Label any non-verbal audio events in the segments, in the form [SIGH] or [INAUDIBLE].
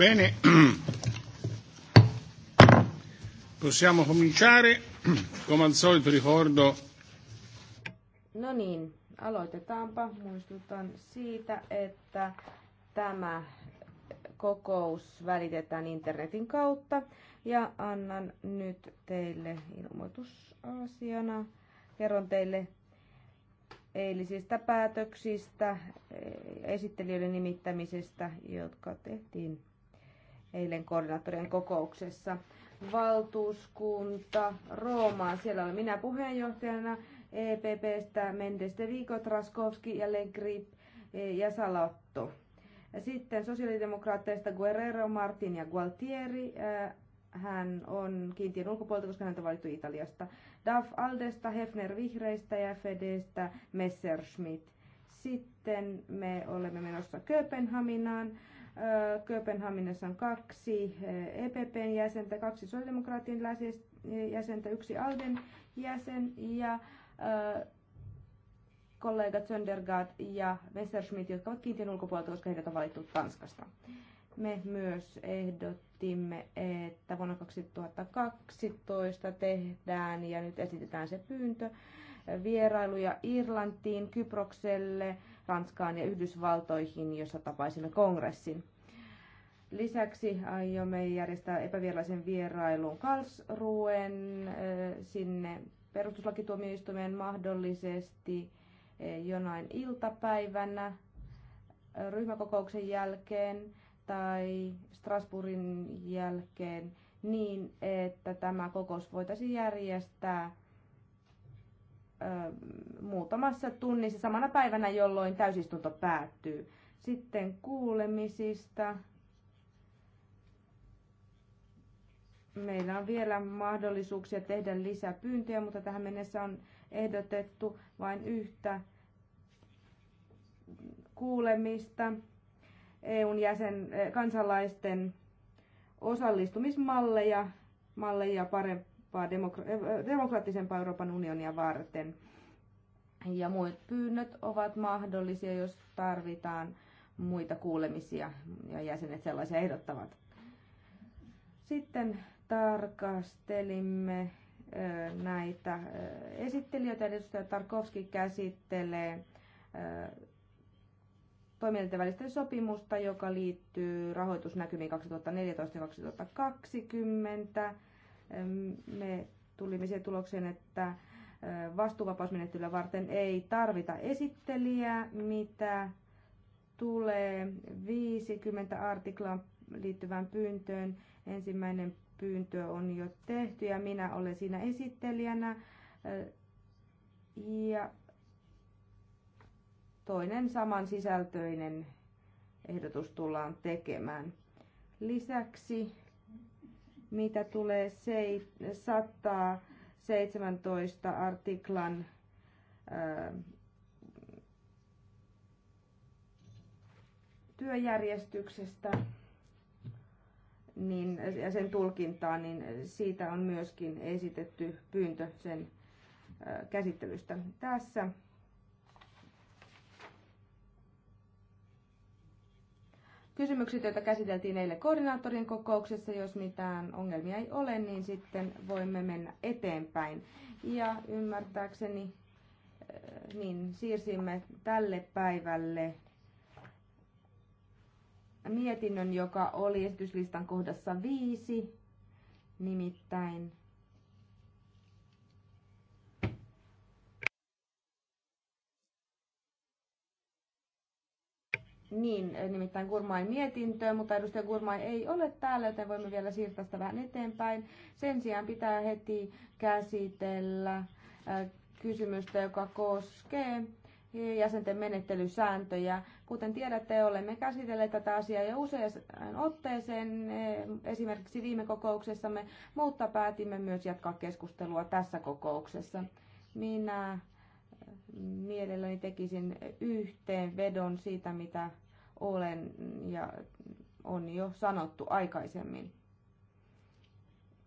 Bene, possiamo cominciare. Come al solito ricordo... No niin, aloitetaanpa. Muistutan siitä, että tämä kokous välitetään internetin kautta ja annan nyt teille ilmoitusasiana. Kerron teille eilisistä päätöksistä, esittelijöiden nimittämisestä, jotka tehtiin eilen koordinaattorien kokouksessa. Valtuuskunta Roomaan, siellä olen minä puheenjohtajana, EPPstä Mendes de Vigo, Traskowski, jälleen Grip e, ja Salotto. Sitten sosiaalidemokraatteista Guerrero, Martin ja Gualtieri. E, hän on kiintiön ulkopuolelta, koska häntä on valittu Italiasta. Daf Aldesta, Hefner Vihreistä ja Fedestä Messerschmitt. Sitten me olemme menossa Kööpenhaminaan Kööpenhaminassa on kaksi EPPn jäsentä, kaksi sosiaalidemokraattien jäsentä, yksi Alden jäsen ja kollega Söndergaard ja Messerschmidt, jotka ovat kiintiön ulkopuolelta, koska heidät on valittu Tanskasta. Me myös ehdottimme, että vuonna 2012 tehdään, ja nyt esitetään se pyyntö, vierailuja Irlantiin, Kyprokselle, Ranskaan ja Yhdysvaltoihin, jossa tapaisimme kongressin. Lisäksi aiomme järjestää epävieraisen vierailun Karlsruen eh, sinne perustuslakituomioistuimeen mahdollisesti eh, jonain iltapäivänä eh, ryhmäkokouksen jälkeen tai Strasbourgin jälkeen niin, että tämä kokous voitaisiin järjestää muutamassa tunnissa samana päivänä, jolloin täysistunto päättyy. Sitten kuulemisista. Meillä on vielä mahdollisuuksia tehdä lisää pyyntöjä, mutta tähän mennessä on ehdotettu vain yhtä kuulemista EUn jäsen, kansalaisten osallistumismalleja malleja parempi demokraattisempaa Euroopan unionia varten. Ja muut pyynnöt ovat mahdollisia, jos tarvitaan muita kuulemisia ja jäsenet sellaisia ehdottavat. Sitten tarkastelimme näitä esittelijöitä. Edustaja Tarkovski käsittelee toimielinten välistä sopimusta, joka liittyy rahoitusnäkymiin 2014-2020 me tulimme siihen tulokseen, että vastuuvapausmenettelyä varten ei tarvita esittelijää, mitä tulee 50 artiklaan liittyvään pyyntöön. Ensimmäinen pyyntö on jo tehty ja minä olen siinä esittelijänä. Ja toinen samansisältöinen ehdotus tullaan tekemään. Lisäksi mitä tulee 117 artiklan työjärjestyksestä niin, ja sen tulkintaa, niin siitä on myöskin esitetty pyyntö sen käsittelystä tässä. kysymykset, joita käsiteltiin eilen koordinaattorin kokouksessa. Jos mitään ongelmia ei ole, niin sitten voimme mennä eteenpäin. Ja ymmärtääkseni eh, niin siirsimme tälle päivälle mietinnön, joka oli esityslistan kohdassa viisi, nimittäin Niin, eh, nimittäin Gurmain mietintö, mutta edustaja Gurmain ei ole täällä, joten voimme vielä siirtää sitä vähän eteenpäin. Sen sijaan pitää heti käsitellä eh, kysymystä, joka koskee jäsenten menettelysääntöjä. Kuten tiedätte, olemme käsitelleet tätä asiaa jo useaan otteeseen, eh, esimerkiksi viime kokouksessamme, mutta päätimme myös jatkaa keskustelua tässä kokouksessa. Minä mielelläni tekisin yhteenvedon siitä, mitä olen ja on jo sanottu aikaisemmin.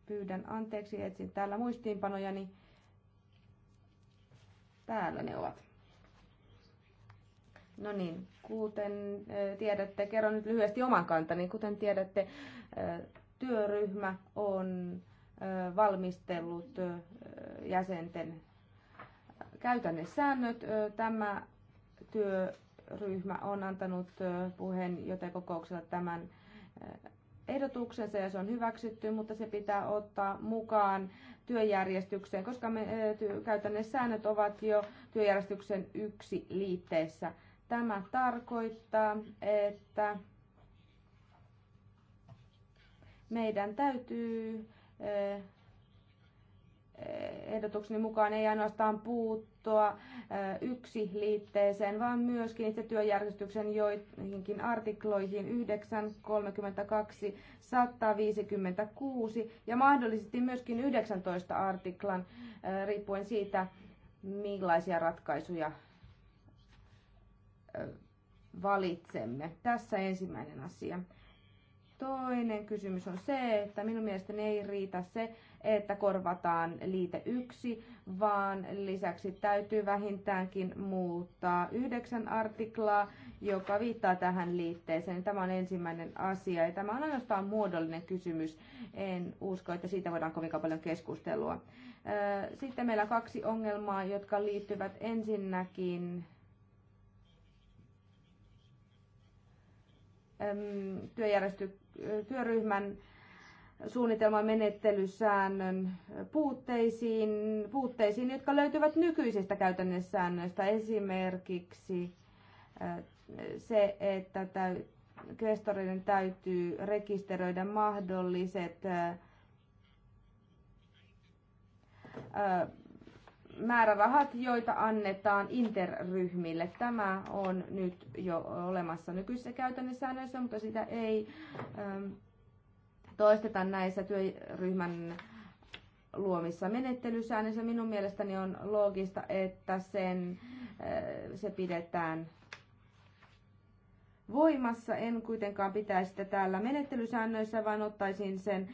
Pyydän anteeksi, etsin täällä muistiinpanojani. Täällä ne ovat. No niin, kuten eh, tiedätte, kerron nyt lyhyesti oman kantani. Kuten tiedätte, eh, työryhmä on eh, valmistellut jäsenten säännöt. Tämä työryhmä on antanut puheenjohtajakokouksella tämän ehdotuksensa ja se on hyväksytty, mutta se pitää ottaa mukaan työjärjestykseen, koska me, käytännön säännöt ovat jo työjärjestyksen yksi liitteessä. Tämä tarkoittaa, että meidän täytyy ehdotukseni mukaan ei ainoastaan puut liittoa yksi liitteeseen, vaan myöskin itse työjärjestyksen joihinkin artikloihin 9, 32, 156 ja mahdollisesti myöskin 19 artiklan, riippuen siitä, millaisia ratkaisuja valitsemme. Tässä ensimmäinen asia. Toinen kysymys on se, että minun mielestäni ei riitä se, että korvataan liite 1, vaan lisäksi täytyy vähintäänkin muuttaa yhdeksän artiklaa, joka viittaa tähän liitteeseen. Tämä on ensimmäinen asia ja tämä on ainoastaan muodollinen kysymys. En usko, että siitä voidaan kovin paljon keskustelua. Sitten meillä on kaksi ongelmaa, jotka liittyvät ensinnäkin työjärjestyksen työryhmän suunnitelman menettelysäännön puutteisiin, puutteisiin, jotka löytyvät nykyisistä käytännössäännöistä. Esimerkiksi eh, se, että täy, täytyy rekisteröidä mahdolliset eh, määrärahat, joita annetaan interryhmille. Tämä on nyt jo olemassa nykyisissä säännöissä, mutta sitä ei ähm, toisteta näissä työryhmän luomissa menettelysäännöissä. Minun mielestäni on loogista, että sen, äh, se pidetään voimassa. En kuitenkaan pitäisi sitä täällä menettelysäännöissä, vaan ottaisin sen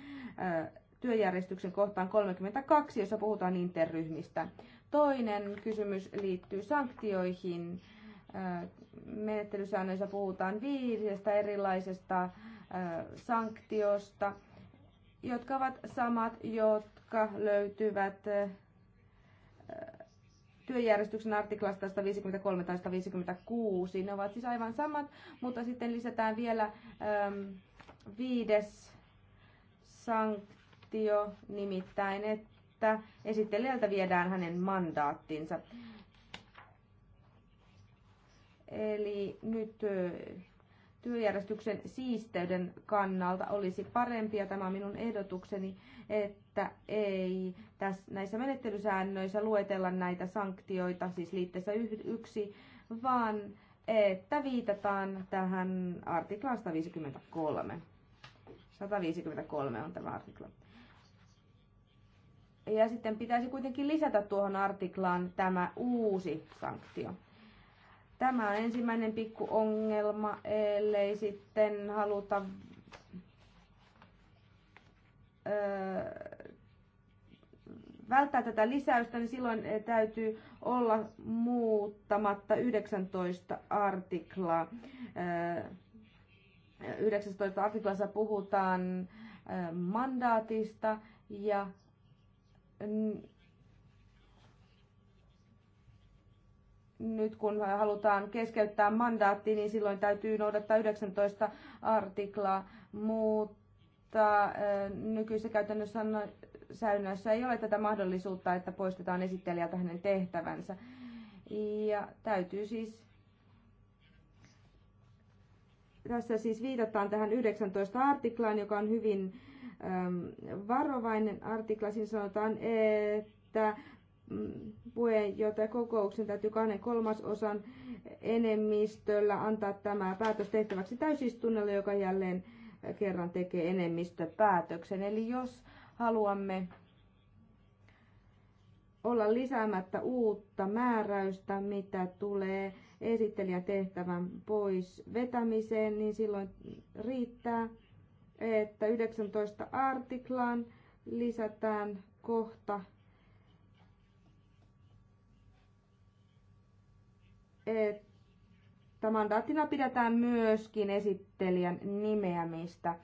äh, työjärjestyksen kohtaan 32, jossa puhutaan interryhmistä. Toinen kysymys liittyy sanktioihin. Menettelysäännöissä puhutaan viidestä erilaisesta sanktiosta, jotka ovat samat, jotka löytyvät työjärjestyksen artiklasta 153 tai 156. Ne ovat siis aivan samat, mutta sitten lisätään vielä viides sanktio sanktio, nimittäin että esittelijältä viedään hänen mandaattinsa. Eli nyt työjärjestyksen siisteyden kannalta olisi parempi, ja tämä on minun ehdotukseni, että ei tässä, näissä menettelysäännöissä luetella näitä sanktioita, siis liitteessä yksi, vaan että viitataan tähän artiklaan 153. 153 on tämä artikla. Ja sitten pitäisi kuitenkin lisätä tuohon artiklaan tämä uusi sanktio. Tämä on ensimmäinen pikku ongelma, ellei sitten haluta öö, välttää tätä lisäystä, niin silloin eh, täytyy olla muuttamatta 19 artiklaa. 19 artiklassa puhutaan mandaatista ja nyt kun halutaan keskeyttää mandaatti, niin silloin täytyy noudattaa 19 artiklaa, mutta nykyisessä käytännössä no- säännössä ei ole tätä mahdollisuutta, että poistetaan esittelijältä hänen tehtävänsä. Ja täytyy siis tässä siis viitataan tähän 19 artiklaan, joka on hyvin Ähm, varovainen artikla. Siinä sanotaan, että mm, kokouksen täytyy kahden kolmasosan enemmistöllä antaa tämä päätös tehtäväksi täysistunnolle, joka jälleen kerran tekee enemmistöpäätöksen. Eli jos haluamme olla lisäämättä uutta määräystä, mitä tulee esittelijän tehtävän pois vetämiseen, niin silloin riittää, että 19 artiklaan lisätään kohta, että mandaattina pidetään myöskin esittelijän nimeämistä.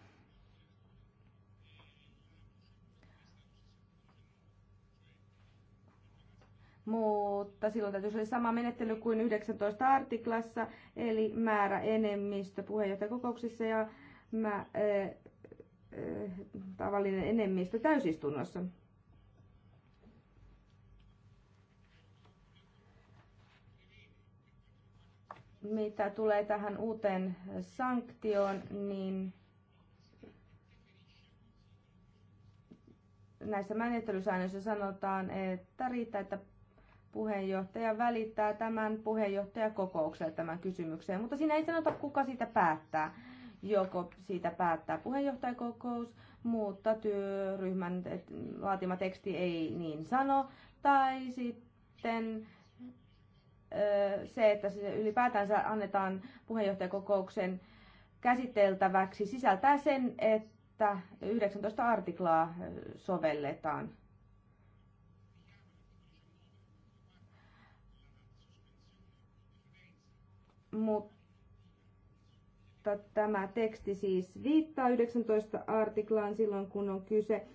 mutta silloin täytyisi olla sama menettely kuin 19 artiklassa, eli määrä enemmistö puheenjohtajakokouksissa ja mä, äh, äh, tavallinen enemmistö täysistunnossa. Mitä tulee tähän uuteen sanktioon, niin näissä menettelysäännöissä sanotaan, että riittää, että puheenjohtaja välittää tämän puheenjohtajakokoukselle tämän kysymykseen, mutta siinä ei sanota, kuka siitä päättää joko siitä päättää puheenjohtajakokous, mutta työryhmän laatima teksti ei niin sano, tai sitten se, että se ylipäätänsä annetaan puheenjohtajakokouksen käsiteltäväksi, sisältää sen, että 19 artiklaa sovelletaan. Mutta mutta tämä teksti siis viittaa 19 artiklaan silloin, kun on kyse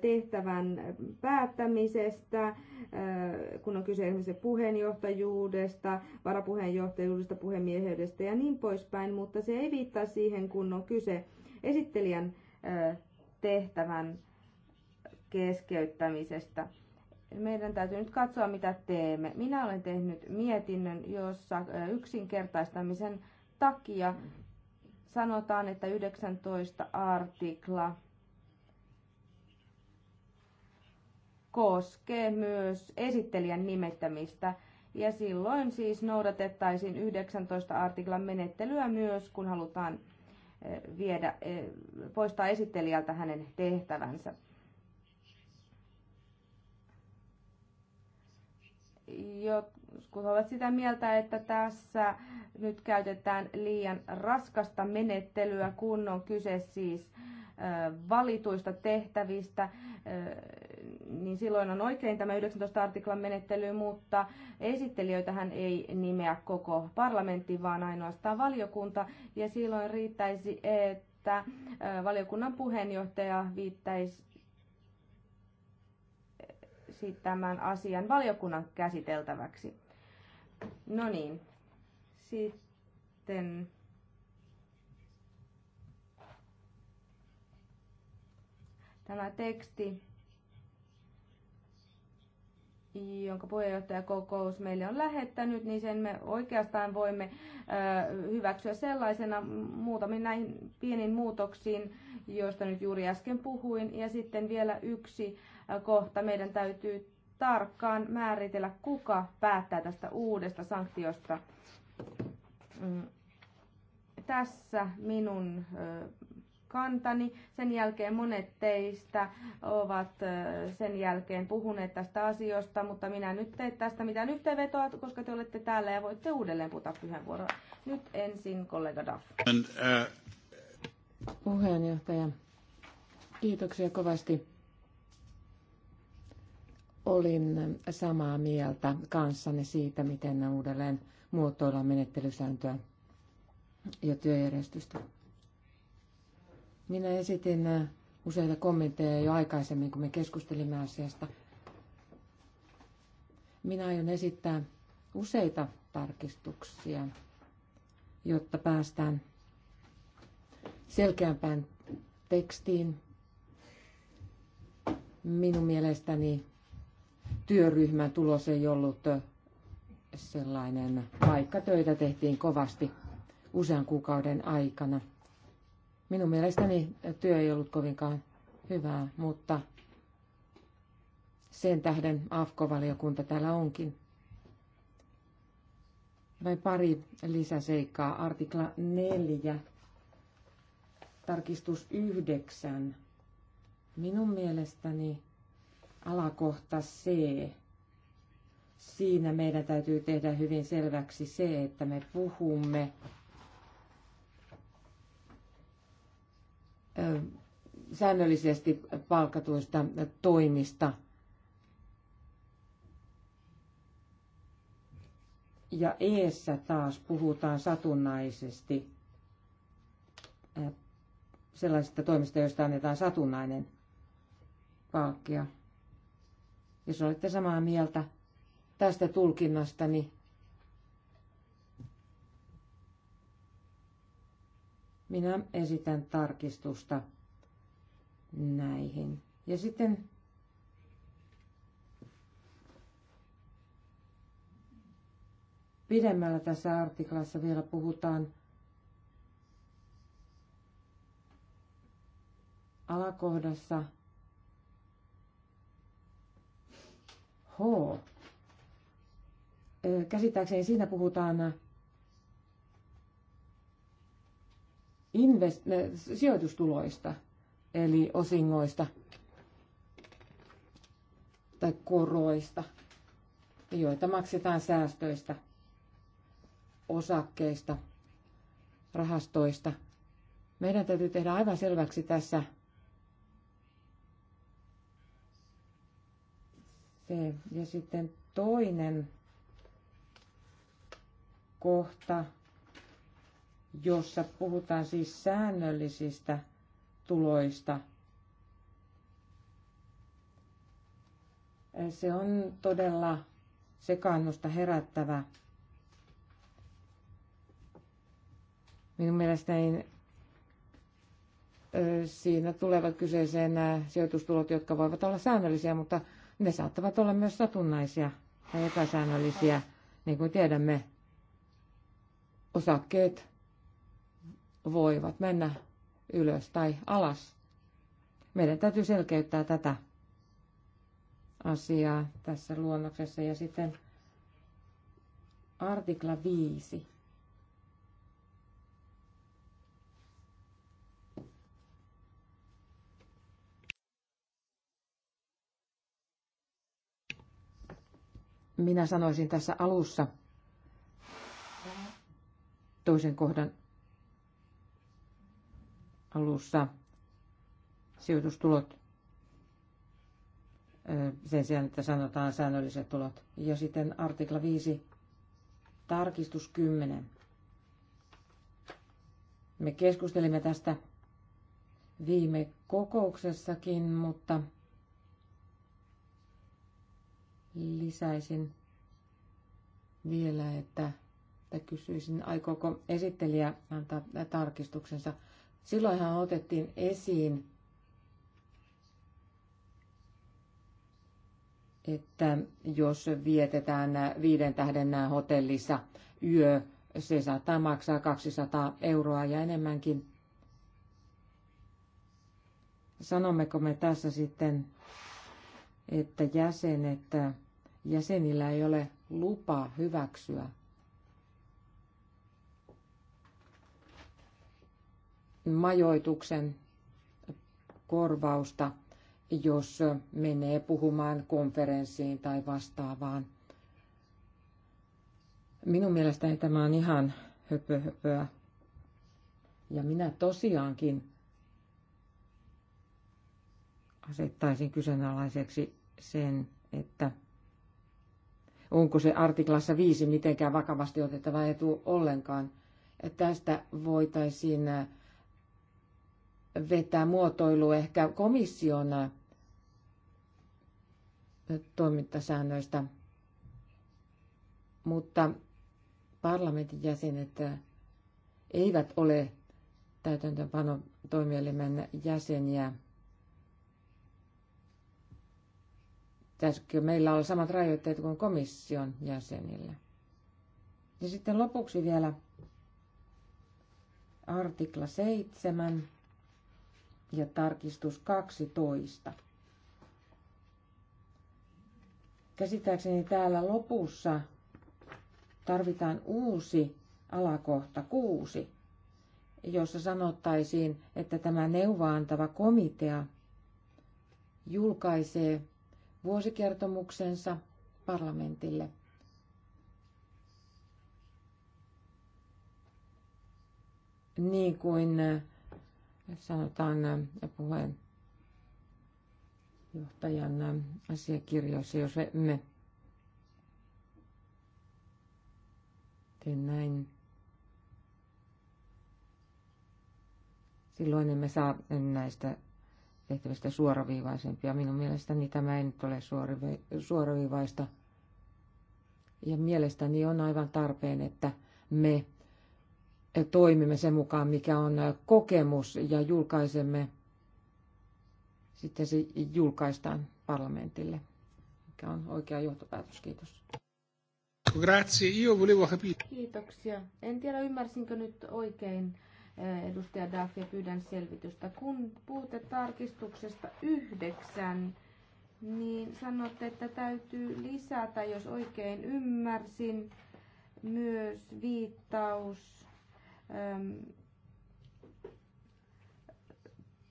tehtävän päättämisestä, kun on kyse esimerkiksi puheenjohtajuudesta, varapuheenjohtajuudesta, puhemiehyydesta ja niin poispäin, mutta se ei viittaa siihen, kun on kyse esittelijän tehtävän keskeyttämisestä. Meidän täytyy nyt katsoa, mitä teemme. Minä olen tehnyt mietinnön, jossa yksinkertaistamisen takia sanotaan, että 19 artikla koskee myös esittelijän nimettämistä. Ja silloin siis noudatettaisiin 19 artiklan menettelyä myös, kun halutaan eh, viedä, eh, poistaa esittelijältä hänen tehtävänsä. Jot, Jotkut ovat sitä mieltä, että tässä nyt käytetään liian raskasta menettelyä, kun on kyse siis valituista tehtävistä, niin silloin on oikein tämä 19 artiklan menettely, mutta esittelijöitä hän ei nimeä koko parlamentti, vaan ainoastaan valiokunta, ja silloin riittäisi, että valiokunnan puheenjohtaja viittäisi siis tämän asian valiokunnan käsiteltäväksi. No niin, sitten tämä teksti, jonka kokous meille on lähettänyt, niin sen me oikeastaan voimme hyväksyä sellaisena muutamin näihin pienin muutoksiin, joista nyt juuri äsken puhuin. Ja sitten vielä yksi kohta meidän täytyy tarkkaan määritellä, kuka päättää tästä uudesta sanktiosta. Mm. Tässä minun kantani. Sen jälkeen monet teistä ovat sen jälkeen puhuneet tästä asiasta, mutta minä nyt teet tästä mitään yhteenvetoa, koska te olette täällä ja voitte uudelleen puhua puheenvuoroa. Nyt ensin kollega Duff. And, uh... Puheenjohtaja, kiitoksia kovasti olin samaa mieltä kanssanne siitä, miten uudelleen muotoillaan menettelysääntöä ja työjärjestystä. Minä esitin useita kommentteja jo aikaisemmin, kun me keskustelimme asiasta. Minä aion esittää useita tarkistuksia, jotta päästään selkeämpään tekstiin. Minun mielestäni työryhmän tulos ei ollut sellainen, vaikka töitä tehtiin kovasti usean kuukauden aikana. Minun mielestäni työ ei ollut kovinkaan hyvää, mutta sen tähden AFKO-valiokunta täällä onkin. Vain pari lisäseikkaa. Artikla 4, tarkistus 9. Minun mielestäni alakohta C. Siinä meidän täytyy tehdä hyvin selväksi se, että me puhumme säännöllisesti palkatuista toimista. Ja eessä taas puhutaan satunnaisesti sellaisista toimista, joista annetaan satunnainen palkkia. Jos olette samaa mieltä tästä tulkinnasta, niin minä esitän tarkistusta näihin. Ja sitten pidemmällä tässä artiklassa vielä puhutaan alakohdassa – H. Käsittääkseni siinä puhutaan invest- sijoitustuloista, eli osingoista tai koroista, joita maksetaan säästöistä, osakkeista, rahastoista. Meidän täytyy tehdä aivan selväksi tässä se. Ja sitten toinen kohta, jossa puhutaan siis säännöllisistä tuloista. Se on todella sekaannusta herättävä. Minun mielestäni siinä tulevat kyseeseen nämä sijoitustulot, jotka voivat olla säännöllisiä, mutta ne saattavat olla myös satunnaisia tai epäsäännöllisiä, niin kuin tiedämme. Osakkeet voivat mennä ylös tai alas. Meidän täytyy selkeyttää tätä asiaa tässä luonnoksessa. Ja sitten artikla 5. minä sanoisin tässä alussa toisen kohdan alussa sijoitustulot sen sijaan, että sanotaan säännölliset tulot. Ja sitten artikla 5, tarkistus 10. Me keskustelimme tästä viime kokouksessakin, mutta lisäisin vielä, että, että kysyisin, aikooko esittelijä antaa tarkistuksensa. Silloinhan otettiin esiin, että jos vietetään viiden tähden hotellissa yö, se saattaa maksaa 200 euroa ja enemmänkin. Sanommeko me tässä sitten, että jäsenet jäsenillä ei ole lupa hyväksyä majoituksen korvausta, jos menee puhumaan konferenssiin tai vastaavaan. Minun mielestäni tämä on ihan höpöä. Ja minä tosiaankin asettaisin kyseenalaiseksi sen, että onko se artiklassa 5 mitenkään vakavasti otettava etu ollenkaan. Tästä voitaisiin vetää muotoilu ehkä komission toimintasäännöistä, mutta parlamentin jäsenet eivät ole täytäntöönpano toimielimen jäseniä Pitäisikö meillä olla samat rajoitteet kuin komission jäsenillä? Ja sitten lopuksi vielä artikla 7 ja tarkistus 12. Käsittääkseni täällä lopussa tarvitaan uusi alakohta 6, jossa sanottaisiin, että tämä neuvoantava komitea julkaisee vuosikertomuksensa parlamentille. Niin kuin äh, sanotaan äh, puheenjohtajan äh, asiakirjoissa, jos me teen näin, silloin emme saa näistä tehtävistä suoraviivaisempia. Minun mielestäni tämä ei nyt ole suoraviivaista. Ja mielestäni on aivan tarpeen, että me toimimme sen mukaan, mikä on kokemus ja julkaisemme, sitten se julkaistaan parlamentille, mikä on oikea johtopäätös. Kiitos. Grazie, io volevo capire. Kiitoksia. En tiedä, ymmärsinkö nyt oikein edustaja Daffia, pyydän selvitystä. Kun puhutte tarkistuksesta yhdeksän, niin sanotte, että täytyy lisätä, jos oikein ymmärsin, myös viittaus äm,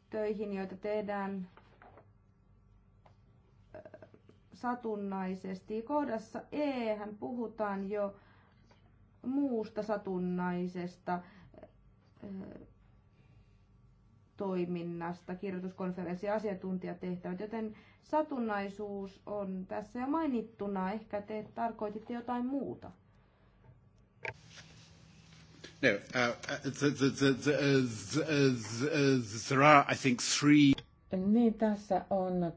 töihin, joita tehdään äh, satunnaisesti. Kohdassa E puhutaan jo muusta satunnaisesta toiminnasta, kirjoituskonferenssi, asiantuntijatehtävät, joten satunnaisuus on tässä ja mainittuna. Ehkä te tarkoititte jotain muuta. No, uh, uh the, the, the, the, the, there are, I think, three... Niin, tässä on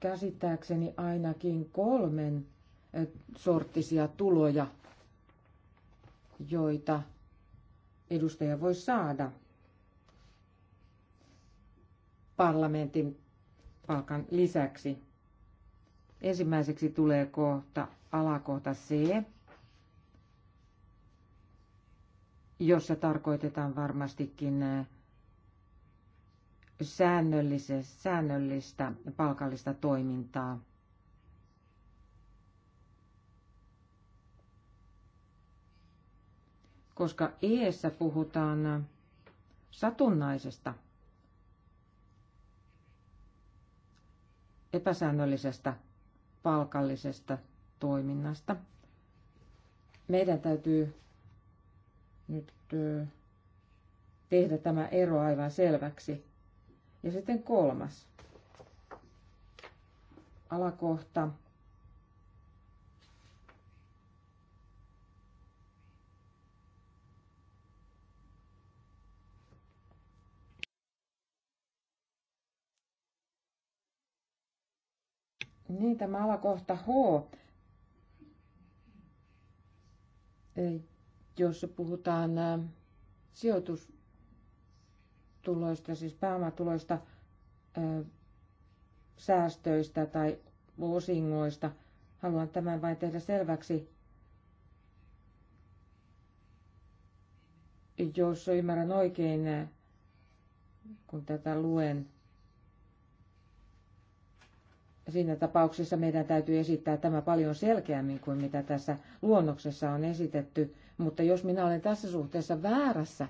käsittääkseni ainakin kolmen sorttisia tuloja, joita edustaja voi saada parlamentin palkan lisäksi. Ensimmäiseksi tulee kohta alakohta C, jossa tarkoitetaan varmastikin äh, säännöllistä palkallista toimintaa. koska eessä puhutaan satunnaisesta epäsäännöllisestä palkallisesta toiminnasta. Meidän täytyy nyt tehdä tämä ero aivan selväksi. Ja sitten kolmas alakohta Niin, tämä alakohta H. Jos puhutaan sijoitustuloista, siis pääomatuloista, säästöistä tai osingoista, haluan tämän vain tehdä selväksi, jos ymmärrän oikein, kun tätä luen, siinä tapauksessa meidän täytyy esittää tämä paljon selkeämmin kuin mitä tässä luonnoksessa on esitetty. Mutta jos minä olen tässä suhteessa väärässä,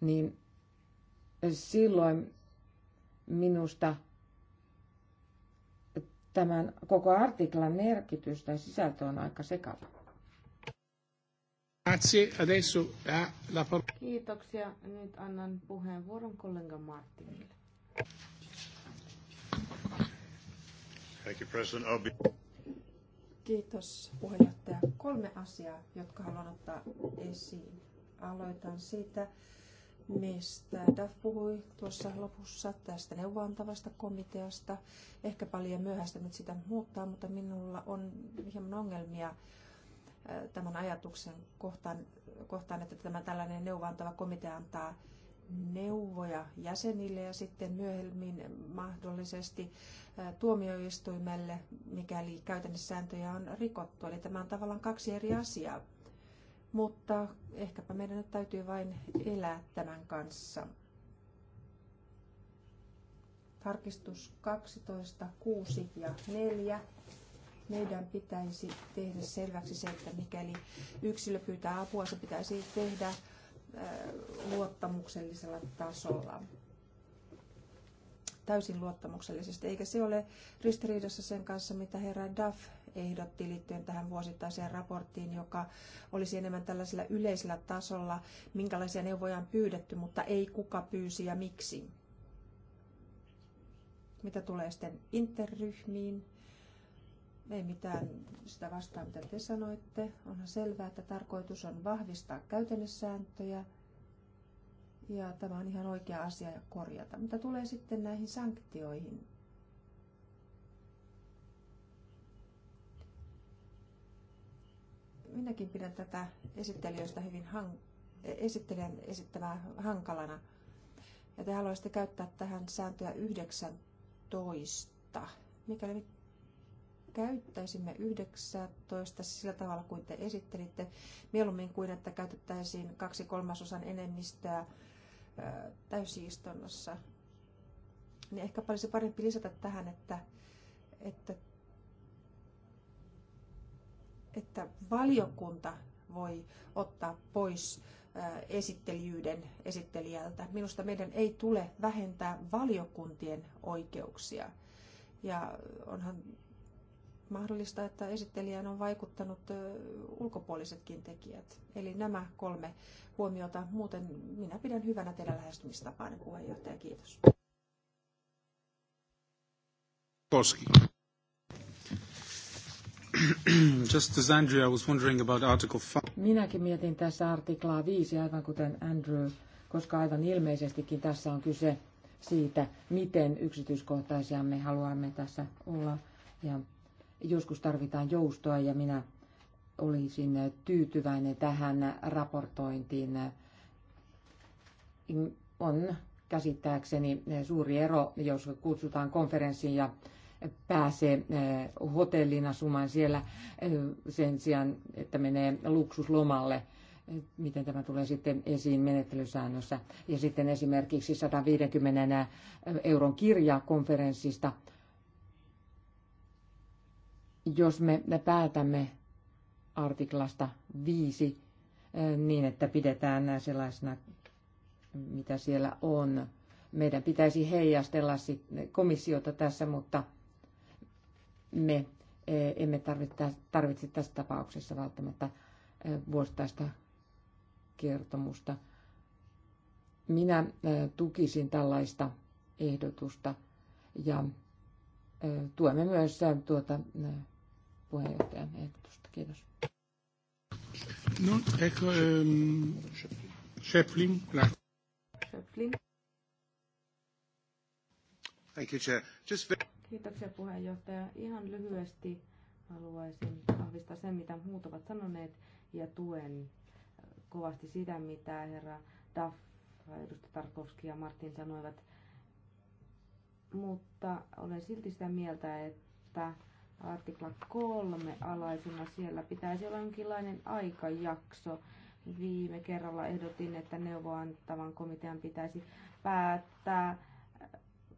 niin silloin minusta tämän koko artiklan merkitys tai sisältö on aika sekava. Kiitoksia. Nyt annan puheenvuoron kollega Martinille. Thank you, President. I'll be... Kiitos puheenjohtaja. Kolme asiaa, jotka haluan ottaa esiin. Aloitan siitä, mistä Daf puhui tuossa lopussa tästä neuvontavasta komiteasta. Ehkä paljon myöhäistä nyt sitä muuttaa, mutta minulla on hieman ongelmia äh, tämän ajatuksen kohtaan, kohtaan että tämä tällainen neuvontava komitea antaa neuvoja jäsenille ja sitten myöhemmin mahdollisesti tuomioistuimelle, mikäli käytännössääntöjä on rikottu. Eli tämä on tavallaan kaksi eri asiaa. Mutta ehkäpä meidän nyt täytyy vain elää tämän kanssa. Tarkistus 12, 6 ja 4 meidän pitäisi tehdä selväksi se, että mikäli yksilö pyytää apua, se pitäisi tehdä luottamuksellisella tasolla täysin luottamuksellisesti, eikä se ole ristiriidassa sen kanssa, mitä herra Duff ehdotti liittyen tähän vuosittaiseen raporttiin, joka olisi enemmän tällaisella yleisellä tasolla, minkälaisia neuvoja on pyydetty, mutta ei kuka pyysi ja miksi. Mitä tulee sitten interryhmiin, ei mitään sitä vastaan, mitä te sanoitte. Onhan selvää, että tarkoitus on vahvistaa käytännössääntöjä. Ja tämä on ihan oikea asia ja korjata. Mitä tulee sitten näihin sanktioihin? Minäkin pidän tätä esittelijöistä hyvin hank- esittelijän esittämää hankalana. Ja te haluaisitte käyttää tähän sääntöä 19. Mikäli käyttäisimme 19 sillä tavalla kuin te esittelitte, mieluummin kuin että käytettäisiin kaksi kolmasosan enemmistöä täysistunnossa, niin ehkä olisi parempi lisätä tähän, että, että, että valiokunta voi ottaa pois esittelijyyden esittelijältä. Minusta meidän ei tule vähentää valiokuntien oikeuksia. Ja onhan mahdollista, että esittelijään on vaikuttanut ulkopuolisetkin tekijät. Eli nämä kolme huomiota. Muuten minä pidän hyvänä teidän lähestymistapaanne, puheenjohtaja. Kiitos. Koski. [CLEARS THROAT] Just as Andrew, I was wondering about Article 5. Minäkin mietin tässä artiklaa 5, aivan kuten Andrew, koska aivan ilmeisestikin tässä on kyse siitä, miten yksityiskohtaisia me haluamme tässä olla. Ja Joskus tarvitaan joustoa ja minä olisin tyytyväinen tähän raportointiin. On käsittääkseni suuri ero, jos kutsutaan konferenssiin ja pääsee hotelliin asumaan siellä sen sijaan, että menee luksuslomalle. Miten tämä tulee sitten esiin menettelysäännössä. Ja sitten esimerkiksi 150 euron kirja konferenssista – jos me päätämme artiklasta 5 eh, niin, että pidetään nämä sellaisena, mitä siellä on. Meidän pitäisi heijastella komissiota tässä, mutta me eh, emme tarvitse tässä tapauksessa välttämättä eh, vuosittaista kertomusta. Minä tukisin tällaista ehdotusta ja tuemme myös tuota puheenjohtajan ehdotusta. Kiitos. No, ehkä ehm, Schöpflin, Schöpflin. Thank you, Chair. Kiitoksia puheenjohtaja. Ihan lyhyesti haluaisin vahvistaa sen, mitä muut ovat sanoneet ja tuen äh, kovasti sitä, mitä herra Duff, edustaja Tarkovski ja Martin sanoivat. Mutta olen silti sitä mieltä, että artikla 3 alaisena. Siellä pitäisi olla jonkinlainen aikajakso. Viime kerralla ehdotin, että neuvoantavan komitean pitäisi päättää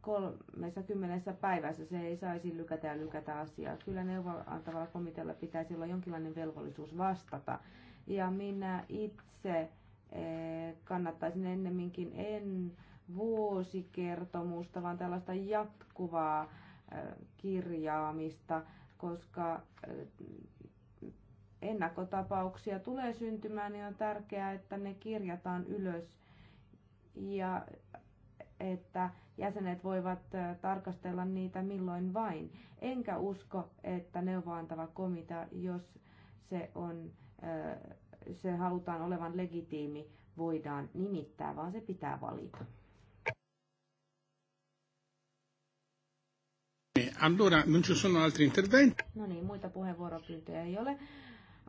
30 päivässä. Se ei saisi lykätä ja lykätä asiaa. Kyllä neuvoantavalla komitealla pitäisi olla jonkinlainen velvollisuus vastata. Ja minä itse eh, kannattaisin ennemminkin en vuosikertomusta, vaan tällaista jatkuvaa kirjaamista, koska ennakkotapauksia tulee syntymään, niin on tärkeää, että ne kirjataan ylös ja että jäsenet voivat tarkastella niitä milloin vain. Enkä usko, että neuvoantava komitea, jos se, on, se halutaan olevan legitiimi, voidaan nimittää, vaan se pitää valita. allora non ci sono altri interventi. No niin, muita puheenvuoropyyntöjä ei ole.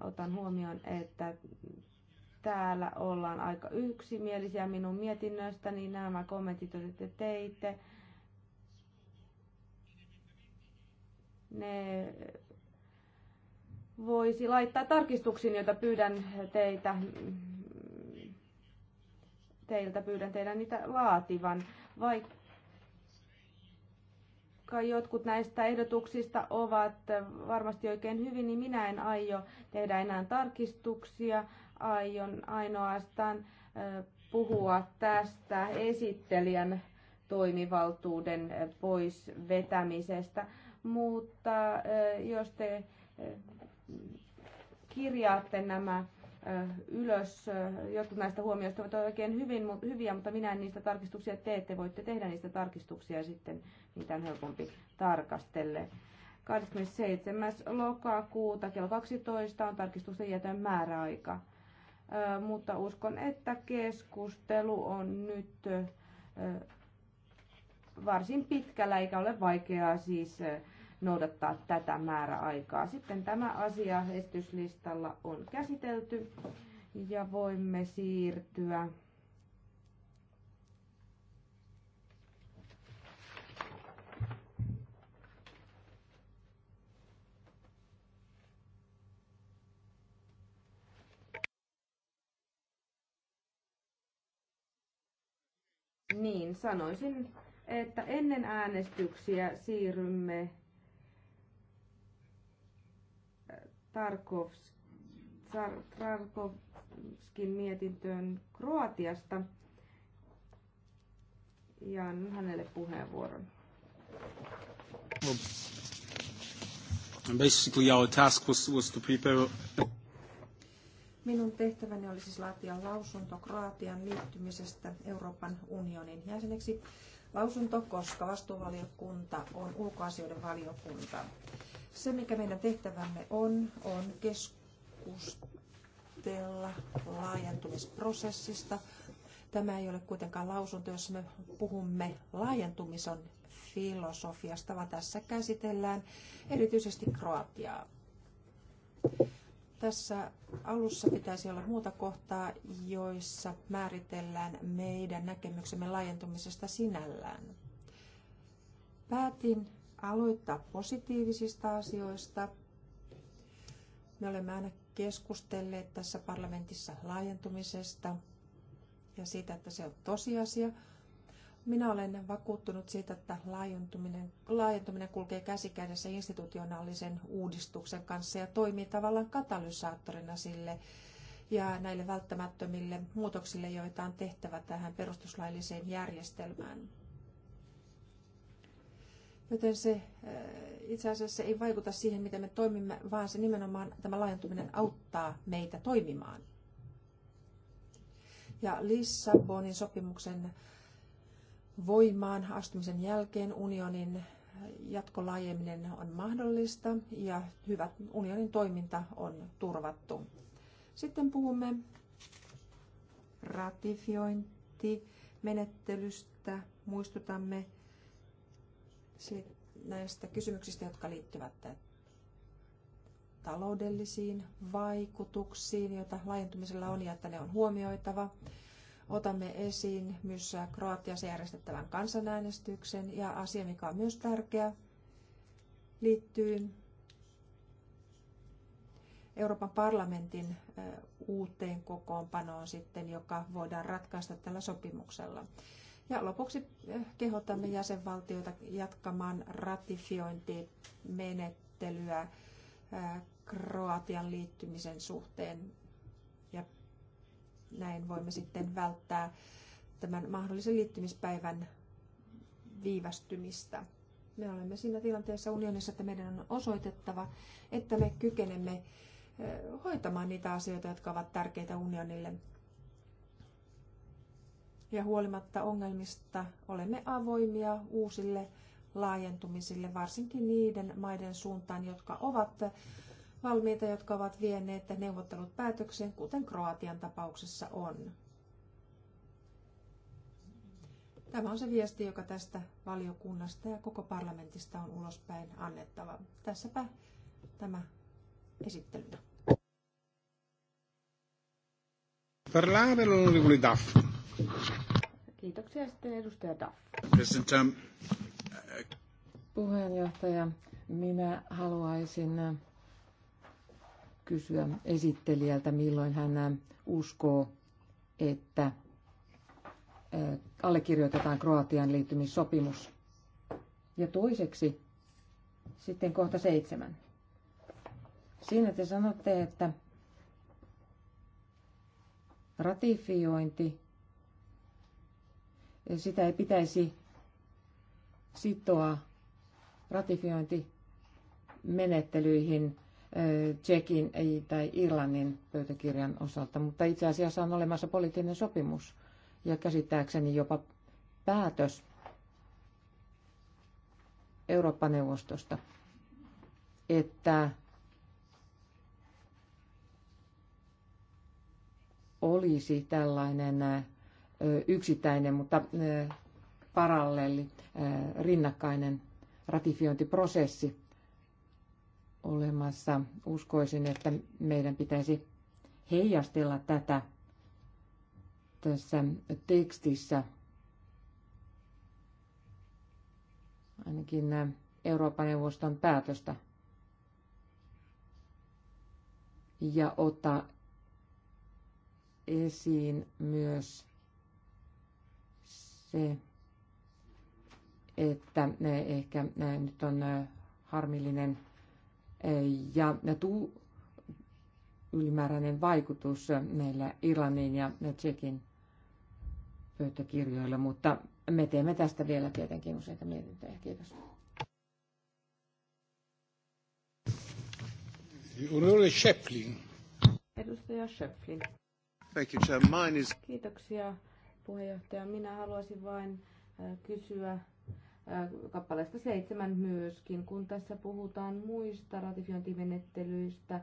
Otan huomioon, että täällä ollaan aika yksimielisiä minun mietinnöstäni. Niin nämä kommentit, joita te teitte, ne voisi laittaa tarkistuksiin, joita pyydän teitä, teiltä pyydän teidän niitä laativan, vaikka vaikka jotkut näistä ehdotuksista ovat varmasti oikein hyvin, niin minä en aio tehdä enää tarkistuksia. Aion ainoastaan puhua tästä esittelijän toimivaltuuden pois vetämisestä. Mutta jos te kirjaatte nämä ylös. Jotkut näistä huomioista ovat oikein hyvin, hyviä, mutta minä en niistä tarkistuksia tee. Te voitte tehdä niistä tarkistuksia ja sitten niitä on helpompi tarkastelle. 27. lokakuuta kello 12 on tarkistusten jätön määräaika. Mutta uskon, että keskustelu on nyt varsin pitkällä eikä ole vaikeaa siis noudattaa tätä määräaikaa. Sitten tämä asia estyslistalla on käsitelty ja voimme siirtyä Niin, sanoisin, että ennen äänestyksiä siirrymme Tarkovs, Tarkovskin mietintöön Kroatiasta ja annan hänelle puheenvuoron. Basically our task was, was to prepare... Minun tehtäväni oli siis laatia lausunto Kroatian liittymisestä Euroopan unionin jäseneksi. Lausunto, koska vastuuvaliokunta on ulkoasioiden valiokunta. Se, mikä meidän tehtävämme on, on keskustella laajentumisprosessista. Tämä ei ole kuitenkaan lausunto, jos me puhumme laajentumisen filosofiasta, vaan tässä käsitellään erityisesti Kroatiaa. Tässä alussa pitäisi olla muuta kohtaa, joissa määritellään meidän näkemyksemme laajentumisesta sinällään. Päätin aloittaa positiivisista asioista. Me olemme aina keskustelleet tässä parlamentissa laajentumisesta ja siitä, että se on tosiasia. Minä olen vakuuttunut siitä, että laajentuminen, laajentuminen kulkee käsikädessä institutionaalisen uudistuksen kanssa ja toimii tavallaan katalysaattorina sille ja näille välttämättömille muutoksille, joita on tehtävä tähän perustuslailliseen järjestelmään. Joten se äh, itse asiassa ei vaikuta siihen, miten me toimimme, vaan se nimenomaan tämä laajentuminen auttaa meitä toimimaan. Ja Lissabonin sopimuksen voimaan astumisen jälkeen unionin äh, jatkolaajeminen on mahdollista ja hyvä unionin toiminta on turvattu. Sitten puhumme ratifiointimenettelystä. Muistutamme näistä kysymyksistä, jotka liittyvät taloudellisiin vaikutuksiin, joita laajentumisella on ja että ne on huomioitava. Otamme esiin myös Kroatiassa järjestettävän kansanäänestyksen ja asia, mikä on myös tärkeä, liittyy Euroopan parlamentin uuteen kokoonpanoon sitten, joka voidaan ratkaista tällä sopimuksella. Ja lopuksi eh, kehotamme jäsenvaltioita jatkamaan ratifiointimenettelyä eh, Kroatian liittymisen suhteen. Ja näin voimme sitten välttää tämän mahdollisen liittymispäivän viivästymistä. Me olemme siinä tilanteessa unionissa, että meidän on osoitettava, että me kykenemme eh, hoitamaan niitä asioita, jotka ovat tärkeitä unionille ja huolimatta ongelmista olemme avoimia uusille laajentumisille, varsinkin niiden maiden suuntaan, jotka ovat valmiita, jotka ovat vienneet neuvottelut päätökseen, kuten Kroatian tapauksessa on. Tämä on se viesti, joka tästä valiokunnasta ja koko parlamentista on ulospäin annettava. Tässäpä tämä esittely. Parlare l'onorevole Kiitoksia sitten edustaja Duff. Um, Puheenjohtaja, minä haluaisin äh, kysyä esittelijältä, milloin hän äh, uskoo, että äh, allekirjoitetaan Kroatian liittymissopimus. Ja toiseksi sitten kohta seitsemän. Siinä te sanotte, että ratifiointi sitä ei pitäisi sitoa ratifiointimenettelyihin Tsekin tai Irlannin pöytäkirjan osalta, mutta itse asiassa on olemassa poliittinen sopimus ja käsittääkseni jopa päätös Eurooppa-neuvostosta, että olisi tällainen yksittäinen, mutta paralleeli, rinnakkainen ratifiointiprosessi olemassa. Uskoisin, että meidän pitäisi heijastella tätä tässä tekstissä. Ainakin Euroopan neuvoston päätöstä. Ja ottaa esiin myös se, että eh, ehkä eh, nyt on eh, harmillinen ja tuu ylimääräinen vaikutus meillä Iranin ja Tsekin pöytäkirjoilla, mutta me teemme tästä vielä tietenkin useita mietintöjä. Kiitos. Edustaja Schöpflin. Thank you, Chair. Mine is... Kiitoksia puheenjohtaja. Minä haluaisin vain kysyä kappaleesta seitsemän myöskin, kun tässä puhutaan muista ratifiointimenettelyistä,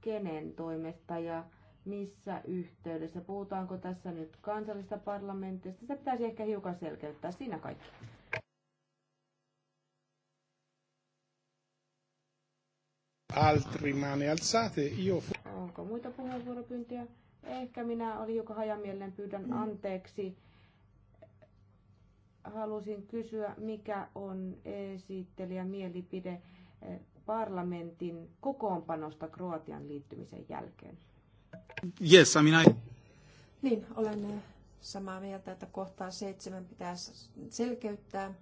kenen toimesta ja missä yhteydessä. Puhutaanko tässä nyt kansallista parlamentista? Sitä pitäisi ehkä hiukan selkeyttää. Siinä kaikki. Altri mani alzate. Io... Onko muita puheenvuoropyyntöjä? Ehkä minä olin joka hajamielinen, pyydän anteeksi. Halusin kysyä, mikä on esittelijän mielipide eh, parlamentin kokoonpanosta Kroatian liittymisen jälkeen? Yes, I mean I... Niin, olen eh, samaa mieltä, että kohtaa seitsemän pitää selkeyttää.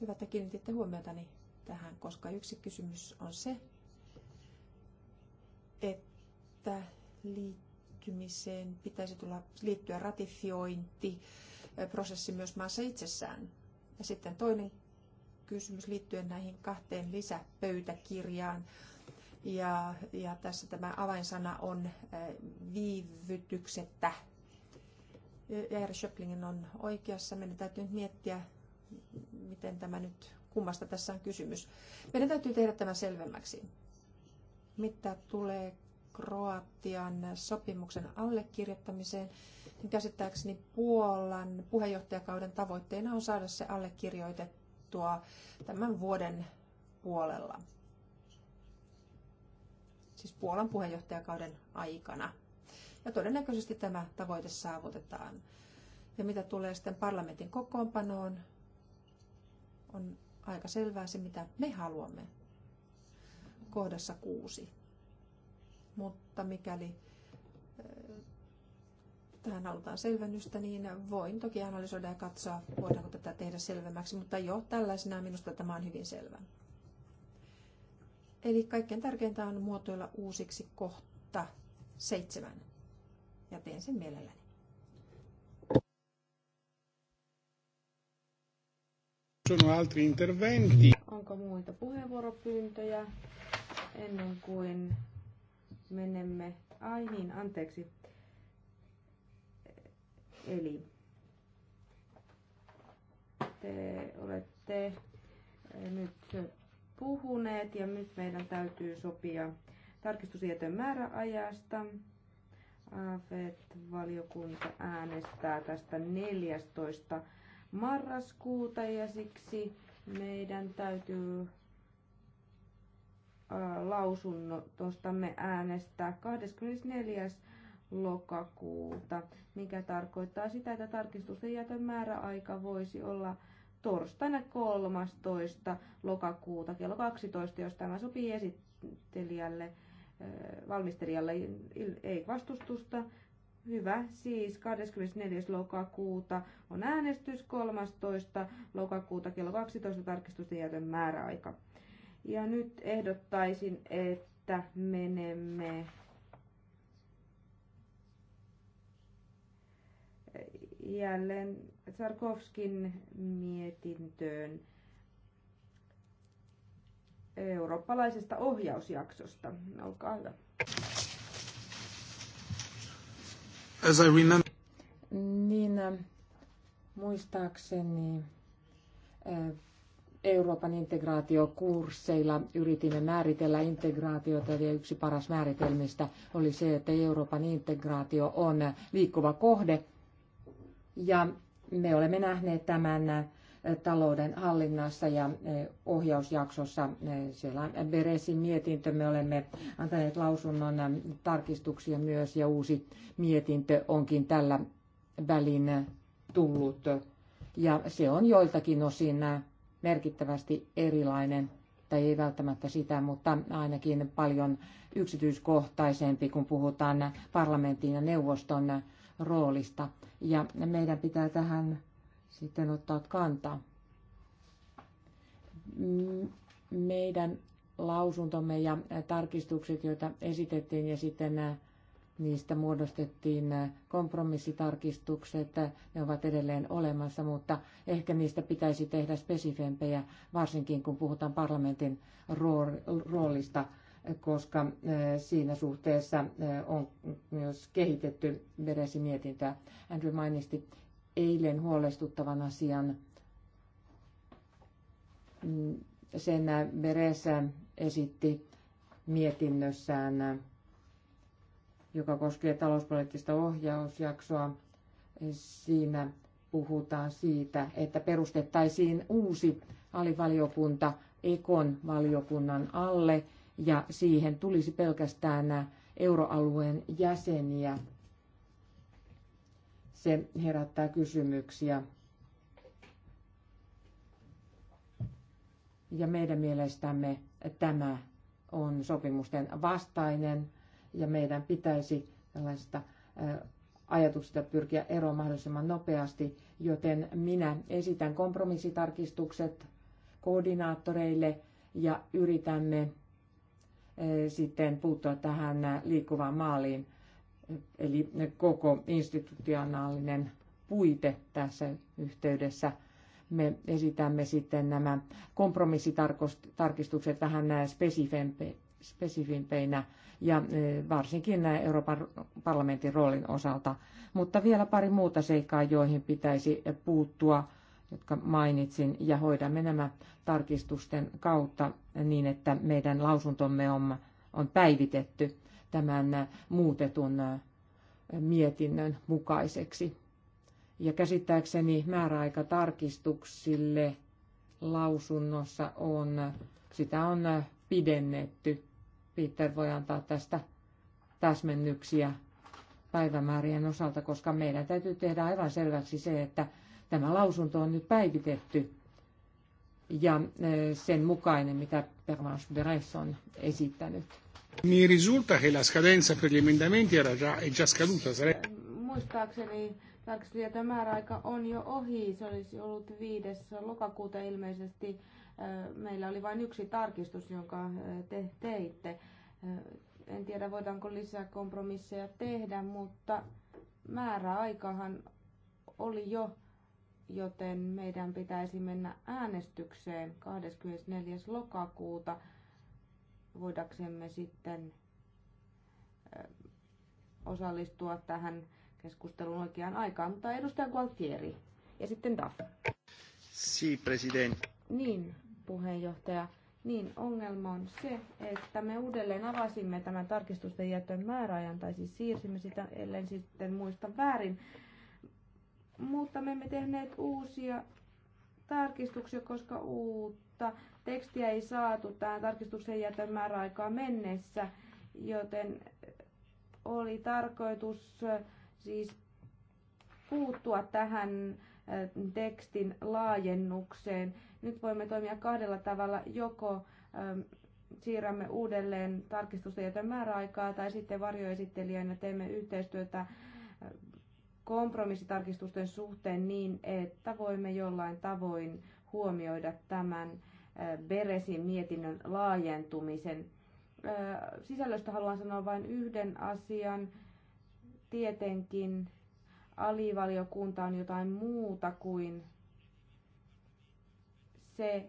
Hyvä, että kiinnititte niin tähän, koska yksi kysymys on se, että liittymiseen pitäisi tulla, liittyä ratifiointi prosessi myös maassa itsessään. Ja sitten toinen kysymys liittyen näihin kahteen lisäpöytäkirjaan. Ja, ja tässä tämä avainsana on viivytyksettä. Jair Schöplingen on oikeassa. Meidän täytyy nyt miettiä, miten tämä nyt kummasta tässä on kysymys. Meidän täytyy tehdä tämä selvemmäksi. Mitä tulee Kroatian sopimuksen allekirjoittamiseen, niin käsittääkseni Puolan puheenjohtajakauden tavoitteena on saada se allekirjoitettua tämän vuoden puolella. Siis Puolan puheenjohtajakauden aikana. Ja todennäköisesti tämä tavoite saavutetaan. Ja mitä tulee sitten parlamentin kokoonpanoon, on aika selvää se, mitä me haluamme kohdassa kuusi. Mutta mikäli eh, tähän halutaan selvennystä, niin voin toki analysoida ja katsoa, voidaanko tätä tehdä selvemmäksi, mutta jo tällaisena minusta tämä on hyvin selvä. Eli kaikkein tärkeintä on muotoilla uusiksi kohta seitsemän, ja teen sen mielelläni. Sono altri interventi. Onko muita puheenvuoropyyntöjä ennen kuin menemme... Ai niin, anteeksi. Eli te olette nyt puhuneet ja nyt meidän täytyy sopia tarkistusietojen määräajasta. AFET-valiokunta äänestää tästä 14 marraskuuta ja siksi meidän täytyy lausunnostamme äänestää 24. lokakuuta, mikä tarkoittaa sitä, että tarkistusten jätön määräaika voisi olla torstaina 13. lokakuuta kello 12, jos tämä sopii esittelijälle, valmistelijalle ei vastustusta, Hyvä, siis 24. lokakuuta on äänestys, 13. lokakuuta kello 12 tarkistusten määräaika. Ja nyt ehdottaisin, että menemme jälleen Tsarkovskin mietintöön eurooppalaisesta ohjausjaksosta. Olkaa hyvä as I remember... Niin äh, muistaakseni äh, Euroopan integraatiokursseilla yritimme määritellä integraatiota ja yksi paras määritelmistä oli se, että Euroopan integraatio on liikkuva kohde ja me olemme nähneet tämän talouden hallinnassa ja e, ohjausjaksossa. E, siellä on Beresin mietintö. Me olemme antaneet lausunnon tarkistuksia myös ja uusi mietintö onkin tällä välin tullut. Ja se on joiltakin osin merkittävästi erilainen, tai ei välttämättä sitä, mutta ainakin paljon yksityiskohtaisempi, kun puhutaan parlamentin ja neuvoston roolista. Ja meidän pitää tähän sitten ottaa kantaa. Meidän lausuntomme ja tarkistukset, joita esitettiin ja sitten äh, niistä muodostettiin äh, kompromissitarkistukset, äh, ne ovat edelleen olemassa, mutta ehkä niistä pitäisi tehdä spesifempejä, varsinkin kun puhutaan parlamentin roolista, koska siinä suhteessa on myös kehitetty veresimietintöä. Andrew mainisti eilen huolestuttavan asian. Sen Beresa esitti mietinnössään, joka koskee talouspoliittista ohjausjaksoa. Siinä puhutaan siitä, että perustettaisiin uusi alivaliokunta Ekon valiokunnan alle ja siihen tulisi pelkästään euroalueen jäseniä se herättää kysymyksiä. Ja meidän mielestämme tämä on sopimusten vastainen ja meidän pitäisi tällaista ajatuksista pyrkiä eroon mahdollisimman nopeasti, joten minä esitän kompromissitarkistukset koordinaattoreille ja yritämme sitten puuttua tähän liikkuvaan maaliin eli koko institutionaalinen puite tässä yhteydessä. Me esitämme sitten nämä kompromissitarkistukset vähän spesifimpeinä ja e, varsinkin Euroopan parlamentin roolin osalta. Mutta vielä pari muuta seikkaa, joihin pitäisi puuttua, jotka mainitsin, ja hoidamme nämä tarkistusten kautta niin, että meidän lausuntomme on, on päivitetty tämän muutetun mietinnön mukaiseksi. Ja käsittääkseni määräaika tarkistuksille lausunnossa on, sitä on pidennetty. Peter voi antaa tästä täsmennyksiä päivämäärien osalta, koska meidän täytyy tehdä aivan selväksi se, että tämä lausunto on nyt päivitetty ja sen mukainen, mitä Pervans Beres on esittänyt. Mi risulta che la scadenza per gli emendamenti era già, è già scaduta. Muistaakseni määräaika on jo ohi. Se olisi ollut 5. lokakuuta ilmeisesti. Meillä oli vain yksi tarkistus, jonka te teitte. En tiedä, voidaanko lisää kompromisseja tehdä, mutta määräaikahan oli jo, joten meidän pitäisi mennä äänestykseen 24. lokakuuta voidaksemme sitten osallistua tähän keskusteluun oikeaan aikaan. Mutta edustaja Gualtieri ja sitten Daf. Si, president. Niin, puheenjohtaja. Niin, ongelma on se, että me uudelleen avasimme tämän tarkistusten jätön määräajan, tai siis siirsimme sitä, ellei sitten muista väärin. Mutta me emme tehneet uusia tarkistuksia, koska uut mutta tekstiä ei saatu tähän tarkistuksen jätön määräaikaan mennessä, joten oli tarkoitus siis puuttua tähän tekstin laajennukseen. Nyt voimme toimia kahdella tavalla. Joko siirrämme uudelleen tarkistusten jätön määräaikaa tai sitten varjoesittelijänä teemme yhteistyötä kompromissitarkistusten suhteen niin, että voimme jollain tavoin huomioida tämän Beresin mietinnön laajentumisen. Sisällöstä haluan sanoa vain yhden asian. Tietenkin alivaliokunta on jotain muuta kuin se,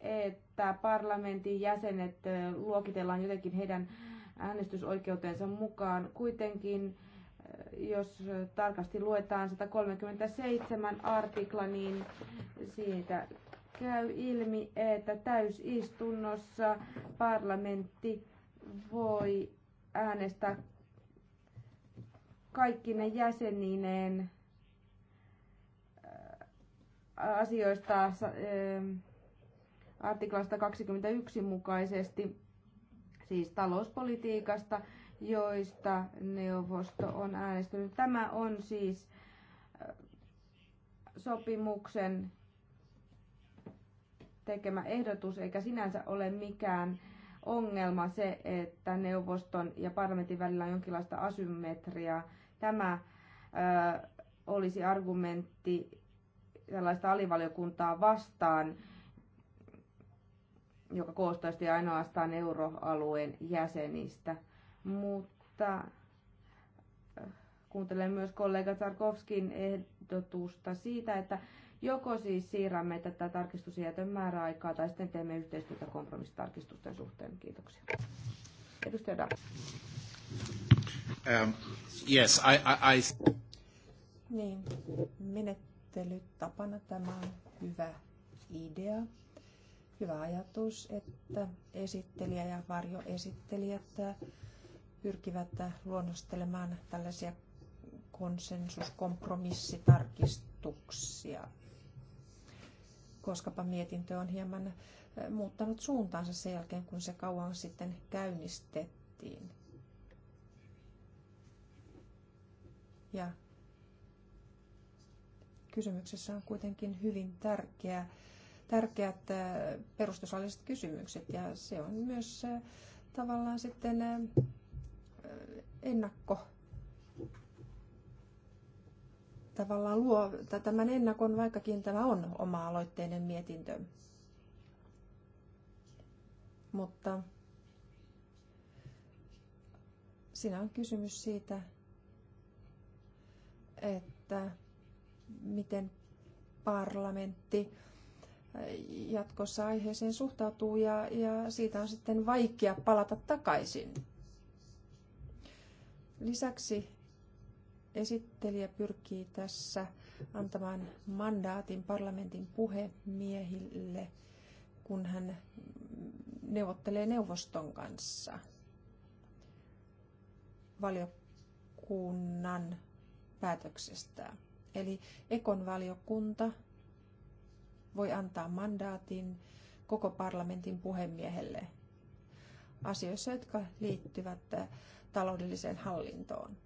että parlamentin jäsenet luokitellaan jotenkin heidän äänestysoikeutensa mukaan. Kuitenkin jos tarkasti luetaan 137 artikla, niin siitä käy ilmi, että täysistunnossa parlamentti voi äänestää kaikki ne jäsenineen asioista artiklasta 21 mukaisesti, siis talouspolitiikasta joista neuvosto on äänestynyt. Tämä on siis äh, sopimuksen tekemä ehdotus, eikä sinänsä ole mikään ongelma se, että neuvoston ja parlamentin välillä on jonkinlaista asymmetriaa. Tämä ö, äh, olisi argumentti tällaista alivaliokuntaa vastaan, joka koostaisi ainoastaan euroalueen jäsenistä mutta äh, kuuntelen myös kollega Tarkovskin ehdotusta siitä, että joko siis siirrämme tätä tarkistusjätön määräaikaa tai sitten teemme yhteistyötä kompromissitarkistusten suhteen. Kiitoksia. Edustaja Dar. Um, yes, I, I, I... Niin, menettelytapana tämä on hyvä idea. Hyvä ajatus, että esittelijä ja varjoesittelijät pyrkivät luonnostelemaan tällaisia konsensuskompromissitarkistuksia. Koskapa mietintö on hieman eh, muuttanut suuntaansa sen jälkeen, kun se kauan sitten käynnistettiin. Ja kysymyksessä on kuitenkin hyvin tärkeä, tärkeät eh, perustuslailliset kysymykset ja se on myös eh, tavallaan sitten ennakko tavallaan luo tämän ennakon, vaikkakin tämä on oma-aloitteinen mietintö. Mutta siinä on kysymys siitä, että miten parlamentti jatkossa aiheeseen suhtautuu ja, ja siitä on sitten vaikea palata takaisin. Lisäksi esittelijä pyrkii tässä antamaan mandaatin parlamentin puhemiehille, kun hän neuvottelee neuvoston kanssa valiokunnan päätöksestä. Eli Ekon valiokunta voi antaa mandaatin koko parlamentin puhemiehelle asioissa, jotka liittyvät taloudelliseen hallintoon.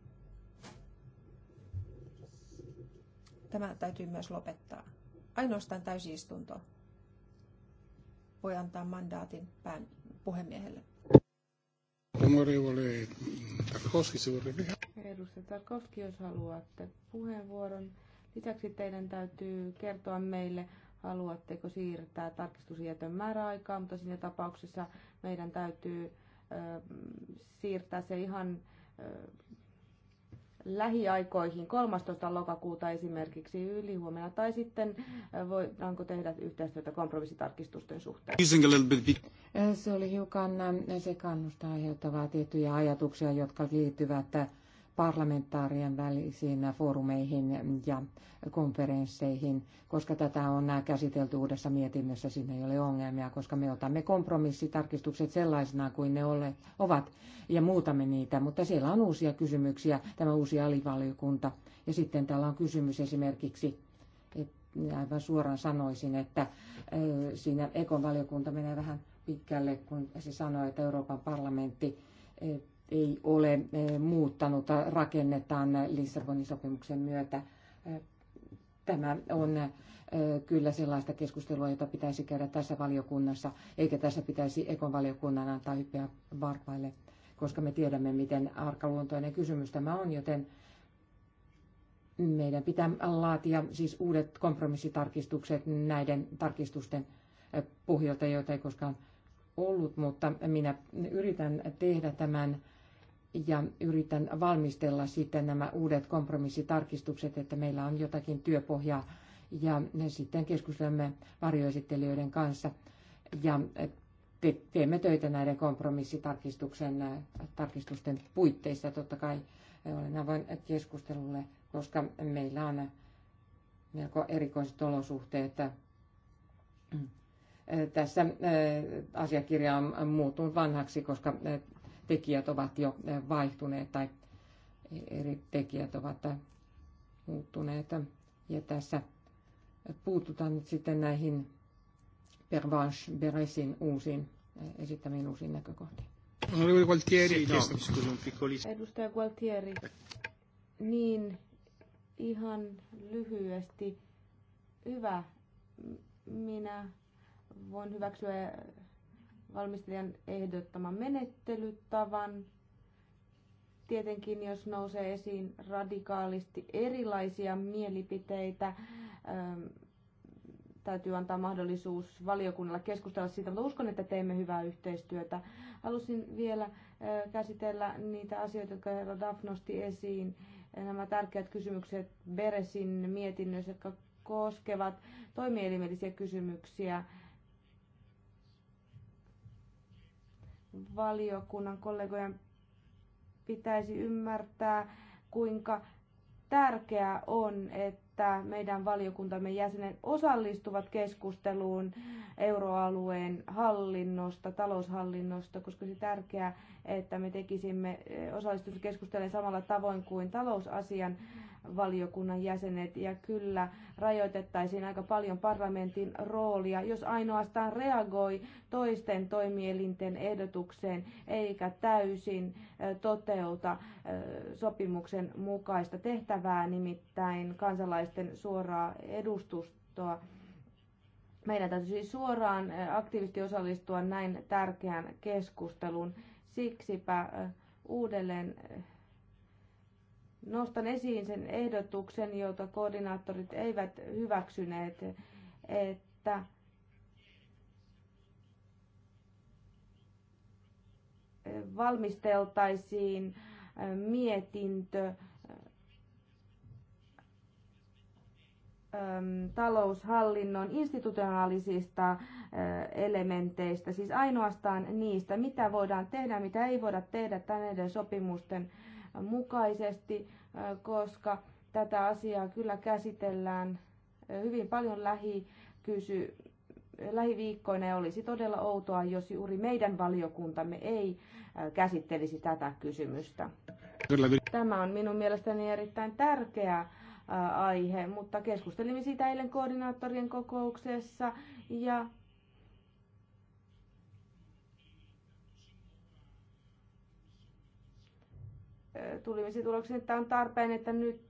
Tämä täytyy myös lopettaa. Ainoastaan täysistunto voi antaa mandaatin pään puhemiehelle. Edustaja Tarkovski, jos haluatte puheenvuoron. Lisäksi teidän täytyy kertoa meille, haluatteko siirtää tarkistusjätön määräaikaa, mutta siinä tapauksessa meidän täytyy siirtää se ihan lähiaikoihin 13. lokakuuta esimerkiksi ylihuomenna, tai sitten voidaanko tehdä yhteistyötä kompromissitarkistusten suhteen? Se oli hiukan se kannustaa aiheuttavaa tiettyjä ajatuksia, jotka liittyvät parlamentaarien välisiin foorumeihin ja konferensseihin, koska tätä on käsitelty uudessa mietinnössä, siinä ei ole ongelmia, koska me otamme kompromissitarkistukset sellaisena kuin ne ole, ovat ja muutamme niitä, mutta siellä on uusia kysymyksiä, tämä uusi alivaliokunta. Ja sitten täällä on kysymys esimerkiksi, että aivan suoraan sanoisin, että siinä ekon valiokunta menee vähän pitkälle, kun se sanoi, että Euroopan parlamentti ei ole eh, muuttanut rakennetaan Lissabonin sopimuksen myötä. Eh, tämä on eh, kyllä sellaista keskustelua, jota pitäisi käydä tässä valiokunnassa, eikä tässä pitäisi ekon valiokunnan antaa hyppiä varpaille, koska me tiedämme, miten arkaluontoinen kysymys tämä on, joten meidän pitää laatia siis uudet kompromissitarkistukset näiden tarkistusten pohjalta, joita ei koskaan ollut, mutta minä yritän tehdä tämän ja yritän valmistella sitten nämä uudet kompromissitarkistukset, että meillä on jotakin työpohjaa ja sitten keskustelemme varjoesittelijöiden kanssa ja eh, te- teemme töitä näiden kompromissitarkistuksen eh, tarkistusten puitteissa. Totta kai eh, olen avoin keskustelulle, koska meillä on melko erikoiset olosuhteet. Tässä asiakirja on muuttunut vanhaksi, koska tekijät ovat jo eh, vaihtuneet tai eri tekijät ovat eh, muuttuneet. Ja tässä puututaan nyt sitten näihin Pervanche Beresin uusiin eh, esittämiin uusiin näkökohtiin. No, Edustaja Gualtieri, niin ihan lyhyesti. Hyvä, minä voin hyväksyä valmistelijan ehdottaman menettelytavan. Tietenkin, jos nousee esiin radikaalisti erilaisia mielipiteitä, ähm, täytyy antaa mahdollisuus valiokunnalla keskustella siitä, mutta uskon, että teemme hyvää yhteistyötä. Halusin vielä äh, käsitellä niitä asioita, jotka herra nosti esiin, äh, nämä tärkeät kysymykset Beresin mietinnössä, jotka koskevat toimielimellisiä kysymyksiä valiokunnan kollegojen pitäisi ymmärtää, kuinka tärkeää on, että meidän valiokuntamme jäsenet osallistuvat keskusteluun euroalueen hallinnosta, taloushallinnosta, koska se tärkeää, että me tekisimme eh, keskustelemaan samalla tavoin kuin talousasian valiokunnan jäsenet ja kyllä rajoitettaisiin aika paljon parlamentin roolia, jos ainoastaan reagoi toisten toimielinten ehdotukseen eikä täysin toteuta sopimuksen mukaista tehtävää, nimittäin kansalaisten suoraa edustustoa. Meidän täytyy siis suoraan aktiivisesti osallistua näin tärkeään keskusteluun. Siksipä uudelleen nostan esiin sen ehdotuksen, jota koordinaattorit eivät hyväksyneet, että valmisteltaisiin mietintö taloushallinnon institutionaalisista elementeistä, siis ainoastaan niistä, mitä voidaan tehdä, mitä ei voida tehdä tänne sopimusten mukaisesti, koska tätä asiaa kyllä käsitellään hyvin paljon lähikysy, lähiviikkoina ja olisi todella outoa, jos juuri meidän valiokuntamme ei käsittelisi tätä kysymystä. Tämä on minun mielestäni erittäin tärkeä aihe, mutta keskustelimme siitä eilen koordinaattorien kokouksessa ja tulimisen tulokseen, että on tarpeen, että nyt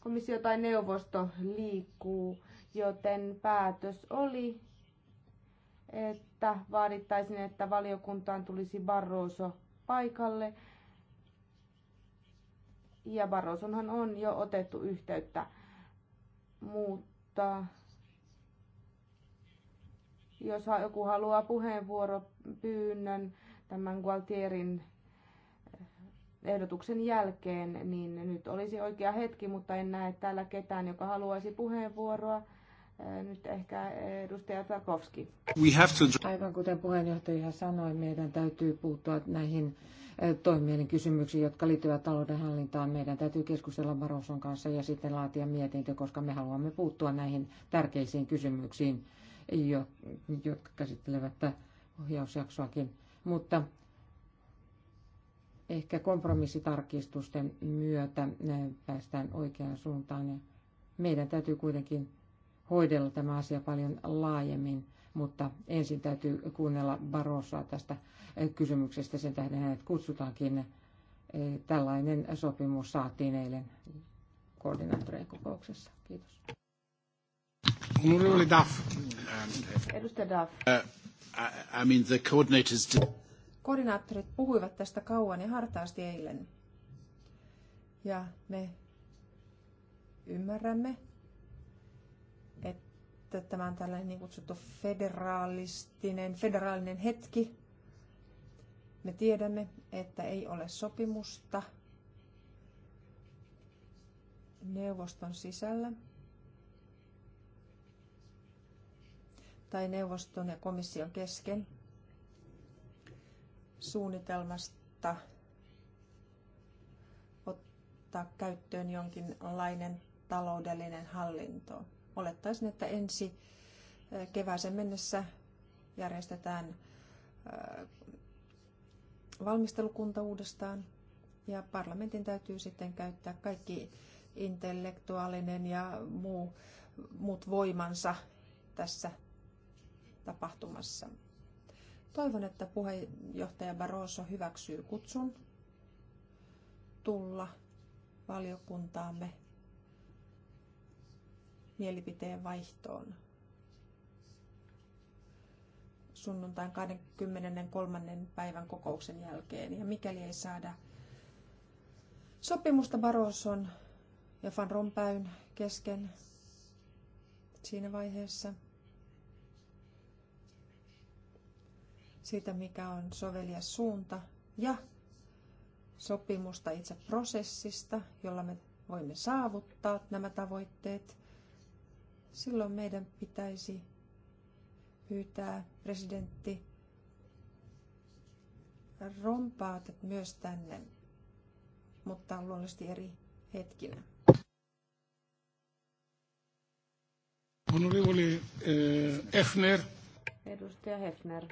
komissio tai neuvosto liikkuu, joten päätös oli, että vaadittaisiin, että valiokuntaan tulisi Barroso paikalle. Ja Barrosonhan on jo otettu yhteyttä, mutta jos joku haluaa puheenvuoropyynnön tämän Gualtierin ehdotuksen jälkeen, niin nyt olisi oikea hetki, mutta en näe täällä ketään, joka haluaisi puheenvuoroa. Äh, nyt ehkä edustaja Tarkovski. We have to... Aivan kuten puheenjohtaja sanoi, meidän täytyy puuttua näihin äh, toimien kysymyksiin, jotka liittyvät taloudenhallintaan. Meidän täytyy keskustella Baroson kanssa ja sitten laatia mietintö, koska me haluamme puuttua näihin tärkeisiin kysymyksiin, jotka käsittelevät ohjausjaksoakin. Mutta ehkä kompromissitarkistusten myötä päästään oikeaan suuntaan. Ja meidän täytyy kuitenkin hoidella tämä asia paljon laajemmin, mutta ensin täytyy kuunnella Barrosoa tästä kysymyksestä. Sen tähden hänet kutsutaankin. Tällainen sopimus saatiin eilen koordinaattorien kokouksessa. Kiitos. Edustaja Duff. Uh, I mean the coordinators... Koordinaattorit puhuivat tästä kauan ja hartaasti eilen. Ja me ymmärrämme, että tämä on tällainen niin kutsuttu federaalistinen, federaalinen hetki. Me tiedämme, että ei ole sopimusta neuvoston sisällä tai neuvoston ja komission kesken suunnitelmasta ottaa käyttöön jonkinlainen taloudellinen hallinto. Olettaisin, että ensi kevääseen mennessä järjestetään valmistelukunta uudestaan ja parlamentin täytyy sitten käyttää kaikki intellektuaalinen ja muu, muut voimansa tässä tapahtumassa. Toivon, että puheenjohtaja Barroso hyväksyy kutsun tulla valiokuntaamme mielipiteen vaihtoon sunnuntain 23. päivän kokouksen jälkeen. Ja mikäli ei saada sopimusta Barroson ja Van Rompäyn kesken siinä vaiheessa, sitä, mikä on sovelias suunta ja sopimusta itse prosessista, jolla me voimme saavuttaa nämä tavoitteet, silloin meidän pitäisi pyytää presidentti Rompaatet myös tänne, mutta luonnollisesti eri hetkinä. Onorevoli eh, Hefner. Edustaja Hefner.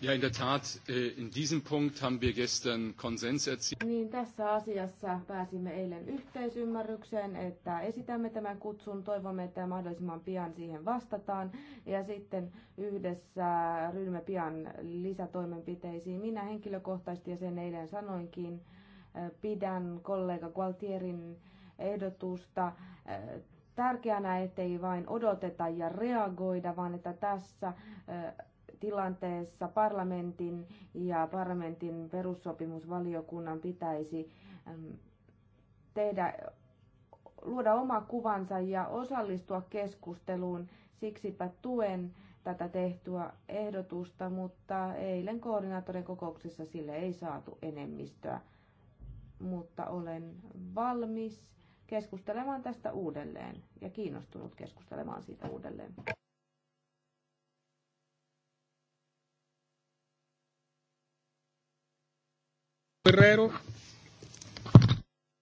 Ja in der Tat, äh, in diesem Punkt haben wir gestern Konsens erzielt. Niin tässä asiassa pääsimme eilen yhteisymmärrykseen, että esitämme tämän kutsun, toivomme, että mahdollisimman pian siihen vastataan ja sitten yhdessä ryhmä pian lisätoimenpiteisiin. Minä henkilökohtaisesti, ja sen eilen sanoinkin, äh, pidän kollega Gualtierin ehdotusta äh, tärkeänä, ettei vain odoteta ja reagoida, vaan että tässä tilanteessa parlamentin ja parlamentin perussopimusvaliokunnan pitäisi tehdä, luoda oma kuvansa ja osallistua keskusteluun. Siksipä tuen tätä tehtyä ehdotusta, mutta eilen koordinaattorin kokouksessa sille ei saatu enemmistöä. Mutta olen valmis keskustelemaan tästä uudelleen ja kiinnostunut keskustelemaan siitä uudelleen. Guerrero.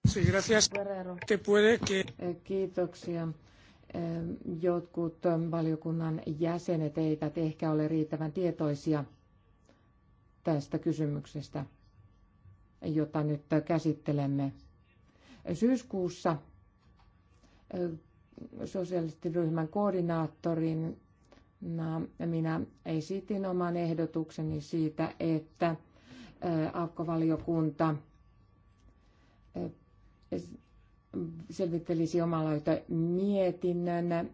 Sí, gracias. Guerrero. Te puede que... Eh, kiitoksia. Eh, jotkut eh, valiokunnan jäsenet eivät ehkä ole riittävän tietoisia tästä kysymyksestä, jota nyt käsittelemme. Syyskuussa sosialistiryhmän koordinaattorin minä esitin oman ehdotukseni siitä, että Äh, aukkovaliokunta äh, selvittelisi omalaita mietinnön äh,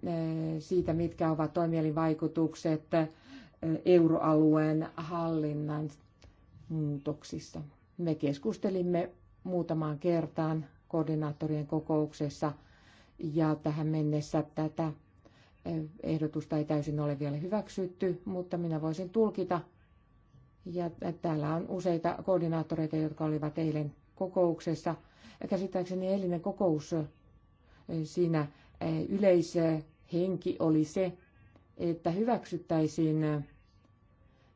siitä, mitkä ovat toimielinvaikutukset euroalueen hallinnan muutoksissa. Me keskustelimme muutamaan kertaan koordinaattorien kokouksessa ja tähän mennessä tätä ehdotusta ei täysin ole vielä hyväksytty, mutta minä voisin tulkita ja täällä on useita koordinaattoreita, jotka olivat eilen kokouksessa. Käsittääkseni eilinen kokous eh, siinä eh, yleishenki oli se, että hyväksyttäisiin, eh,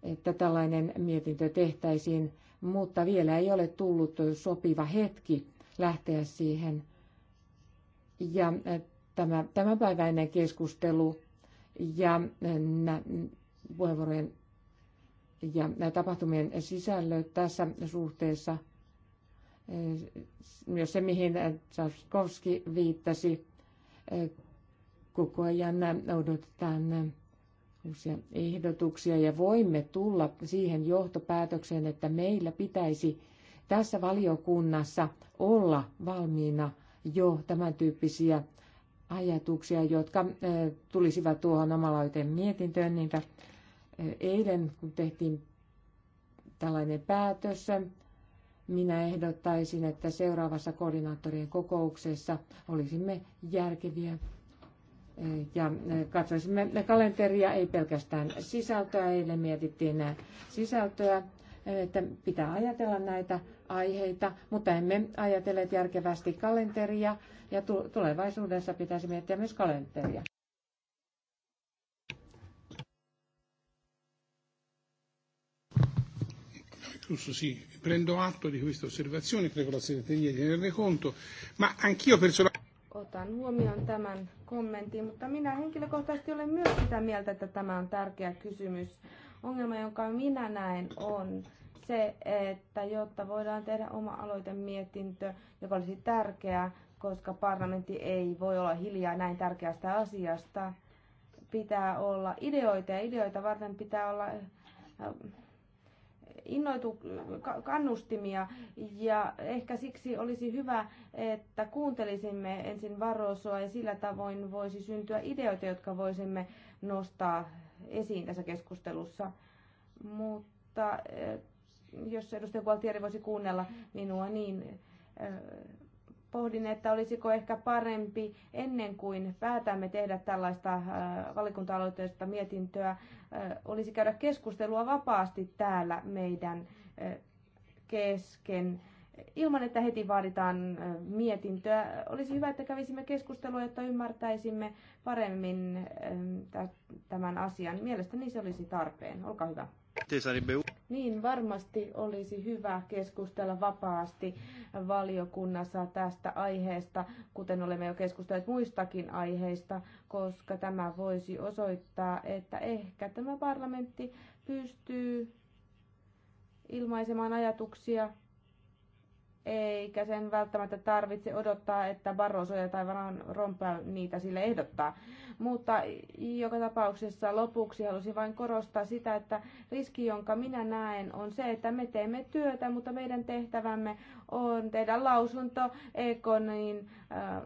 että tällainen mietintö tehtäisiin, mutta vielä ei ole tullut sopiva hetki lähteä siihen. Ja tämä tämänpäiväinen keskustelu ja puheenvuorojen ja tapahtumien sisällöt tässä suhteessa, eh, myös se mihin Tsarskovski viittasi, eh, koko ajan odotetaan uusia ehdotuksia ja voimme tulla siihen johtopäätökseen, että meillä pitäisi tässä valiokunnassa olla valmiina jo tämän tyyppisiä ajatuksia, jotka eh, tulisivat tuohon omalaiteen mietintöön, niitä Eilen, kun tehtiin tällainen päätös, minä ehdottaisin, että seuraavassa koordinaattorien kokouksessa olisimme järkeviä eh, ja eh, katsoisimme kalenteria, ei pelkästään sisältöä. Eilen mietittiin eh, sisältöä, että pitää ajatella näitä aiheita, mutta emme ajatelleet järkevästi kalenteria ja tulevaisuudessa pitäisi miettiä myös kalenteria. Giusto, sì, prendo atto di questa osservazione, prego la segreteria di tenerne conto, ma anch'io personalmente... Otan huomioon tämän kommentin, mutta minä henkilökohtaisesti olen myös sitä mieltä, että tämä on tärkeä kysymys. Ongelma, jonka minä näen, on se, että jotta voidaan tehdä oma aloitemietintö, joka olisi tärkeä, koska parlamentti ei voi olla hiljaa näin tärkeästä asiasta, pitää olla ideoita ja ideoita varten pitää olla innoitu, kannustimia ja ehkä siksi olisi hyvä, että kuuntelisimme ensin Varosoa ja sillä tavoin voisi syntyä ideoita, jotka voisimme nostaa esiin tässä keskustelussa. Mutta eh, jos edustaja Gualtieri voisi kuunnella minua, niin eh, pohdin, että olisiko ehkä parempi ennen kuin päätämme tehdä tällaista äh, valikunta mietintöä, äh, olisi käydä keskustelua vapaasti täällä meidän äh, kesken. Ilman, että heti vaaditaan mietintöä, olisi hyvä, että kävisimme keskustelua, jotta ymmärtäisimme paremmin tämän asian. Mielestäni se olisi tarpeen. Olkaa hyvä. Niin, varmasti olisi hyvä keskustella vapaasti valiokunnassa tästä aiheesta, kuten olemme jo keskustelleet muistakin aiheista, koska tämä voisi osoittaa, että ehkä tämä parlamentti pystyy ilmaisemaan ajatuksia eikä sen välttämättä tarvitse odottaa, että Barroso tai Van Rompuy niitä sille ehdottaa. Mutta joka tapauksessa lopuksi halusin vain korostaa sitä, että riski, jonka minä näen, on se, että me teemme työtä, mutta meidän tehtävämme on tehdä lausunto Ekonin äh,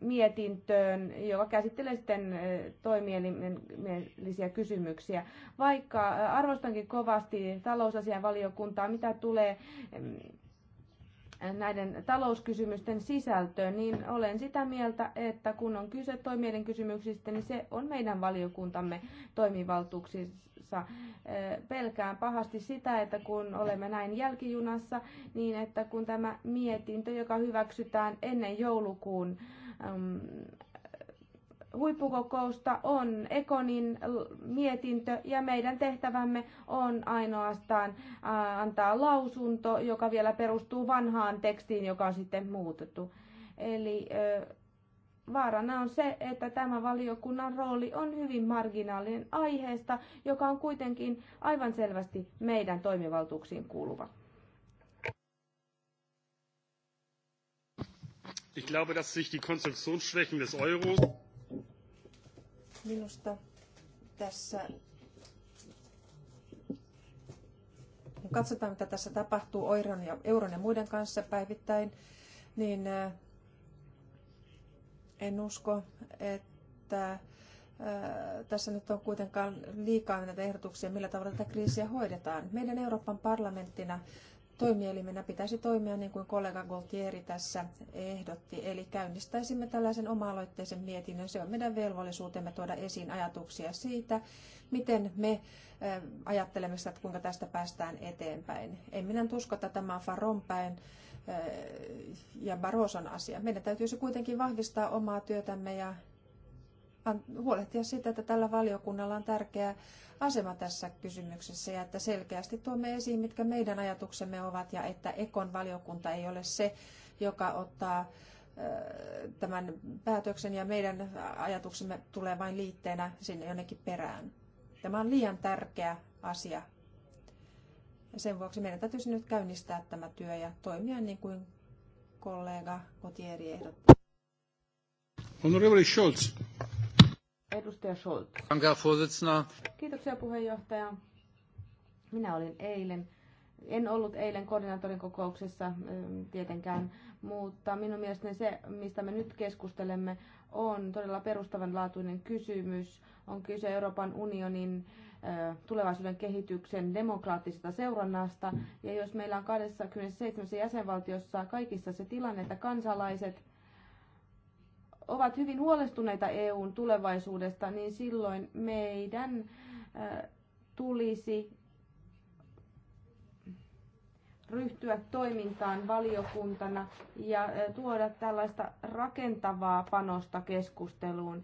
mietintöön, joka käsittelee sitten äh, toimielimellisiä kysymyksiä. Vaikka äh, arvostankin kovasti talousasian valiokuntaa, mitä tulee mm, näiden talouskysymysten sisältöön, niin olen sitä mieltä, että kun on kyse toimijoiden kysymyksistä, niin se on meidän valiokuntamme toimivaltuuksissa. Eh, pelkään pahasti sitä, että kun olemme näin jälkijunassa, niin että kun tämä mietintö, joka hyväksytään ennen joulukuun mm, huippukokousta on Ekonin mietintö ja meidän tehtävämme on ainoastaan antaa lausunto, joka vielä perustuu vanhaan tekstiin, joka on sitten muutettu. Eli vaarana on se, että tämä valiokunnan rooli on hyvin marginaalinen aiheesta, joka on kuitenkin aivan selvästi meidän toimivaltuuksiin kuuluva. Ich glaube, dass sich die Konstruktionsschwächen des Euros Minusta tässä, kun katsotaan mitä tässä tapahtuu oiron ja, euron ja muiden kanssa päivittäin, niin eh, en usko, että eh, tässä nyt on kuitenkaan liikaa näitä ehdotuksia, millä tavalla tätä kriisiä hoidetaan. Meidän Euroopan parlamenttina toimielimenä pitäisi toimia niin kuin kollega Goltieri tässä ehdotti, eli käynnistäisimme tällaisen oma-aloitteisen mietinnön. Se on meidän velvollisuutemme tuoda esiin ajatuksia siitä, miten me ajattelemme sitä, että kuinka tästä päästään eteenpäin. En minä usko, että tämä on Faronpäin ja Baroson asia. Meidän täytyisi kuitenkin vahvistaa omaa työtämme ja huolehtia siitä, että tällä valiokunnalla on tärkeä asema tässä kysymyksessä ja että selkeästi tuomme esiin, mitkä meidän ajatuksemme ovat ja että Ekon valiokunta ei ole se, joka ottaa tämän päätöksen ja meidän ajatuksemme tulee vain liitteenä sinne jonnekin perään. Tämä on liian tärkeä asia. Ja sen vuoksi meidän täytyisi nyt käynnistää tämä työ ja toimia niin kuin kollega Kotieri ehdottaa. Honorable Scholz. Edustaja Scholz. Kiitoksia puheenjohtaja. Minä olin eilen en ollut eilen koordinaattorin kokouksessa ähm, tietenkään, mutta minun mielestäni se, mistä me nyt keskustelemme, on todella perustavanlaatuinen kysymys. On kyse Euroopan unionin äh, tulevaisuuden kehityksen demokraattisesta seurannasta. Ja jos meillä on 27 jäsenvaltiossa kaikissa se tilanne, että kansalaiset ovat hyvin huolestuneita EUn tulevaisuudesta, niin silloin meidän tulisi ryhtyä toimintaan valiokuntana ja tuoda tällaista rakentavaa panosta keskusteluun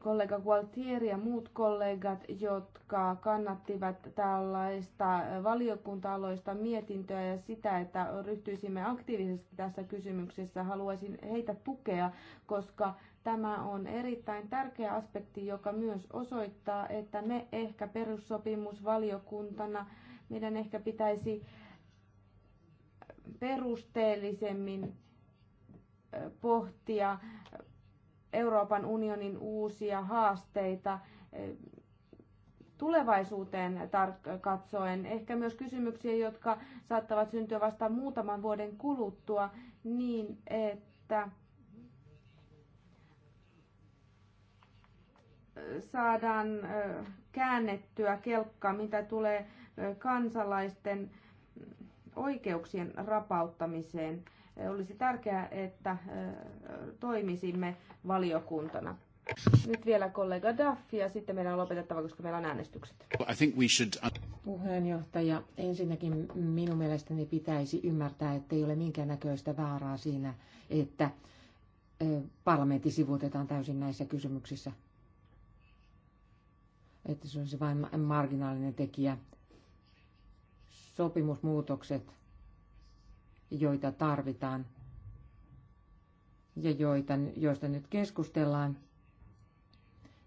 kollega Gualtieri ja muut kollegat, jotka kannattivat tällaista valiokunta-aloista mietintöä ja sitä, että ryhtyisimme aktiivisesti tässä kysymyksessä. Haluaisin heitä tukea, koska tämä on erittäin tärkeä aspekti, joka myös osoittaa, että me ehkä perussopimusvaliokuntana, meidän ehkä pitäisi perusteellisemmin pohtia Euroopan unionin uusia haasteita eh, tulevaisuuteen katsoen, ehkä myös kysymyksiä, jotka saattavat syntyä vasta muutaman vuoden kuluttua, niin että eh, saadaan eh, käännettyä kelkka, mitä tulee kansalaisten mm, oikeuksien rapauttamiseen. Olisi tärkeää, että toimisimme valiokuntana. Nyt vielä kollega Daffi ja sitten meidän on lopetettava, koska meillä on äänestykset. I think we should... Puheenjohtaja, ensinnäkin minun mielestäni pitäisi ymmärtää, että ei ole minkäännäköistä vaaraa siinä, että parlamentti sivuutetaan täysin näissä kysymyksissä. Että se on se vain marginaalinen tekijä. Sopimusmuutokset joita tarvitaan ja joita, joista nyt keskustellaan,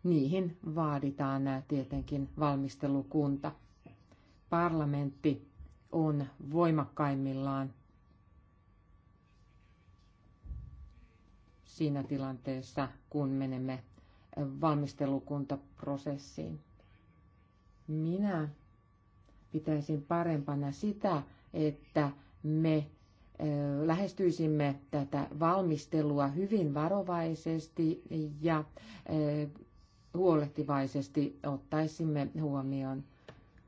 niihin vaaditaan tietenkin valmistelukunta. Parlamentti on voimakkaimmillaan siinä tilanteessa, kun menemme valmistelukuntaprosessiin. Minä pitäisin parempana sitä, että me lähestyisimme tätä valmistelua hyvin varovaisesti ja huolehtivaisesti ottaisimme huomioon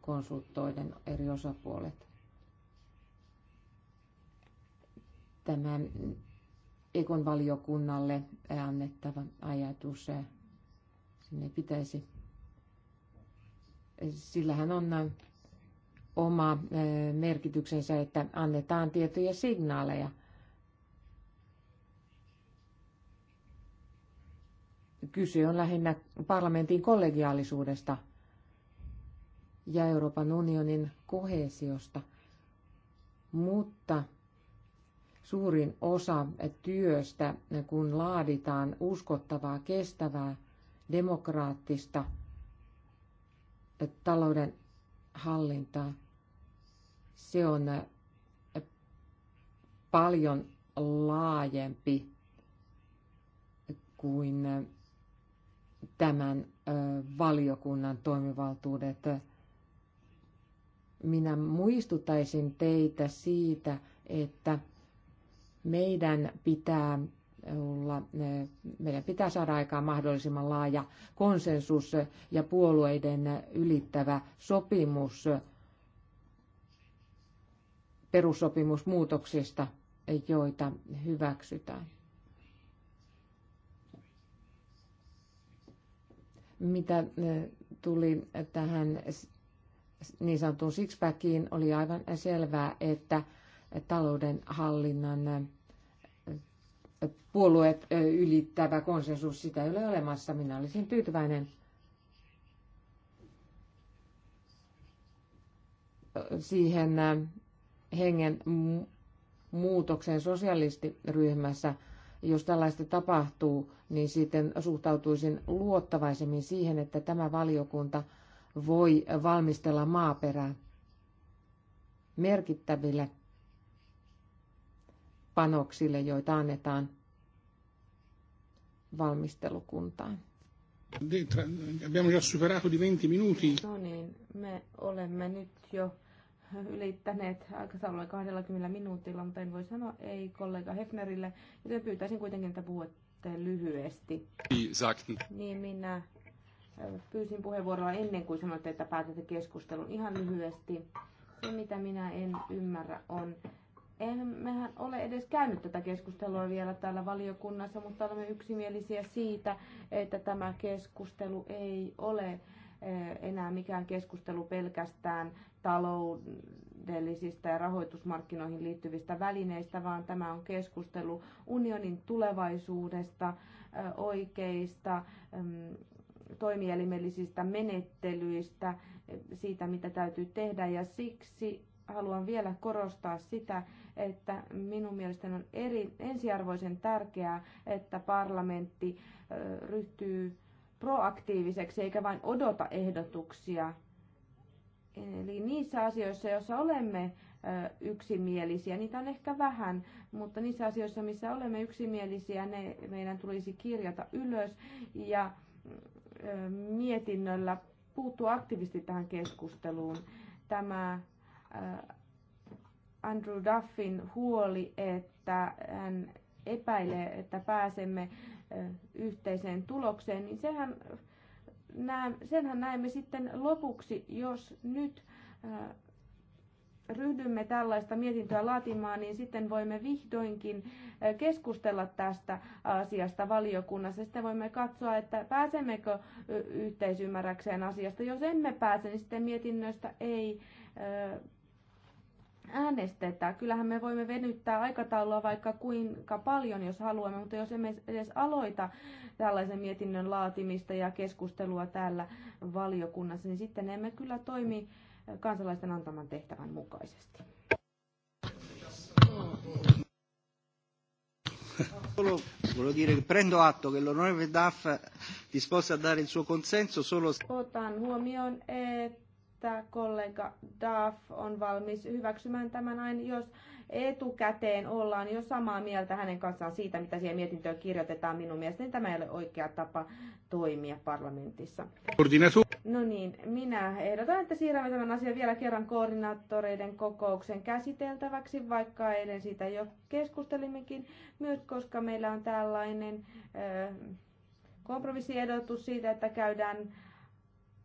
konsultoiden eri osapuolet. Tämä Ekon valiokunnalle annettava ajatus, sinne pitäisi, sillähän on oma merkityksensä, että annetaan tietoja signaaleja. Kyse on lähinnä parlamentin kollegiaalisuudesta ja Euroopan unionin kohesiosta, mutta suurin osa työstä, kun laaditaan uskottavaa, kestävää, demokraattista talouden hallintaa, se on paljon laajempi kuin tämän valiokunnan toimivaltuudet. Minä muistuttaisin teitä siitä, että meidän pitää olla, meidän pitää saada aikaan mahdollisimman laaja konsensus ja puolueiden ylittävä sopimus perussopimusmuutoksista, joita hyväksytään. Mitä eh, tuli tähän niin sanottuun sixpackiin, oli aivan selvää, että talouden hallinnan eh, puolueet eh, ylittävä konsensus, sitä ei ole olemassa. Minä olisin tyytyväinen siihen hengen muutoksen sosialistiryhmässä. Jos tällaista tapahtuu, niin sitten suhtautuisin luottavaisemmin siihen, että tämä valiokunta voi valmistella maaperää merkittäville panoksille, joita annetaan valmistelukuntaan. Abbiamo già superato di 20 minuti. No niin, me olemme nyt jo ylittäneet aikataulun 20 minuutilla, mutta en voi sanoa ei kollega Hefnerille, joten pyytäisin kuitenkin, että puhutte lyhyesti. Niin, exactly. Niin minä pyysin puheenvuoroa ennen kuin sanoitte, että päätätte keskustelun ihan lyhyesti. Se, mitä minä en ymmärrä, on, eihän mehän ole edes käynyt tätä keskustelua vielä täällä valiokunnassa, mutta olemme yksimielisiä siitä, että tämä keskustelu ei ole Eh, enää mikään keskustelu pelkästään taloudellisista ja rahoitusmarkkinoihin liittyvistä välineistä, vaan tämä on keskustelu unionin tulevaisuudesta, eh, oikeista mm, toimielimellisistä menettelyistä, eh, siitä mitä täytyy tehdä ja siksi haluan vielä korostaa sitä, että minun mielestäni on eri, ensiarvoisen tärkeää, että parlamentti ryhtyy proaktiiviseksi eikä vain odota ehdotuksia. Eli niissä asioissa, joissa olemme yksimielisiä, niitä on ehkä vähän, mutta niissä asioissa, missä olemme yksimielisiä, ne meidän tulisi kirjata ylös ja mietinnöllä puuttua aktiivisesti tähän keskusteluun. Tämä Andrew Duffin huoli, että hän epäilee, että pääsemme yhteiseen tulokseen, niin sehän näem, senhän näemme sitten lopuksi, jos nyt ryhdymme tällaista mietintöä laatimaan, niin sitten voimme vihdoinkin keskustella tästä asiasta valiokunnassa. Sitten voimme katsoa, että pääsemmekö yhteisymmärrykseen asiasta. Jos emme pääse, niin sitten mietinnöstä ei äänestetä. Kyllähän me voimme venyttää aikataulua vaikka kuinka paljon, jos haluamme, mutta jos emme edes aloita tällaisen mietinnön laatimista ja keskustelua täällä valiokunnassa, niin sitten emme kyllä toimi kansalaisten antaman tehtävän mukaisesti. Solo volevo dire che prendo atto che l'onorevole disposto a dare il suo consenso solo Otan huomioon, että että kollega Duff on valmis hyväksymään tämän aina, jos etukäteen ollaan jo samaa mieltä hänen kanssaan siitä, mitä siihen mietintöön kirjoitetaan. Minun mielestäni tämä ei ole oikea tapa toimia parlamentissa. No niin, minä ehdotan, että siirrämme tämän asian vielä kerran koordinaattoreiden kokouksen käsiteltäväksi, vaikka eilen siitä jo keskustelimmekin, myös koska meillä on tällainen kompromissiehdotus siitä, että käydään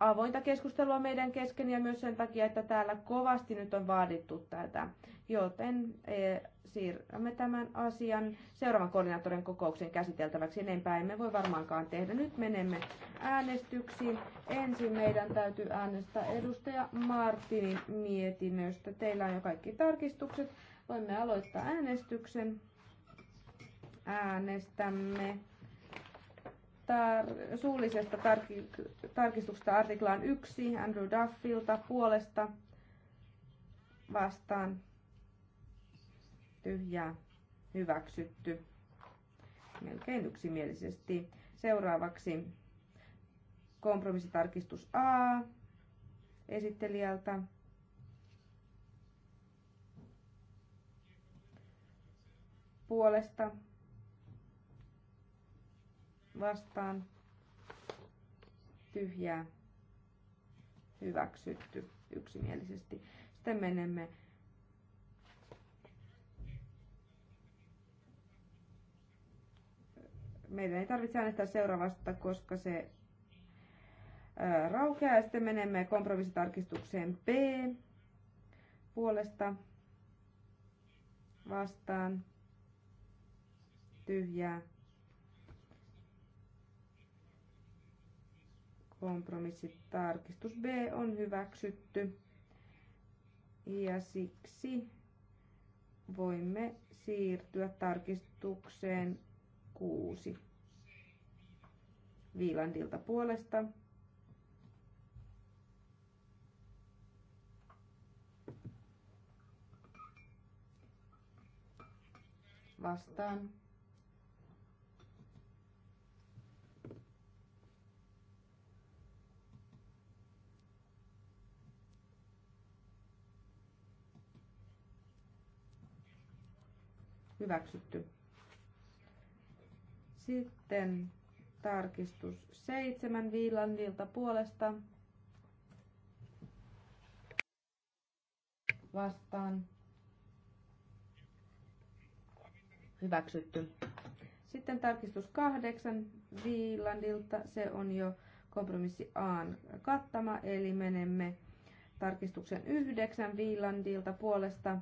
avointa keskustelua meidän kesken ja myös sen takia, että täällä kovasti nyt on vaadittu tätä. Joten e, siirrämme tämän asian seuraavan koordinaattorin kokouksen käsiteltäväksi. Enempää emme voi varmaankaan tehdä. Nyt menemme äänestyksiin. Ensin meidän täytyy äänestää edustaja Martinin mietinnöstä. Teillä on jo kaikki tarkistukset. Voimme aloittaa äänestyksen. Äänestämme tar- suullisesta tar- tarkistuksesta artiklaan 1 Andrew Duffilta puolesta vastaan tyhjää hyväksytty melkein yksimielisesti. Seuraavaksi kompromissitarkistus A esittelijältä. Puolesta vastaan tyhjää hyväksytty yksimielisesti. Sitten menemme meidän ei tarvitse äänestää seuraavasta, koska se raukeaa. Ja sitten menemme kompromissitarkistukseen B puolesta vastaan tyhjää Kompromissitarkistus B on hyväksytty ja siksi voimme siirtyä tarkistukseen 6. Viilandilta puolesta. Vastaan. hyväksytty. Sitten tarkistus seitsemän Viilandilta puolesta. Vastaan. Hyväksytty. Sitten tarkistus kahdeksan Viilandilta. Se on jo kompromissi Aan kattama, eli menemme tarkistuksen yhdeksän Viilandilta puolesta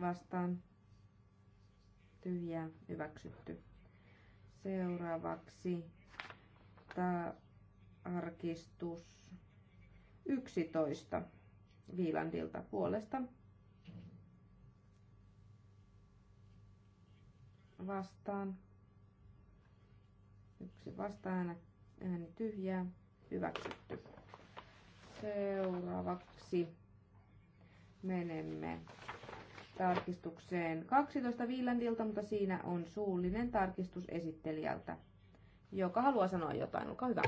vastaan tyhjää hyväksytty. Seuraavaksi tarkistus 11 Viilandilta puolesta vastaan. Yksi vastaan ääni tyhjää, hyväksytty. Seuraavaksi menemme tarkistukseen 12 Viilandilta, mutta siinä on suullinen tarkistus esittelijältä, joka haluaa sanoa jotain. Olkaa hyvä.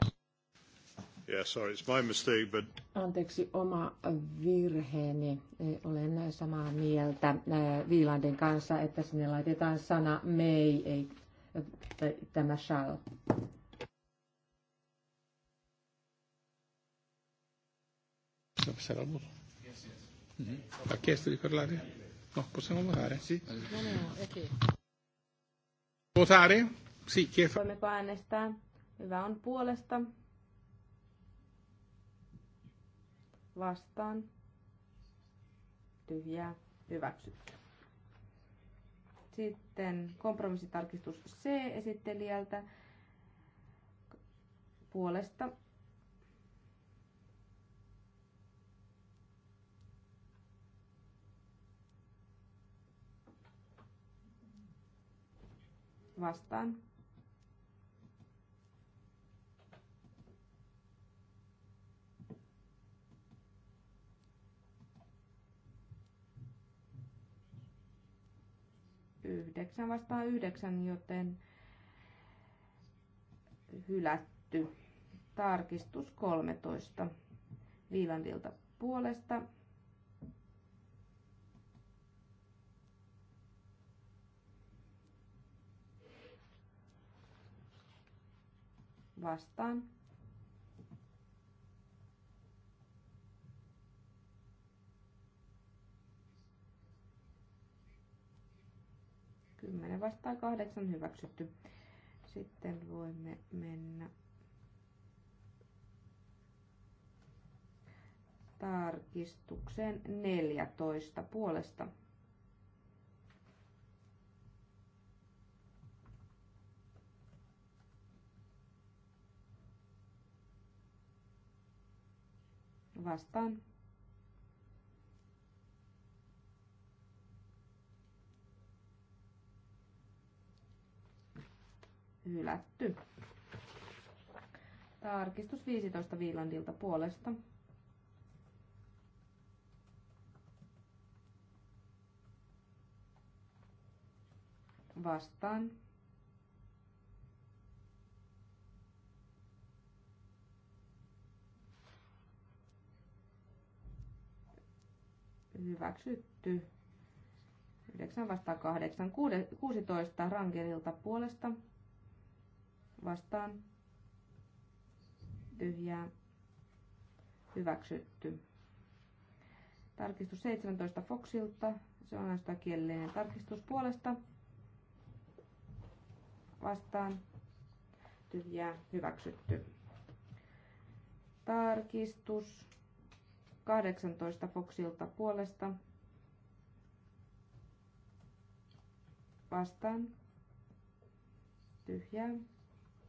Yeah, sorry, it's my mistake, but... Anteeksi, oma virheeni. Olen samaa mieltä eh, Viilandin kanssa, että sinne laitetaan sana mei, ei tämä shall. Yes, yes. Mm-hmm. Ha chiesto No, possiamo votare? Sì. No, no, okay. No, votare? Sì, chi è... Voimmeko äänestää? Hyvä on puolesta. Vastaan. Tyhjää. Hyväksytty. Sitten kompromissitarkistus C esittelijältä puolesta vastaan. Yhdeksän vastaan yhdeksän, joten hylätty. Tarkistus 13 viilantilta puolesta vastaan. Kymmenen vastaan kahdeksan hyväksytty. Sitten voimme mennä tarkistukseen 14 puolesta vastaan. Hylätty. Tarkistus 15 Viilandilta puolesta. Vastaan. hyväksytty. 9 vastaan 8. 16 rankerilta puolesta vastaan tyhjää hyväksytty. Tarkistus 17 Foxilta. Se on ainoastaan kielellinen tarkistus puolesta vastaan tyhjää hyväksytty. Tarkistus 18 Foxilta puolesta vastaan tyhjää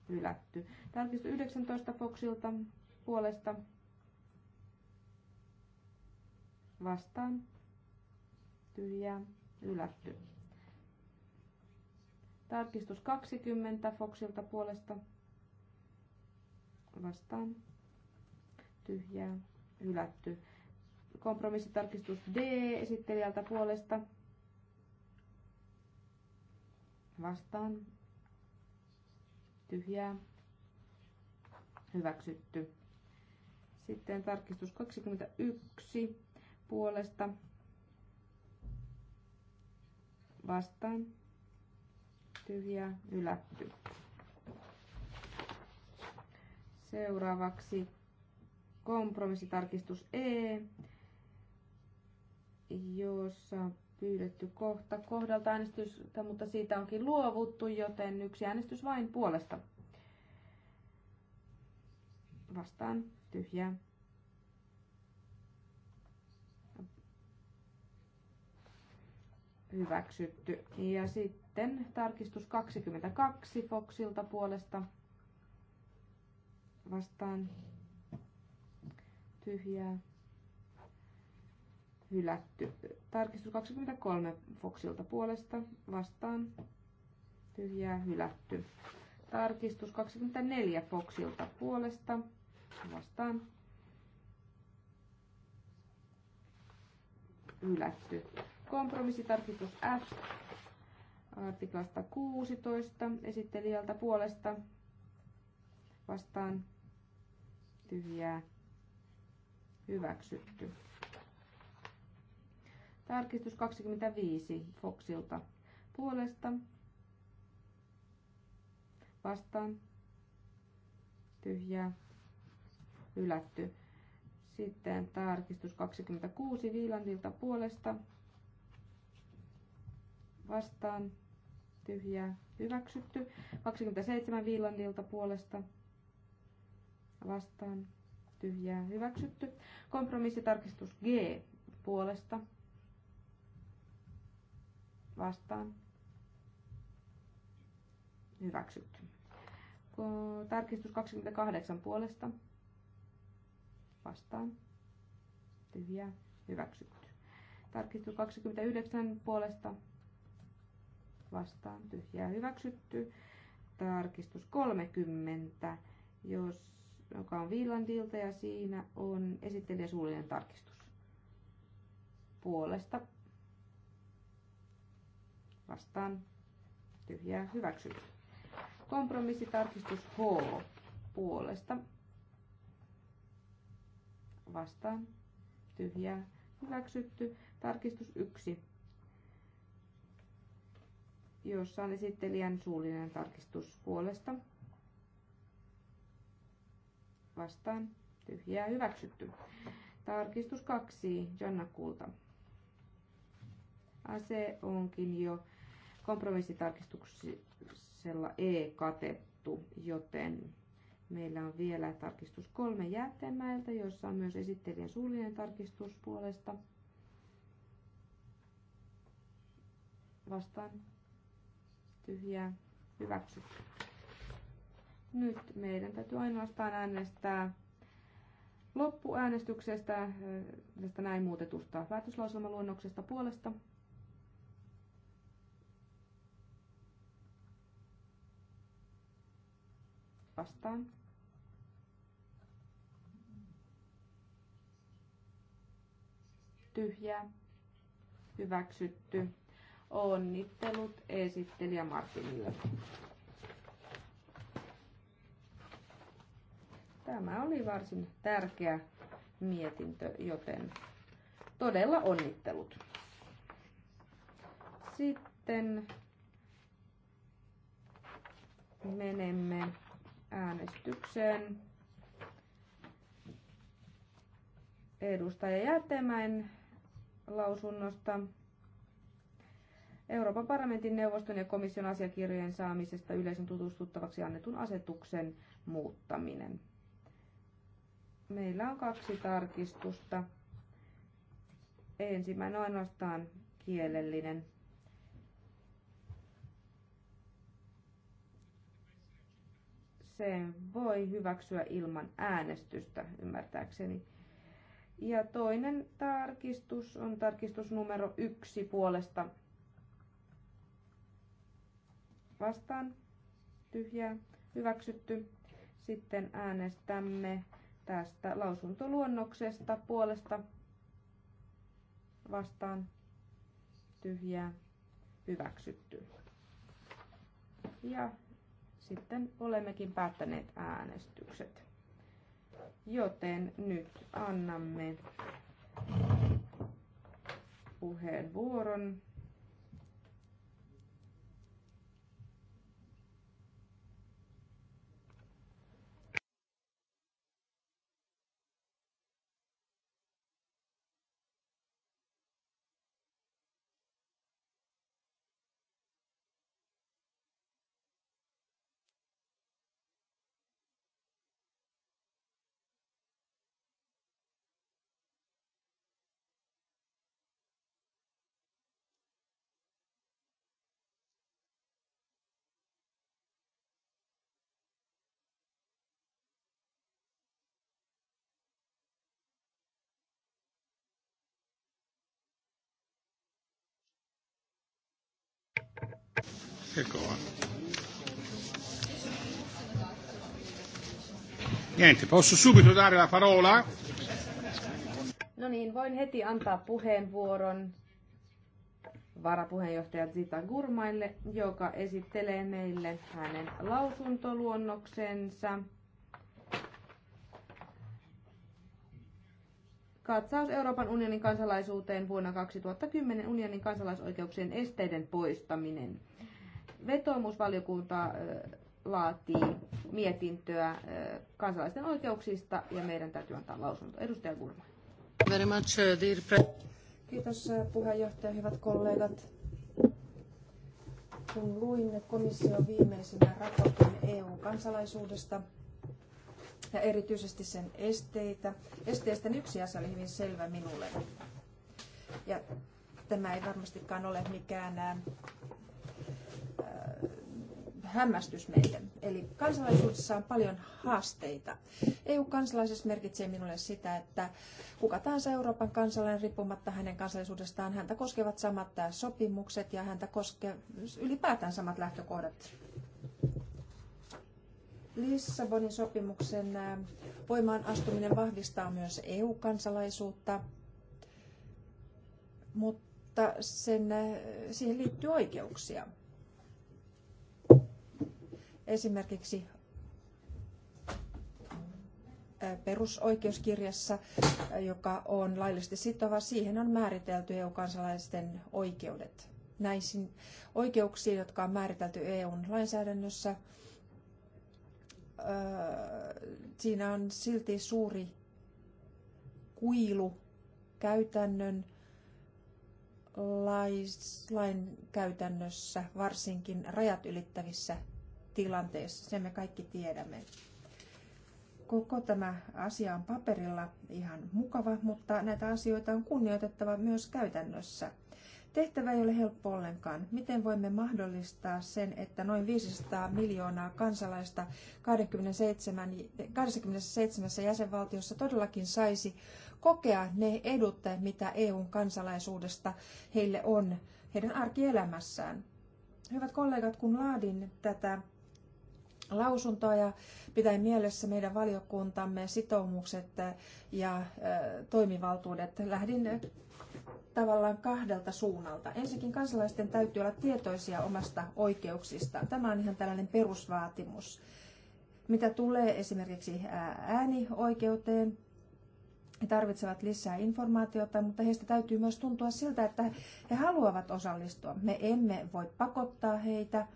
hylätty. Tarkistus 19 Foxilta puolesta vastaan tyhjää hylätty. Tarkistus 20 Foxilta puolesta vastaan tyhjää hylätty. Kompromissitarkistus D esittelijältä puolesta vastaan tyhjää hyväksytty. Sitten tarkistus 21 puolesta vastaan tyhjää ylätty. Seuraavaksi kompromissitarkistus E, jossa on pyydetty kohta kohdalta äänestystä, mutta siitä onkin luovuttu, joten yksi äänestys vain puolesta. Vastaan tyhjää. Hyväksytty. Ja sitten tarkistus 22 Foxilta puolesta. Vastaan tyhjää hylätty. Tarkistus 23 Foxilta puolesta vastaan tyhjää hylätty. Tarkistus 24 Foxilta puolesta vastaan hylätty. Kompromissitarkistus F artiklasta 16 esittelijältä puolesta vastaan tyhjää hyväksytty. Tarkistus 25 Foxilta puolesta vastaan tyhjää hylätty. Sitten tarkistus 26 Viilandilta puolesta vastaan tyhjää hyväksytty. 27 Viilandilta puolesta vastaan tyhjää hyväksytty. Kompromissitarkistus G puolesta vastaan hyväksytty. Tarkistus 28 puolesta vastaan tyhjää hyväksytty. Tarkistus 29 puolesta vastaan tyhjää hyväksytty. Tarkistus 30, jos joka on Viilandilta ja siinä on esittelijä suullinen tarkistus. Puolesta vastaan tyhjää hyväksytty. Kompromissitarkistus H puolesta vastaan tyhjää hyväksytty. Tarkistus 1, jossa on esittelijän suullinen tarkistus puolesta vastaan tyhjää hyväksytty. Tarkistus kaksi Janna kulta Ase onkin jo kompromissitarkistuksella E katettu, joten meillä on vielä tarkistus kolme jäätteenmäeltä, jossa on myös esittelijän suullinen tarkistus puolesta. Vastaan tyhjää hyväksytty. Nyt meidän täytyy ainoastaan äänestää loppuäänestyksestä, äh, tästä näin muutetusta päätöslauselmaluonnoksesta puolesta. Vastaan. Tyhjä. Hyväksytty. Onnittelut esittelijä Martinille. Tämä oli varsin tärkeä mietintö, joten todella onnittelut. Sitten menemme äänestykseen. Edustaja Jätemäen lausunnosta Euroopan parlamentin neuvoston ja komission asiakirjojen saamisesta yleisön tutustuttavaksi annetun asetuksen muuttaminen. Meillä on kaksi tarkistusta. Ensimmäinen on ainoastaan kielellinen. Se voi hyväksyä ilman äänestystä, ymmärtääkseni. Ja toinen tarkistus on tarkistus numero yksi puolesta. Vastaan tyhjää, hyväksytty. Sitten äänestämme tästä lausuntoluonnoksesta puolesta vastaan tyhjää hyväksytty. Ja sitten olemmekin päättäneet äänestykset. Joten nyt annamme puheenvuoron Get Niente, posso subito dare la parola? No niin, voin heti antaa puheenvuoron varapuheenjohtaja Zita Gurmaille, joka esittelee meille hänen lausuntoluonnoksensa. Katsaus Euroopan unionin kansalaisuuteen vuonna 2010 unionin kansalaisoikeuksien esteiden poistaminen. Vetoomusvaliokunta laatii mietintöä kansalaisten oikeuksista ja meidän täytyy antaa lausunto. Edustaja Gurma. Uh, Kiitos puheenjohtaja, hyvät kollegat. Kun luin komission viimeisimmän raportin EU-kansalaisuudesta ja erityisesti sen esteitä, esteistä niin yksi asia oli hyvin selvä minulle. Ja tämä ei varmastikaan ole mikään hämmästys meille. Eli kansalaisuudessa on paljon haasteita. EU-kansalaisuus merkitsee minulle sitä, että kuka tahansa Euroopan kansalainen riippumatta hänen kansallisuudestaan, häntä koskevat samat äh, sopimukset ja häntä koskee ylipäätään samat lähtökohdat Lissabonin sopimuksen äh, voimaan astuminen vahvistaa myös EU-kansalaisuutta, mutta sen, äh, siihen liittyy oikeuksia. Esimerkiksi perusoikeuskirjassa, joka on laillisesti sitova, siihen on määritelty EU-kansalaisten oikeudet. Näihin oikeuksiin, jotka on määritelty eu lainsäädännössä, siinä on silti suuri kuilu käytännön lain käytännössä, varsinkin rajat ylittävissä tilanteessa, sen me kaikki tiedämme. Koko tämä asia on paperilla ihan mukava, mutta näitä asioita on kunnioitettava myös käytännössä. Tehtävä ei ole helppo ollenkaan. Miten voimme mahdollistaa sen, että noin 500 miljoonaa kansalaista 27, 27 jäsenvaltiossa todellakin saisi kokea ne edut, mitä EUn kansalaisuudesta heille on heidän arkielämässään? Hyvät kollegat, kun laadin tätä lausuntoa ja pitäen mielessä meidän valiokuntamme sitoumukset äh, ja äh, toimivaltuudet. Lähdin äh, tavallaan kahdelta suunnalta. Ensinnäkin kansalaisten täytyy olla tietoisia omasta oikeuksista. Tämä on ihan tällainen perusvaatimus. Mitä tulee esimerkiksi äänioikeuteen, he tarvitsevat lisää informaatiota, mutta heistä täytyy myös tuntua siltä, että he haluavat osallistua. Me emme voi pakottaa heitä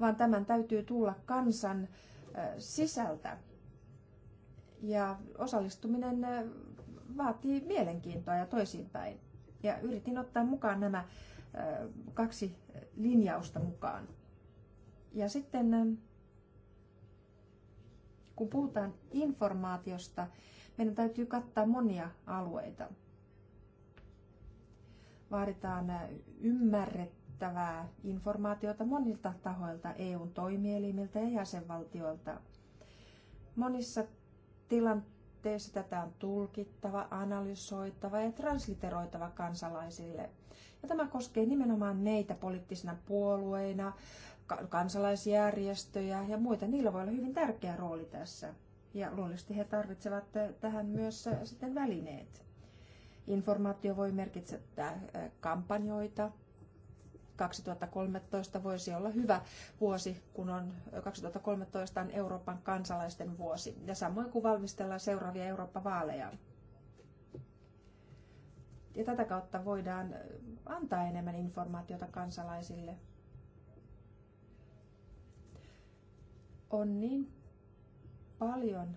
vaan tämän täytyy tulla kansan sisältä. Ja osallistuminen vaatii mielenkiintoa ja toisinpäin. Ja yritin ottaa mukaan nämä kaksi linjausta mukaan. Ja sitten kun puhutaan informaatiosta, meidän täytyy kattaa monia alueita. Vaaditaan ymmärrettä riittävää informaatiota monilta tahoilta, EUn toimielimiltä ja jäsenvaltioilta. Monissa tilanteissa tätä on tulkittava, analysoitava ja transliteroitava kansalaisille. Ja tämä koskee nimenomaan meitä poliittisina puolueina, kansalaisjärjestöjä ja muita. Niillä voi olla hyvin tärkeä rooli tässä. Ja luonnollisesti he tarvitsevat tähän myös äh, sitten välineet. Informaatio voi merkitä äh, kampanjoita, 2013 voisi olla hyvä vuosi, kun on 2013 on Euroopan kansalaisten vuosi. Ja samoin kun valmistellaan seuraavia Eurooppa-vaaleja. Ja tätä kautta voidaan antaa enemmän informaatiota kansalaisille. On niin paljon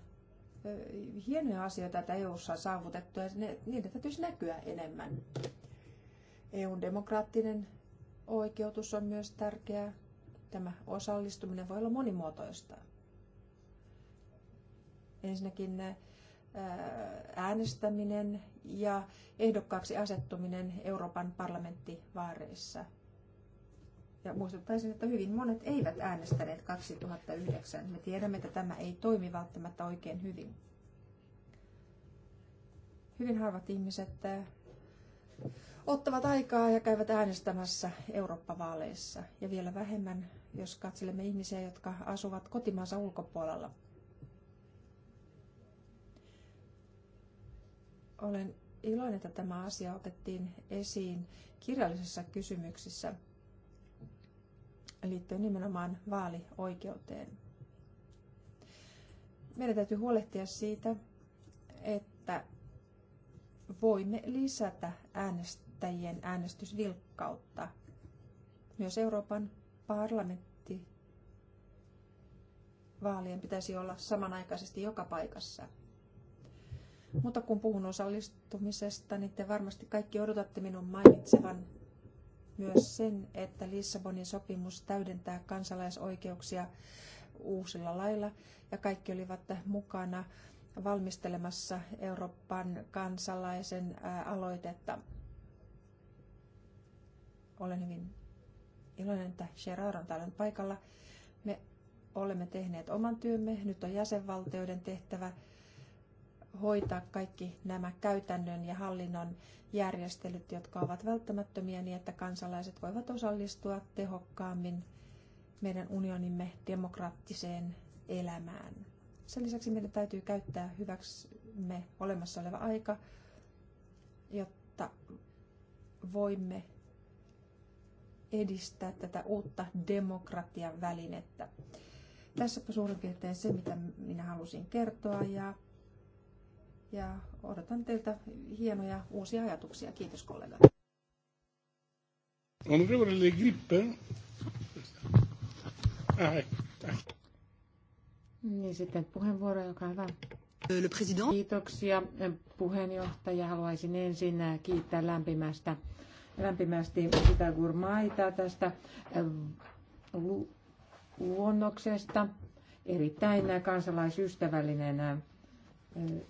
hienoja asioita, että EU:ssa on saavutettu ja ne, niiden täytyisi näkyä enemmän. EUn demokraattinen oikeutus on myös tärkeää. Tämä osallistuminen voi olla monimuotoista. Ensinnäkin äh, äänestäminen ja ehdokkaaksi asettuminen Euroopan parlamenttivaareissa. Ja muistuttaisin, että hyvin monet eivät äänestäneet 2009. Me tiedämme, että tämä ei toimi välttämättä oikein hyvin. Hyvin harvat ihmiset äh, ottavat aikaa ja käyvät äänestämässä Eurooppa-vaaleissa. Ja vielä vähemmän, jos katselemme ihmisiä, jotka asuvat kotimaansa ulkopuolella. Olen iloinen, että tämä asia otettiin esiin kirjallisissa kysymyksissä liittyen nimenomaan vaalioikeuteen. Meidän täytyy huolehtia siitä, että voimme lisätä äänestä äänestäjien äänestysvilkkautta. Myös Euroopan parlamentti vaalien pitäisi olla samanaikaisesti joka paikassa. Mutta kun puhun osallistumisesta, niin te varmasti kaikki odotatte minun mainitsevan myös sen, että Lissabonin sopimus täydentää kansalaisoikeuksia uusilla lailla ja kaikki olivat mukana valmistelemassa Euroopan kansalaisen aloitetta. Olen hyvin iloinen, että Gerard on täällä paikalla. Me olemme tehneet oman työmme. Nyt on jäsenvaltioiden tehtävä hoitaa kaikki nämä käytännön ja hallinnon järjestelyt, jotka ovat välttämättömiä niin, että kansalaiset voivat osallistua tehokkaammin meidän unionimme demokraattiseen elämään. Sen lisäksi meidän täytyy käyttää hyväksemme olemassa oleva aika, jotta voimme edistää tätä uutta demokratian välinettä. Tässäpä suurin piirtein se, mitä minä halusin kertoa ja, ja odotan teiltä hienoja uusia ajatuksia. Kiitos kollega. Onorevole Grippe. Ah, niin sitten puheenvuoro, joka hyvä. Le president. Kiitoksia puheenjohtaja. Haluaisin ensin kiittää lämpimästä lämpimästi sitä Gurmaita tästä eh, luonnoksesta. Erittäin kansalaisystävällinen, eh,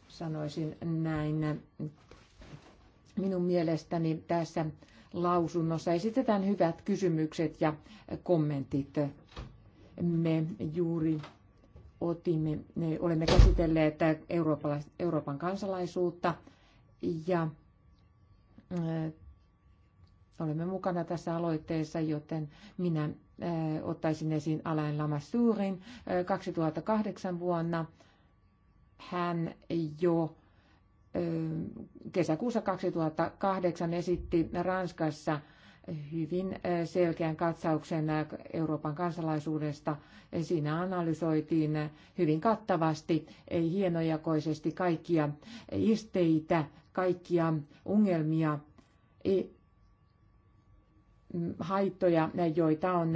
sanoisin näin. Minun mielestäni tässä lausunnossa esitetään hyvät kysymykset ja kommentit. Me juuri otimme, olemme käsitelleet Euroopan kansalaisuutta ja eh, olemme mukana tässä aloitteessa, joten minä äh, ottaisin esiin Alain Lamassuurin 2008 äh, vuonna. Hän jo äh, kesäkuussa 2008 esitti Ranskassa hyvin selkeän katsauksen Euroopan kansalaisuudesta. Siinä analysoitiin hyvin kattavasti, hienojakoisesti kaikkia esteitä, kaikkia ongelmia e- haittoja, joita on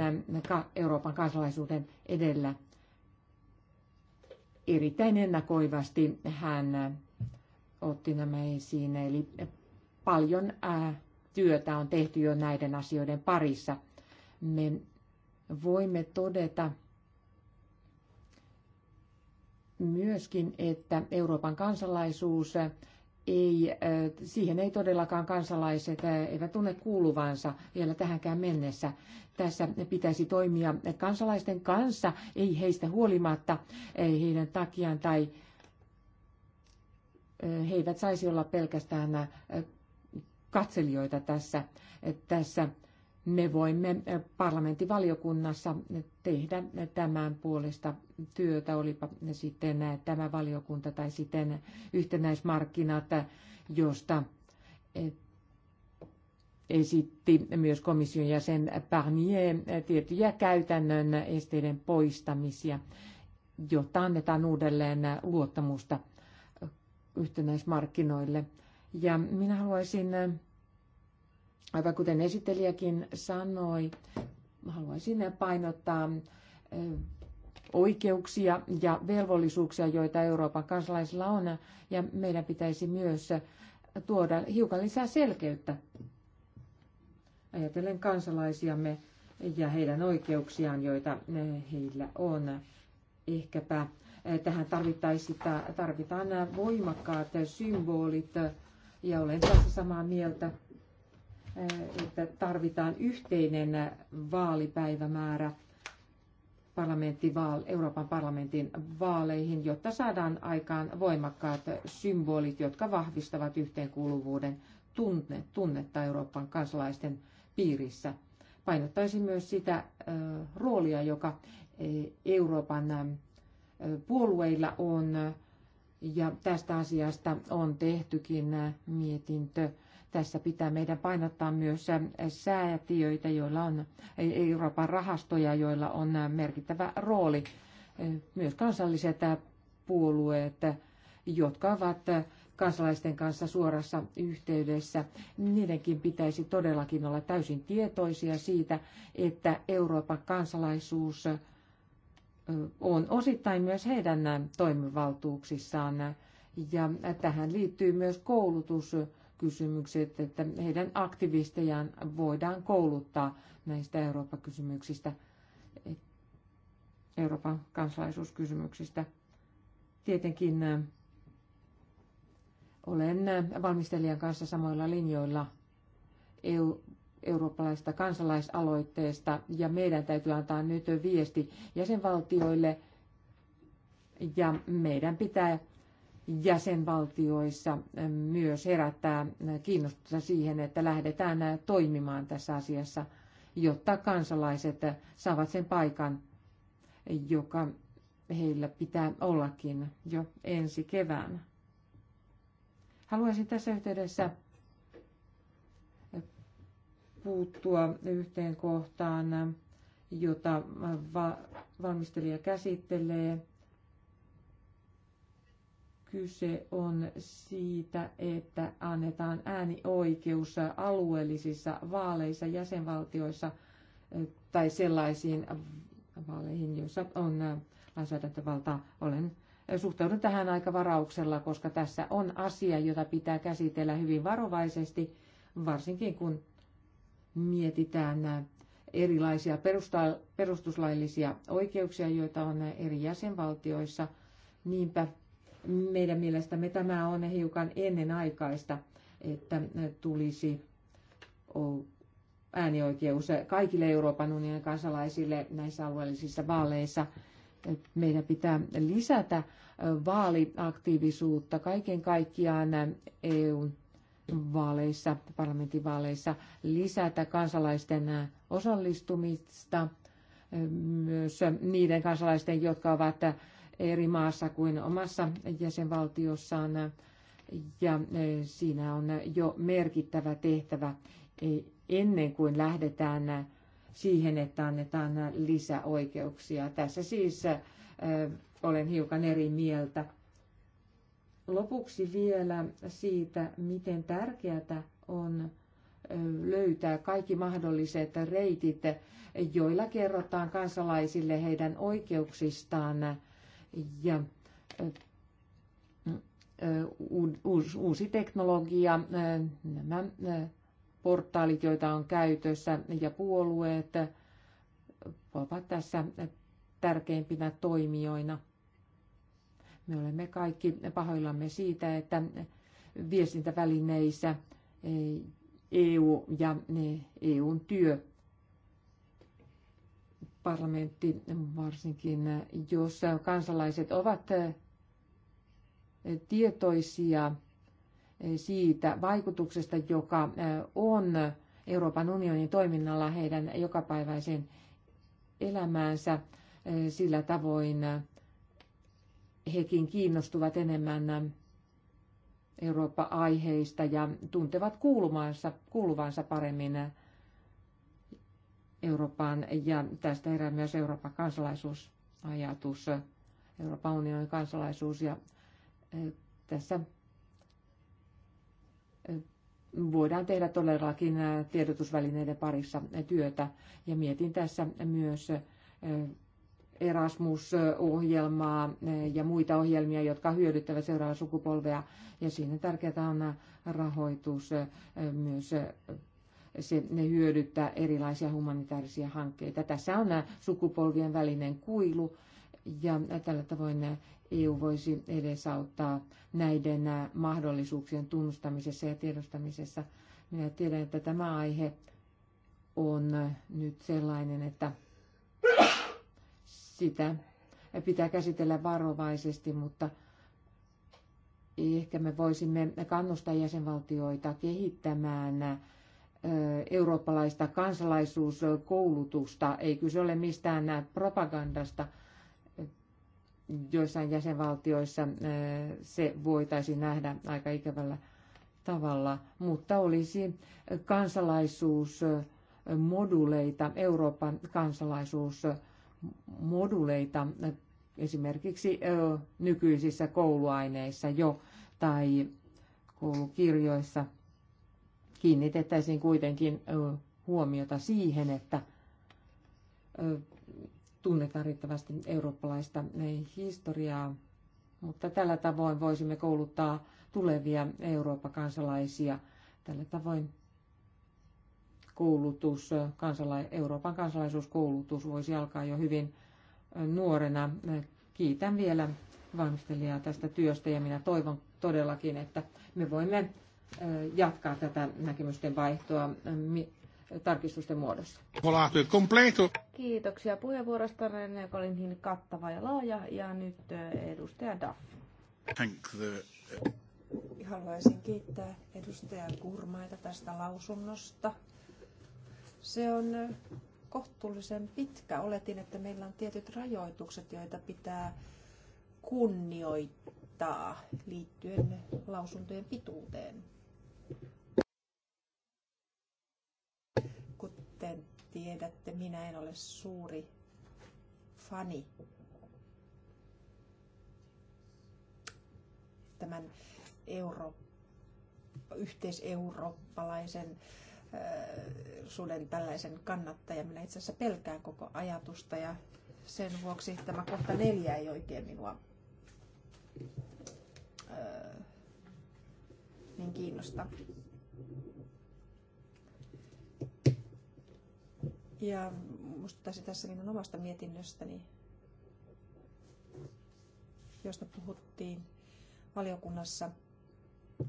Euroopan kansalaisuuden edellä. Erittäin ennakoivasti hän otti nämä esiin, eli paljon työtä on tehty jo näiden asioiden parissa. Me voimme todeta myöskin, että Euroopan kansalaisuus ei, siihen ei todellakaan kansalaiset eivät tunne kuuluvansa vielä tähänkään mennessä. Tässä pitäisi toimia kansalaisten kanssa, ei heistä huolimatta, ei heidän takiaan tai he eivät saisi olla pelkästään katselijoita tässä. Tässä me voimme parlamenttivaliokunnassa tehdä tämän puolesta työtä, olipa sitten tämä valiokunta tai sitten yhtenäismarkkinat, josta esitti myös komission jäsen Barnier tiettyjä käytännön esteiden poistamisia, jotta annetaan uudelleen luottamusta yhtenäismarkkinoille. Ja minä haluaisin Aivan kuten esittelijäkin sanoi, haluaisin painottaa oikeuksia ja velvollisuuksia, joita Euroopan kansalaisilla on, ja meidän pitäisi myös tuoda hiukan lisää selkeyttä ajatellen kansalaisiamme ja heidän oikeuksiaan, joita heillä on. Ehkäpä tähän tarvitaan voimakkaat symbolit, ja olen tässä samaa mieltä Äh, että tarvitaan yhteinen vaalipäivämäärä parlamenttivaal, Euroopan parlamentin vaaleihin, jotta saadaan aikaan voimakkaat symbolit, jotka vahvistavat yhteenkuuluvuuden tunne, tunnetta Euroopan kansalaisten piirissä. Painottaisin myös sitä äh, roolia, joka äh, Euroopan puolueilla on, ja tästä asiasta on tehtykin mietintö tässä pitää meidän painottaa myös säätiöitä, joilla on Euroopan rahastoja, joilla on merkittävä rooli. Myös kansalliset puolueet, jotka ovat kansalaisten kanssa suorassa yhteydessä. Niidenkin pitäisi todellakin olla täysin tietoisia siitä, että Euroopan kansalaisuus on osittain myös heidän toimivaltuuksissaan. Ja tähän liittyy myös koulutus kysymykset, että heidän aktivistejaan voidaan kouluttaa näistä Eurooppa-kysymyksistä, Euroopan kansalaisuuskysymyksistä. Tietenkin äh, olen äh, valmistelijan kanssa samoilla linjoilla EU, eurooppalaista kansalaisaloitteesta ja meidän täytyy antaa nyt viesti jäsenvaltioille ja meidän pitää jäsenvaltioissa myös herättää kiinnostusta siihen, että lähdetään toimimaan tässä asiassa, jotta kansalaiset saavat sen paikan, joka heillä pitää ollakin jo ensi keväänä. Haluaisin tässä yhteydessä puuttua yhteen kohtaan, jota valmistelija käsittelee kyse on siitä, että annetaan äänioikeus alueellisissa vaaleissa jäsenvaltioissa eh, tai sellaisiin vaaleihin, joissa on eh, lainsäädäntövaltaa. Olen eh, suhtaudun tähän aika varauksella, koska tässä on asia, jota pitää käsitellä hyvin varovaisesti, varsinkin kun mietitään erilaisia perustuslaillisia oikeuksia, joita on eri jäsenvaltioissa. Niinpä meidän mielestämme tämä on hiukan ennenaikaista, että tulisi äänioikeus kaikille Euroopan unionin kansalaisille näissä alueellisissa vaaleissa. Meidän pitää lisätä vaaliaktiivisuutta kaiken kaikkiaan EUn vaaleissa, parlamentin lisätä kansalaisten osallistumista myös niiden kansalaisten, jotka ovat eri maassa kuin omassa jäsenvaltiossaan. Ja eh, siinä on jo merkittävä tehtävä eh, ennen kuin lähdetään siihen, että annetaan lisäoikeuksia. Tässä siis eh, olen hiukan eri mieltä. Lopuksi vielä siitä, miten tärkeää on löytää kaikki mahdolliset reitit, joilla kerrotaan kansalaisille heidän oikeuksistaan ja uusi teknologia, nämä portaalit, joita on käytössä ja puolueet ovat tässä tärkeimpinä toimijoina. Me olemme kaikki pahoillamme siitä, että viestintävälineissä EU ja EUn e työ parlamentti varsinkin, jos kansalaiset ovat tietoisia siitä vaikutuksesta, joka on Euroopan unionin toiminnalla heidän jokapäiväiseen elämäänsä sillä tavoin hekin kiinnostuvat enemmän Eurooppa-aiheista ja tuntevat kuuluvansa, kuuluvansa paremmin Eurooppaan ja tästä herää myös Euroopan kansalaisuusajatus, Euroopan unionin kansalaisuus ja tässä voidaan tehdä todellakin tiedotusvälineiden parissa työtä ja mietin tässä myös Erasmus-ohjelmaa ja muita ohjelmia, jotka hyödyttävät seuraavaa sukupolvea. Ja siinä tärkeää on rahoitus myös se ne hyödyttää erilaisia humanitaarisia hankkeita. Tässä on sukupolvien välinen kuilu ja tällä tavoin EU voisi edesauttaa näiden äh, mahdollisuuksien tunnustamisessa ja tiedostamisessa. Minä tiedän, että tämä aihe on äh, nyt sellainen, että sitä pitää käsitellä varovaisesti, mutta ehkä me voisimme kannustaa jäsenvaltioita kehittämään äh, eurooppalaista kansalaisuuskoulutusta. Ei kyse ole mistään propagandasta joissain jäsenvaltioissa se voitaisiin nähdä aika ikävällä tavalla, mutta olisi kansalaisuusmoduleita, Euroopan kansalaisuusmoduleita esimerkiksi nykyisissä kouluaineissa jo tai koulukirjoissa – kiinnitettäisiin kuitenkin huomiota siihen, että tunnetaan riittävästi eurooppalaista historiaa, mutta tällä tavoin voisimme kouluttaa tulevia Euroopan kansalaisia. Tällä tavoin koulutus, kansala- Euroopan kansalaisuuskoulutus voisi alkaa jo hyvin nuorena. Kiitän vielä valmistelijaa tästä työstä ja minä toivon todellakin, että me voimme jatkaa tätä näkemysten vaihtoa tarkistusten muodossa. Kiitoksia puheenvuorostanne, joka oli niin kattava ja laaja. Ja nyt edustaja Duff. Thank the... Haluaisin kiittää edustaja Kurmaita tästä lausunnosta. Se on kohtuullisen pitkä. Oletin, että meillä on tietyt rajoitukset, joita pitää kunnioittaa liittyen lausuntojen pituuteen. tiedätte, minä en ole suuri fani tämän euro, yhteiseurooppalaisen äh, suden tällaisen kannattaja. Minä itse asiassa pelkään koko ajatusta ja sen vuoksi tämä kohta neljä ei oikein minua äh, niin kiinnosta. Ja muistuttaisin tässä minun omasta mietinnöstäni, josta puhuttiin valiokunnassa.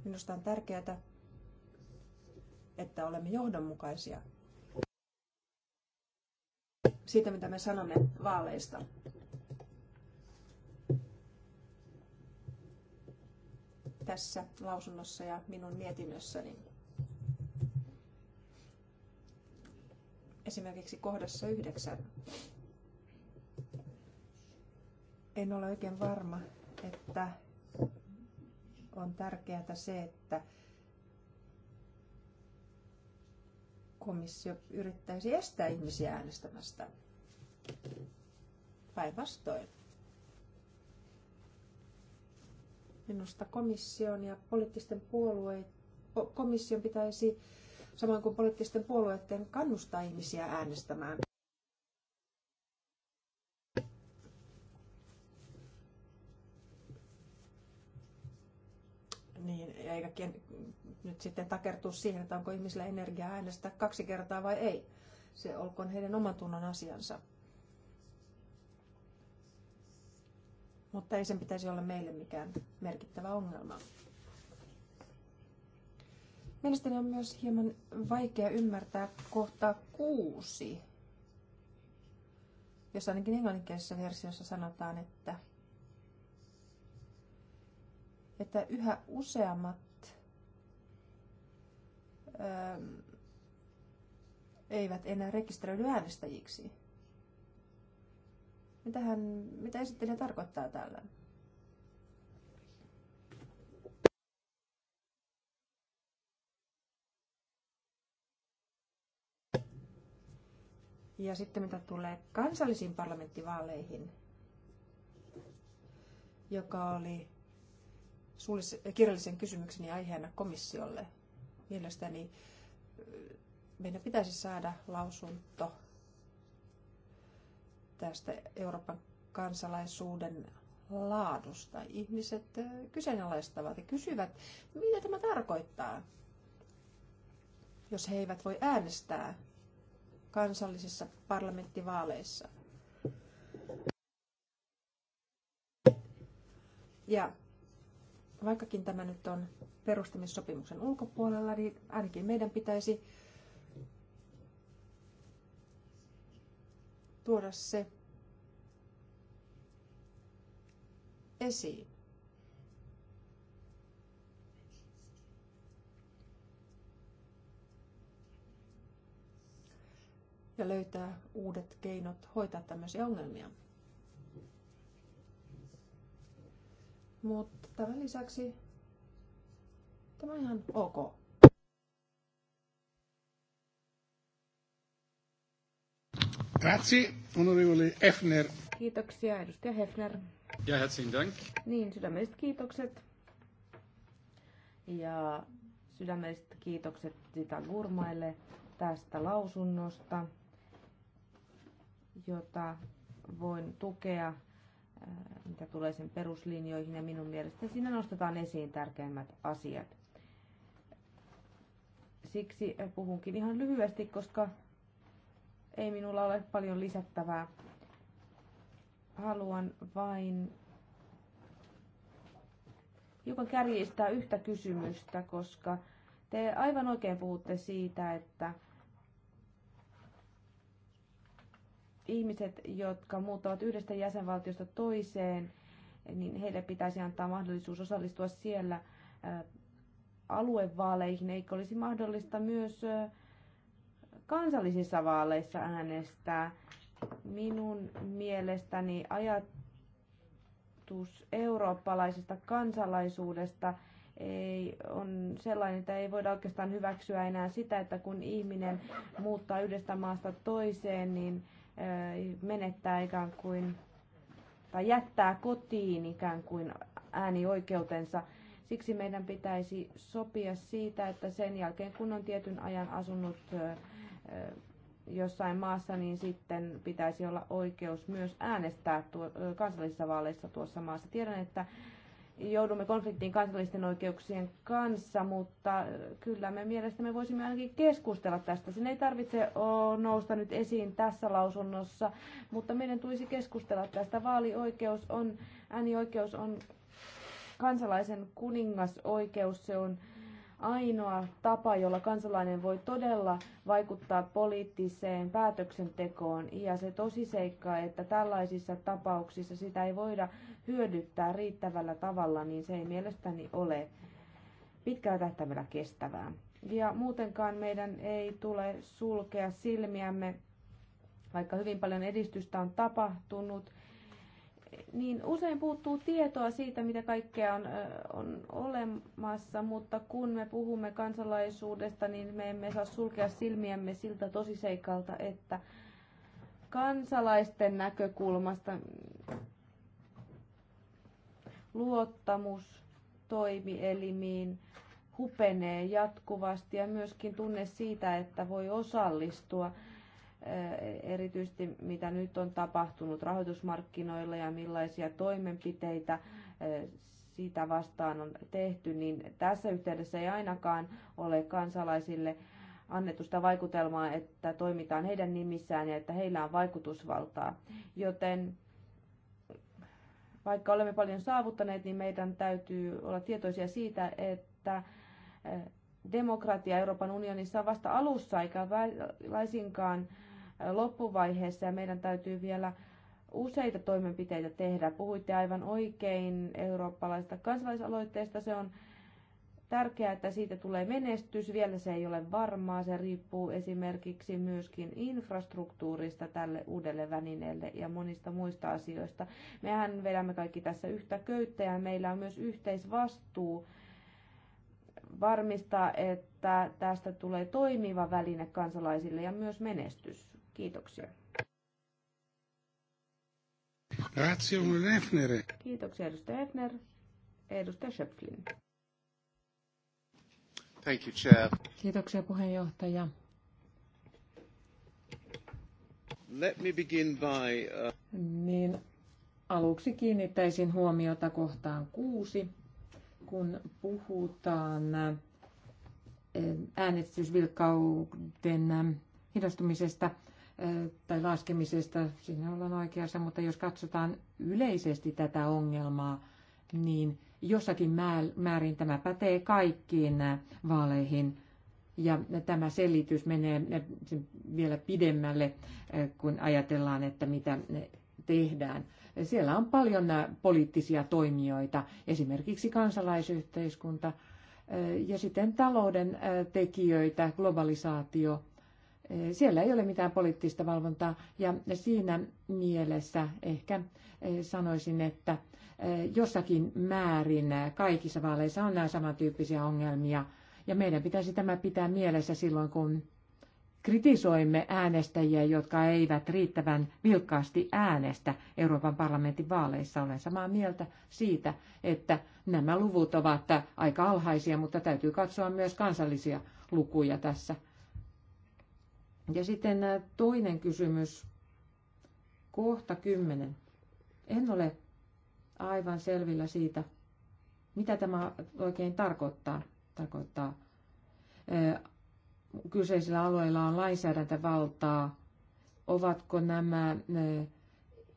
Minusta on tärkeää, että olemme johdonmukaisia siitä, mitä me sanomme vaaleista. Tässä lausunnossa ja minun mietinnössäni. esimerkiksi kohdassa yhdeksän. En ole oikein varma, että on tärkeää se, että komissio yrittäisi estää ihmisiä äänestämästä. Päinvastoin. Minusta komission ja poliittisten puolueiden komission pitäisi samoin kuin poliittisten puolueiden kannustaa ihmisiä äänestämään. Niin, eikä nyt sitten takertua siihen, että onko ihmisillä energiaa äänestää kaksi kertaa vai ei. Se olkoon heidän oman tunnon asiansa. Mutta ei sen pitäisi olla meille mikään merkittävä ongelma. Mielestäni on myös hieman vaikea ymmärtää kohtaa kuusi, jos ainakin englanninkielisessä versiossa sanotaan, että, että yhä useammat ähm, eivät enää rekisteröidy äänestäjiksi. Mitähän, mitä esittelijä tarkoittaa tällä? Ja sitten mitä tulee kansallisiin parlamenttivaaleihin, joka oli kirjallisen kysymykseni aiheena komissiolle. Mielestäni meidän pitäisi saada lausunto tästä Euroopan kansalaisuuden laadusta. Ihmiset kyseenalaistavat ja kysyvät, mitä tämä tarkoittaa, jos he eivät voi äänestää kansallisissa parlamenttivaaleissa. Ja vaikkakin tämä nyt on perustamissopimuksen ulkopuolella, niin ainakin meidän pitäisi tuoda se esiin. ja löytää uudet keinot hoitaa tämmöisiä ongelmia. Mutta tämän lisäksi tämä on ihan ok. Grazie, onorevole Hefner. Kiitoksia, edustaja Hefner. Ja herzlichen Dank. Niin, sydämelliset kiitokset. Ja sydämelliset kiitokset sitä Gurmaille tästä lausunnosta jota voin tukea, äh, mitä tulee sen peruslinjoihin ja minun mielestä siinä nostetaan esiin tärkeimmät asiat. Siksi äh, puhunkin ihan lyhyesti, koska ei minulla ole paljon lisättävää. Haluan vain hiukan kärjistää yhtä kysymystä, koska te aivan oikein puhutte siitä, että ihmiset, jotka muuttavat yhdestä jäsenvaltiosta toiseen, niin heille pitäisi antaa mahdollisuus osallistua siellä aluevaaleihin, eikö olisi mahdollista myös kansallisissa vaaleissa äänestää. Minun mielestäni ajatus eurooppalaisesta kansalaisuudesta ei, on sellainen, että ei voida oikeastaan hyväksyä enää sitä, että kun ihminen muuttaa yhdestä maasta toiseen, niin menettää ikään kuin tai jättää kotiin ikään kuin äänioikeutensa. Siksi meidän pitäisi sopia siitä, että sen jälkeen kun on tietyn ajan asunut jossain maassa, niin sitten pitäisi olla oikeus myös äänestää kansallisissa vaaleissa tuossa maassa. Tiedän, että joudumme konfliktiin kansallisten oikeuksien kanssa, mutta kyllä me mielestämme voisimme ainakin keskustella tästä. Sen ei tarvitse nousta nyt esiin tässä lausunnossa, mutta meidän tulisi keskustella tästä. Vaalioikeus on, äänioikeus on kansalaisen kuningasoikeus, se on äh, ainoa tapa, jolla kansalainen voi todella vaikuttaa poliittiseen päätöksentekoon. Ja se tosiseikka, että tällaisissa tapauksissa sitä ei voida hyödyttää riittävällä tavalla, niin se ei mielestäni ole pitkällä tähtäimellä kestävää. Ja muutenkaan meidän ei tule sulkea silmiämme, vaikka hyvin paljon edistystä on tapahtunut niin usein puuttuu tietoa siitä, mitä kaikkea on, on olemassa, mutta kun me puhumme kansalaisuudesta, niin me emme saa sulkea silmiämme siltä tosiseikalta, että kansalaisten näkökulmasta luottamus toimielimiin hupenee jatkuvasti ja myöskin tunne siitä, että voi osallistua – erityisesti mitä nyt on tapahtunut rahoitusmarkkinoilla ja millaisia toimenpiteitä sitä vastaan on tehty, niin tässä yhteydessä ei ainakaan ole kansalaisille annetusta vaikutelmaa, että toimitaan heidän nimissään ja että heillä on vaikutusvaltaa. Joten vaikka olemme paljon saavuttaneet, niin meidän täytyy olla tietoisia siitä, että demokratia Euroopan unionissa on vasta alussa, eikä laisinkaan loppuvaiheessa ja meidän täytyy vielä useita toimenpiteitä tehdä. Puhuitte aivan oikein eurooppalaisesta kansalaisaloitteesta. Se on tärkeää, että siitä tulee menestys. Vielä se ei ole varmaa. Se riippuu esimerkiksi myöskin infrastruktuurista tälle uudelle välineelle ja monista muista asioista. Mehän vedämme kaikki tässä yhtä köyttä ja meillä on myös yhteisvastuu varmistaa, että tästä tulee toimiva väline kansalaisille ja myös menestys. Kiitoksia. Grazie, Kiitoksia, edustaja Hefner. Edustaja Schöpflin. Thank you, Chair. Kiitoksia, puheenjohtaja. Let me begin by, uh... Niin aluksi kiinnittäisin huomiota kohtaan kuusi, kun puhutaan eh, äänestysvilkkauden hidastumisesta tai laskemisesta, siinä ollaan oikeassa, mutta jos katsotaan yleisesti tätä ongelmaa, niin jossakin määrin tämä pätee kaikkiin vaaleihin. Ja tämä selitys menee vielä pidemmälle, kun ajatellaan, että mitä tehdään. Siellä on paljon poliittisia toimijoita, esimerkiksi kansalaisyhteiskunta ja sitten talouden tekijöitä, globalisaatio siellä ei ole mitään poliittista valvontaa ja siinä mielessä ehkä eh, sanoisin, että eh, jossakin määrin kaikissa vaaleissa on nämä samantyyppisiä ongelmia ja meidän pitäisi tämä pitää mielessä silloin, kun kritisoimme äänestäjiä, jotka eivät riittävän vilkkaasti äänestä Euroopan parlamentin vaaleissa. Olen samaa mieltä siitä, että nämä luvut ovat aika alhaisia, mutta täytyy katsoa myös kansallisia lukuja tässä – ja sitten toinen kysymys, kohta kymmenen. En ole aivan selvillä siitä, mitä tämä oikein tarkoittaa. tarkoittaa. Kyseisillä alueilla on lainsäädäntövaltaa. Ovatko nämä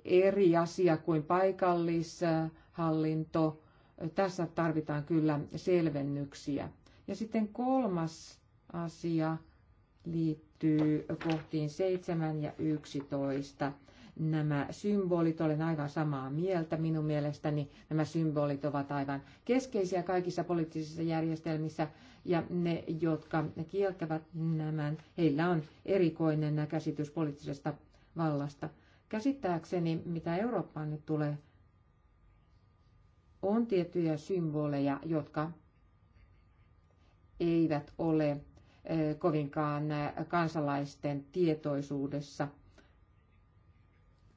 eri asia kuin paikallishallinto? Tässä tarvitaan kyllä selvennyksiä. Ja sitten kolmas asia – liittyy kohtiin 7 ja 11. Nämä symbolit, olen aivan samaa mieltä minun mielestäni, nämä symbolit ovat aivan keskeisiä kaikissa poliittisissa järjestelmissä ja ne, jotka kieltävät nämä, heillä on erikoinen käsitys poliittisesta vallasta. Käsittääkseni, mitä Eurooppaan nyt tulee, on tiettyjä symboleja, jotka eivät ole kovinkaan kansalaisten tietoisuudessa.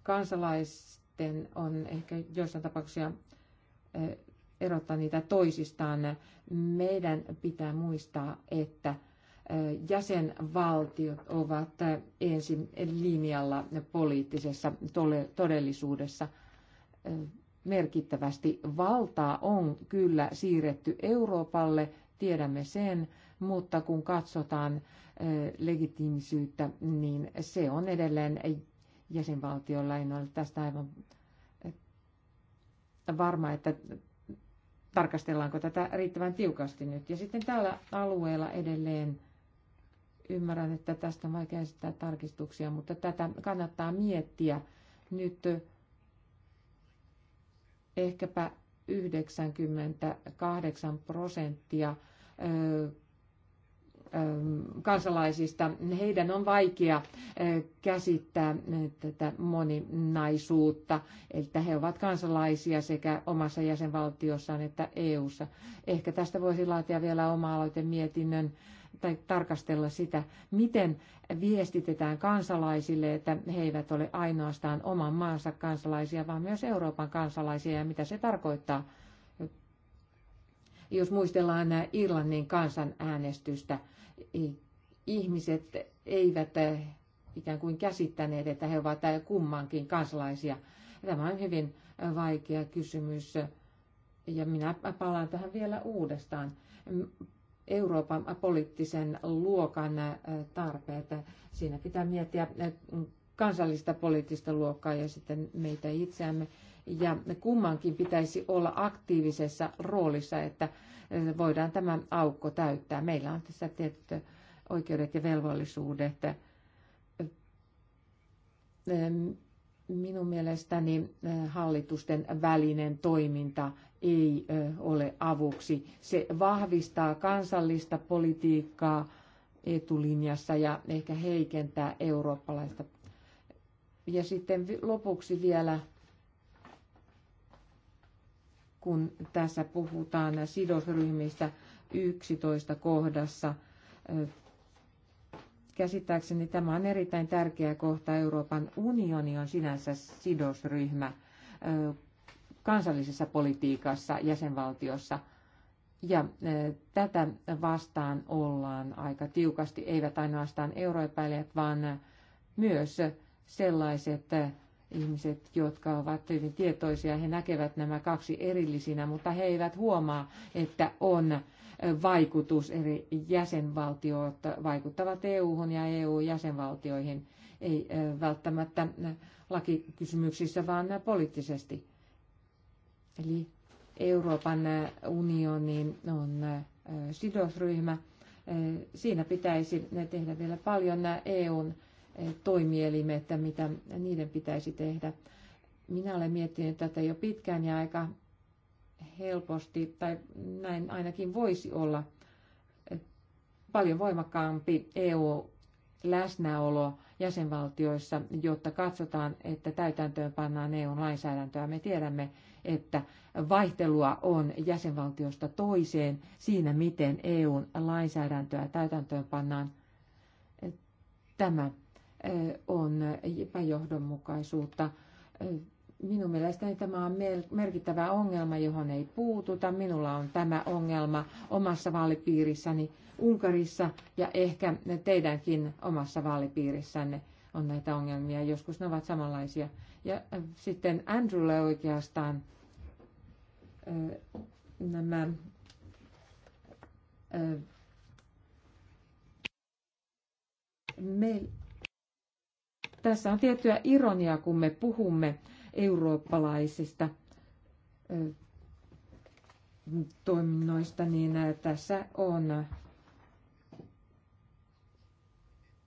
Kansalaisten on ehkä joissain tapauksissa erottaa niitä toisistaan. Meidän pitää muistaa, että jäsenvaltiot ovat ensin linjalla poliittisessa todellisuudessa merkittävästi. Valtaa on kyllä siirretty Euroopalle tiedämme sen, mutta kun katsotaan eh, legitiimisyyttä, niin se on edelleen jäsenvaltiolla. En ole tästä aivan eh, varma, että tarkastellaanko tätä riittävän tiukasti nyt. Ja sitten täällä alueella edelleen ymmärrän, että tästä on vaikea esittää tarkistuksia, mutta tätä kannattaa miettiä nyt ehkäpä 98 prosenttia kansalaisista, heidän on vaikea käsittää tätä moninaisuutta, että he ovat kansalaisia sekä omassa jäsenvaltiossaan että EU:ssa. Ehkä tästä voisi laatia vielä oma-aloitemietinnön mietinnön tai tarkastella sitä, miten viestitetään kansalaisille, että he eivät ole ainoastaan oman maansa kansalaisia, vaan myös Euroopan kansalaisia ja mitä se tarkoittaa. Jos muistellaan Irlannin kansanäänestystä, ihmiset eivät ikään kuin käsittäneet, että he ovat kummankin kansalaisia. Tämä on hyvin vaikea kysymys ja minä palaan tähän vielä uudestaan. Euroopan poliittisen luokan tarpeet. Siinä pitää miettiä kansallista poliittista luokkaa ja sitten meitä itseämme. Ja kummankin pitäisi olla aktiivisessa roolissa, että voidaan tämä aukko täyttää. Meillä on tässä tietyt oikeudet ja velvollisuudet. Minun mielestäni hallitusten välinen toiminta ei ole avuksi. Se vahvistaa kansallista politiikkaa etulinjassa ja ehkä heikentää eurooppalaista. Ja sitten lopuksi vielä, kun tässä puhutaan sidosryhmistä 11 kohdassa, käsittääkseni tämä on erittäin tärkeä kohta. Euroopan unioni on sinänsä sidosryhmä kansallisessa politiikassa jäsenvaltiossa. Ja e, tätä vastaan ollaan aika tiukasti, eivät ainoastaan euroepäilijät, vaan myös sellaiset ihmiset, jotka ovat hyvin tietoisia, he näkevät nämä kaksi erillisinä, mutta he eivät huomaa, että on vaikutus eri jäsenvaltiot vaikuttavat EU-hun ja EU-jäsenvaltioihin, ei e, välttämättä lakikysymyksissä, vaan poliittisesti. Eli Euroopan unionin on sidosryhmä. Siinä pitäisi tehdä vielä paljon nämä EUn toimielimet, mitä niiden pitäisi tehdä. Minä olen miettinyt tätä jo pitkään ja aika helposti, tai näin ainakin voisi olla paljon voimakkaampi EU läsnäolo jäsenvaltioissa, jotta katsotaan, että täytäntöön pannaan EUn lainsäädäntöä. Me tiedämme, että vaihtelua on jäsenvaltiosta toiseen siinä, miten EUn lainsäädäntöä täytäntöön pannaan. Tämä on epäjohdonmukaisuutta. Minun mielestäni tämä on merkittävä ongelma, johon ei puututa. Minulla on tämä ongelma omassa vaalipiirissäni Unkarissa ja ehkä teidänkin omassa vaalipiirissänne on näitä ongelmia. Joskus ne ovat samanlaisia. Ja sitten Andrewlle oikeastaan nämä me, tässä on tiettyä ironiaa, kun me puhumme eurooppalaisista toiminnoista, niin tässä on,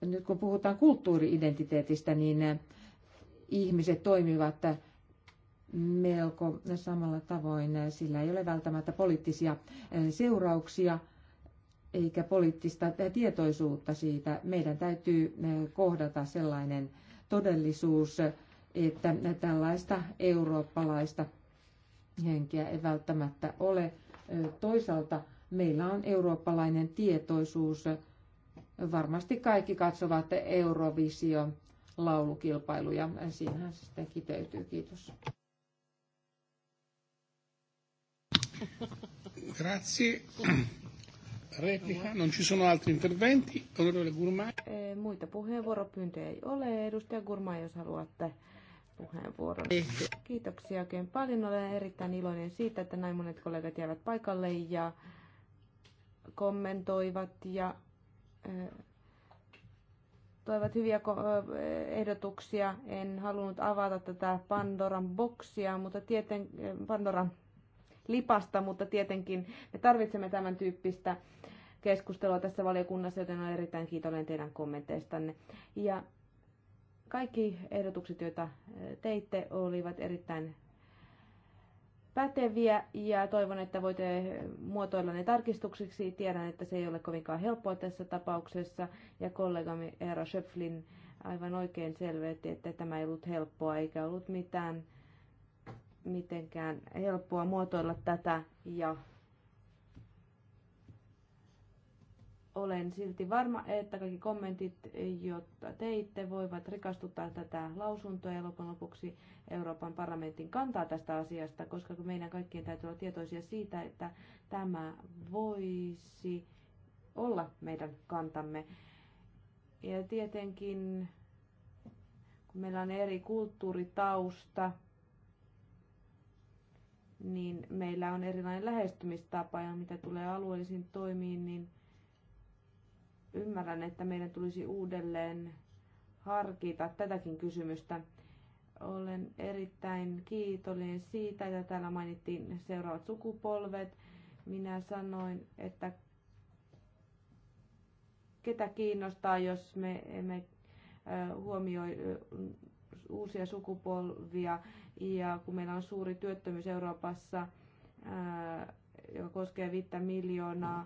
nyt kun puhutaan kulttuuriidentiteetistä, niin ihmiset toimivat melko samalla tavoin. Sillä ei ole välttämättä poliittisia eh, seurauksia eikä poliittista tietoisuutta siitä. Meidän täytyy eh, kohdata sellainen todellisuus, että tällaista eurooppalaista henkeä ei välttämättä ole. Eh, toisaalta meillä on eurooppalainen tietoisuus. Varmasti kaikki katsovat Eurovision laulukilpailuja Siinähän se sitten kiteytyy. Kiitos. Grazie. Replica, non ci sono altri interventi. Onorevole Gurmai. Muita puheenvuoropyyntöjä ei ole. Edustaja Gurmai, jos haluatte puheenvuoron. Kiitoksia oikein paljon. Olen erittäin iloinen siitä, että näin monet kollegat jäävät paikalle ja kommentoivat ja e, toivat hyviä e, ehdotuksia. En halunnut avata tätä Pandoran boksia, mutta tieten, Pandoran lipasta, mutta tietenkin me tarvitsemme tämän tyyppistä keskustelua tässä valiokunnassa, joten olen erittäin kiitollinen teidän kommenteistanne. Ja kaikki ehdotukset, joita eh, teitte, olivat erittäin päteviä ja toivon, että voitte muotoilla ne tarkistuksiksi. Tiedän, että se ei ole kovinkaan helppoa tässä tapauksessa ja kollegamme Eero Schöpflin aivan oikein selvetti, että tämä ei ollut helppoa eikä ollut mitään mitenkään helppoa muotoilla tätä ja olen silti varma, että kaikki kommentit, jotka teitte, voivat rikastuttaa tätä lausuntoa ja lopun lopuksi Euroopan parlamentin kantaa tästä asiasta, koska meidän kaikkien täytyy olla tietoisia siitä, että tämä voisi olla meidän kantamme. Ja tietenkin, kun meillä on eri kulttuuritausta, niin meillä on erilainen lähestymistapa ja mitä tulee alueellisiin toimiin, niin ymmärrän, että meidän tulisi uudelleen harkita tätäkin kysymystä. Olen erittäin kiitollinen siitä, että täällä mainittiin seuraavat sukupolvet. Minä sanoin, että ketä kiinnostaa, jos me emme huomioi uusia sukupolvia ja kun meillä on suuri työttömyys Euroopassa, joka koskee viittä miljoonaa,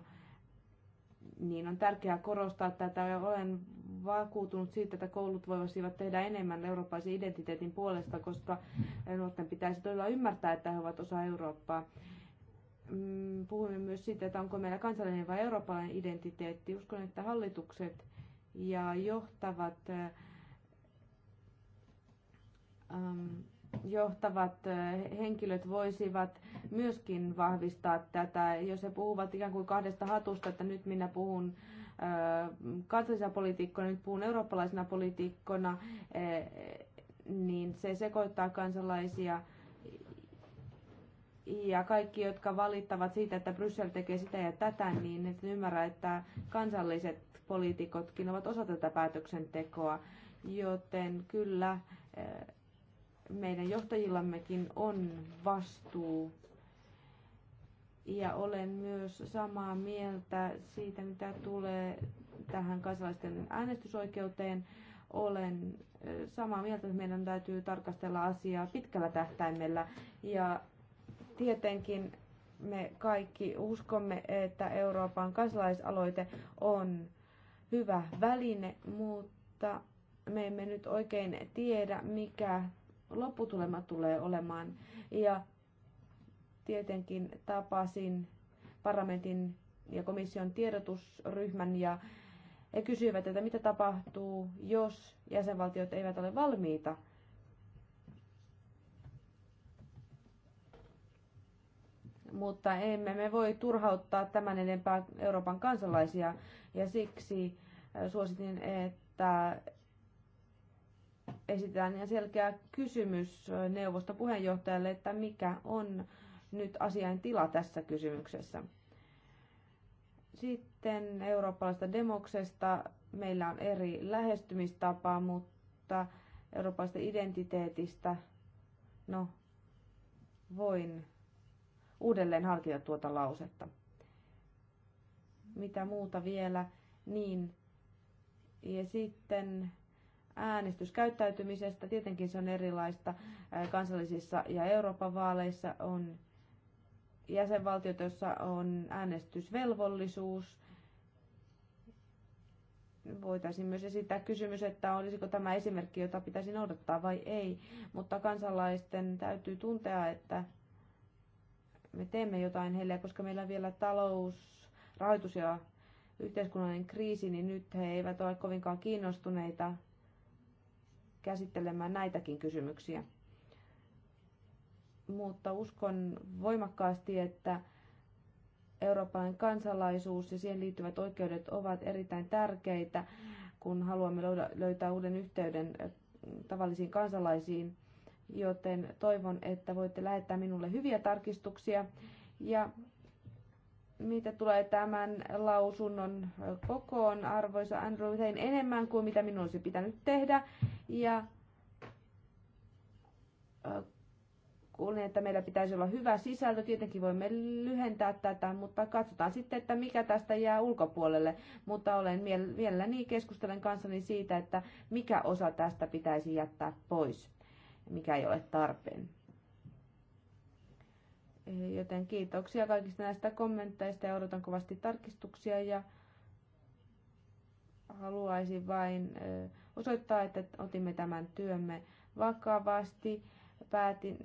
niin on tärkeää korostaa tätä. Ja olen vakuutunut siitä, että koulut voisivat tehdä enemmän eurooppalaisen identiteetin puolesta, koska nuorten pitäisi todella ymmärtää, että he ovat osa Eurooppaa. Mm, Puhumme myös siitä, että onko meillä kansallinen vai eurooppalainen identiteetti. Uskon, että hallitukset ja johtavat johtavat henkilöt voisivat myöskin vahvistaa tätä, jos he puhuvat ikään kuin kahdesta hatusta, että nyt minä puhun kansallisena politiikkona, nyt puhun eurooppalaisena politiikkona, niin se sekoittaa kansalaisia ja kaikki, jotka valittavat siitä, että Bryssel tekee sitä ja tätä, niin et ymmärrä, että kansalliset poliitikotkin ovat osa tätä päätöksentekoa. Joten kyllä meidän johtajillammekin on vastuu. Ja olen myös samaa mieltä siitä, mitä tulee tähän kansalaisten äänestysoikeuteen. Olen samaa mieltä, että meidän täytyy tarkastella asiaa pitkällä tähtäimellä. Ja tietenkin me kaikki uskomme, että Euroopan kansalaisaloite on hyvä väline, mutta me emme nyt oikein tiedä, mikä lopputulema tulee olemaan. Ja tietenkin tapasin parlamentin ja komission tiedotusryhmän ja he kysyivät, että mitä tapahtuu, jos jäsenvaltiot eivät ole valmiita mutta emme me voi turhauttaa tämän enempää Euroopan kansalaisia ja siksi äh, suositin, että esitetään ihan selkeä kysymys neuvoston puheenjohtajalle, että mikä on nyt asian tila tässä kysymyksessä. Sitten eurooppalaisesta demoksesta meillä on eri lähestymistapa, mutta eurooppalaisesta identiteetistä, no voin uudelleen harkita tuota lausetta. Mitä muuta vielä? Niin. Ja sitten äänestyskäyttäytymisestä. Tietenkin se on erilaista kansallisissa ja Euroopan vaaleissa on jäsenvaltiot, joissa on äänestysvelvollisuus. Voitaisiin myös esittää kysymys, että olisiko tämä esimerkki, jota pitäisi noudattaa vai ei, mutta kansalaisten täytyy tuntea, että me teemme jotain heille, koska meillä on vielä talous, rahoitus ja yhteiskunnallinen kriisi, niin nyt he eivät ole kovinkaan kiinnostuneita käsittelemään näitäkin kysymyksiä. Mutta uskon voimakkaasti, että eurooppalainen kansalaisuus ja siihen liittyvät oikeudet ovat erittäin tärkeitä, kun haluamme löytää uuden yhteyden eh, tavallisiin kansalaisiin. Joten toivon, että voitte lähettää minulle hyviä tarkistuksia. Ja mitä tulee tämän lausunnon kokoon, arvoisa Andrew, tein enemmän kuin mitä minun olisi pitänyt tehdä. Ja kuulin, että meillä pitäisi olla hyvä sisältö. Tietenkin voimme lyhentää tätä, mutta katsotaan sitten, että mikä tästä jää ulkopuolelle. Mutta olen mielelläni keskustelen kanssani siitä, että mikä osa tästä pitäisi jättää pois, mikä ei ole tarpeen. Joten kiitoksia kaikista näistä kommentteista ja odotan kovasti tarkistuksia ja haluaisin vain osoittaa, että otimme tämän työmme vakavasti. Päätin,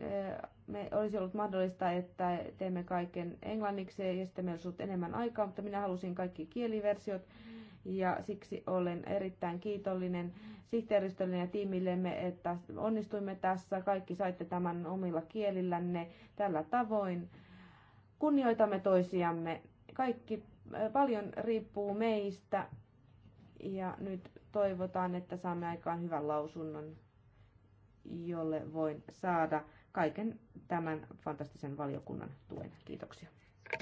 me olisi ollut mahdollista, että teemme kaiken englanniksi ja sitten meillä olisi ollut enemmän aikaa, mutta minä halusin kaikki kieliversiot. Mm ja siksi olen erittäin kiitollinen sihteeristölle ja tiimillemme, että onnistuimme tässä. Kaikki saitte tämän omilla kielillänne tällä tavoin. Kunnioitamme toisiamme. Kaikki paljon riippuu meistä ja nyt toivotaan, että saamme aikaan hyvän lausunnon, jolle voin saada kaiken tämän fantastisen valiokunnan tuen. Kiitoksia.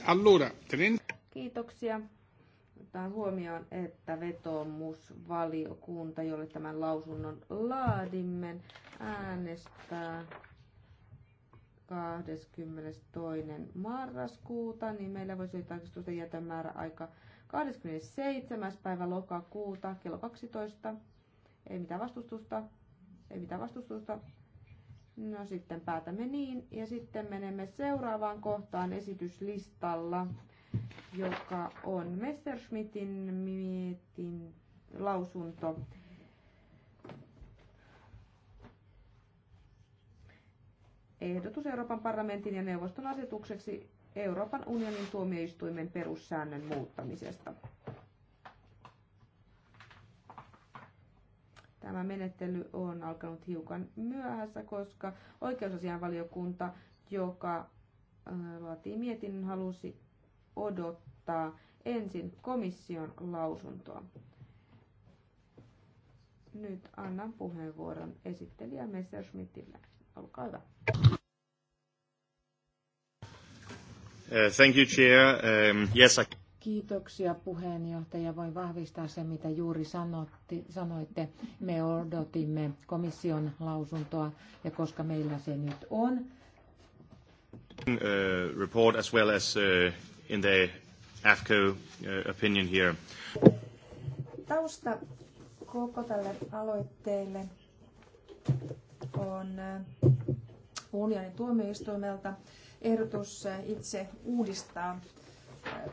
Allora, Kiitoksia ottaen huomioon, että vetoomusvaliokunta, jolle tämän lausunnon laadimme, äänestää 22. marraskuuta, niin meillä voisi olla tarkistusten jätemäärä aika 27. päivä lokakuuta kello 12. Ei mitään vastustusta. Ei mitään vastustusta. No sitten päätämme niin ja sitten menemme seuraavaan kohtaan esityslistalla joka on Messerschmittin mietin lausunto. Ehdotus Euroopan parlamentin ja neuvoston asetukseksi Euroopan unionin tuomioistuimen perussäännön muuttamisesta. Tämä menettely on alkanut hiukan myöhässä, koska oikeusasianvaliokunta, joka äh, laatii mietinnön, halusi odottaa ensin komission lausuntoa. Nyt annan puheenvuoron esittelijä Messerschmittille. Olkaa hyvä. Uh, thank you, Chair. Um, yes, I... Kiitoksia puheenjohtaja. Voin vahvistaa se, mitä juuri sanotti, sanoitte. Me odotimme komission lausuntoa ja koska meillä se nyt on. Uh, report as well as, uh, in the AFCO uh, opinion here. Tausta koko tälle aloitteelle on uh, unionin tuomioistuimelta ehdotus uh, itse uudistaa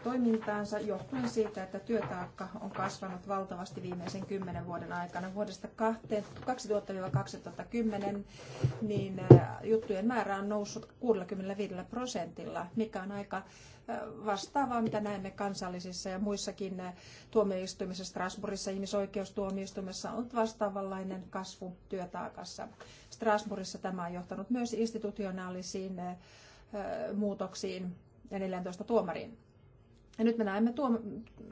toimintaansa johtuen siitä, että työtaakka on kasvanut valtavasti viimeisen kymmenen vuoden aikana. Vuodesta 2000-2010 niin juttujen määrä on noussut 65 prosentilla, mikä on aika vastaavaa, mitä näemme kansallisissa ja muissakin tuomioistuimissa, Strasbourgissa, ihmisoikeustuomioistuimessa on vastaavanlainen kasvu työtaakassa. Strasbourgissa tämä on johtanut myös institutionaalisiin muutoksiin ja 14 tuomarin. Ja nyt me näemme tuom-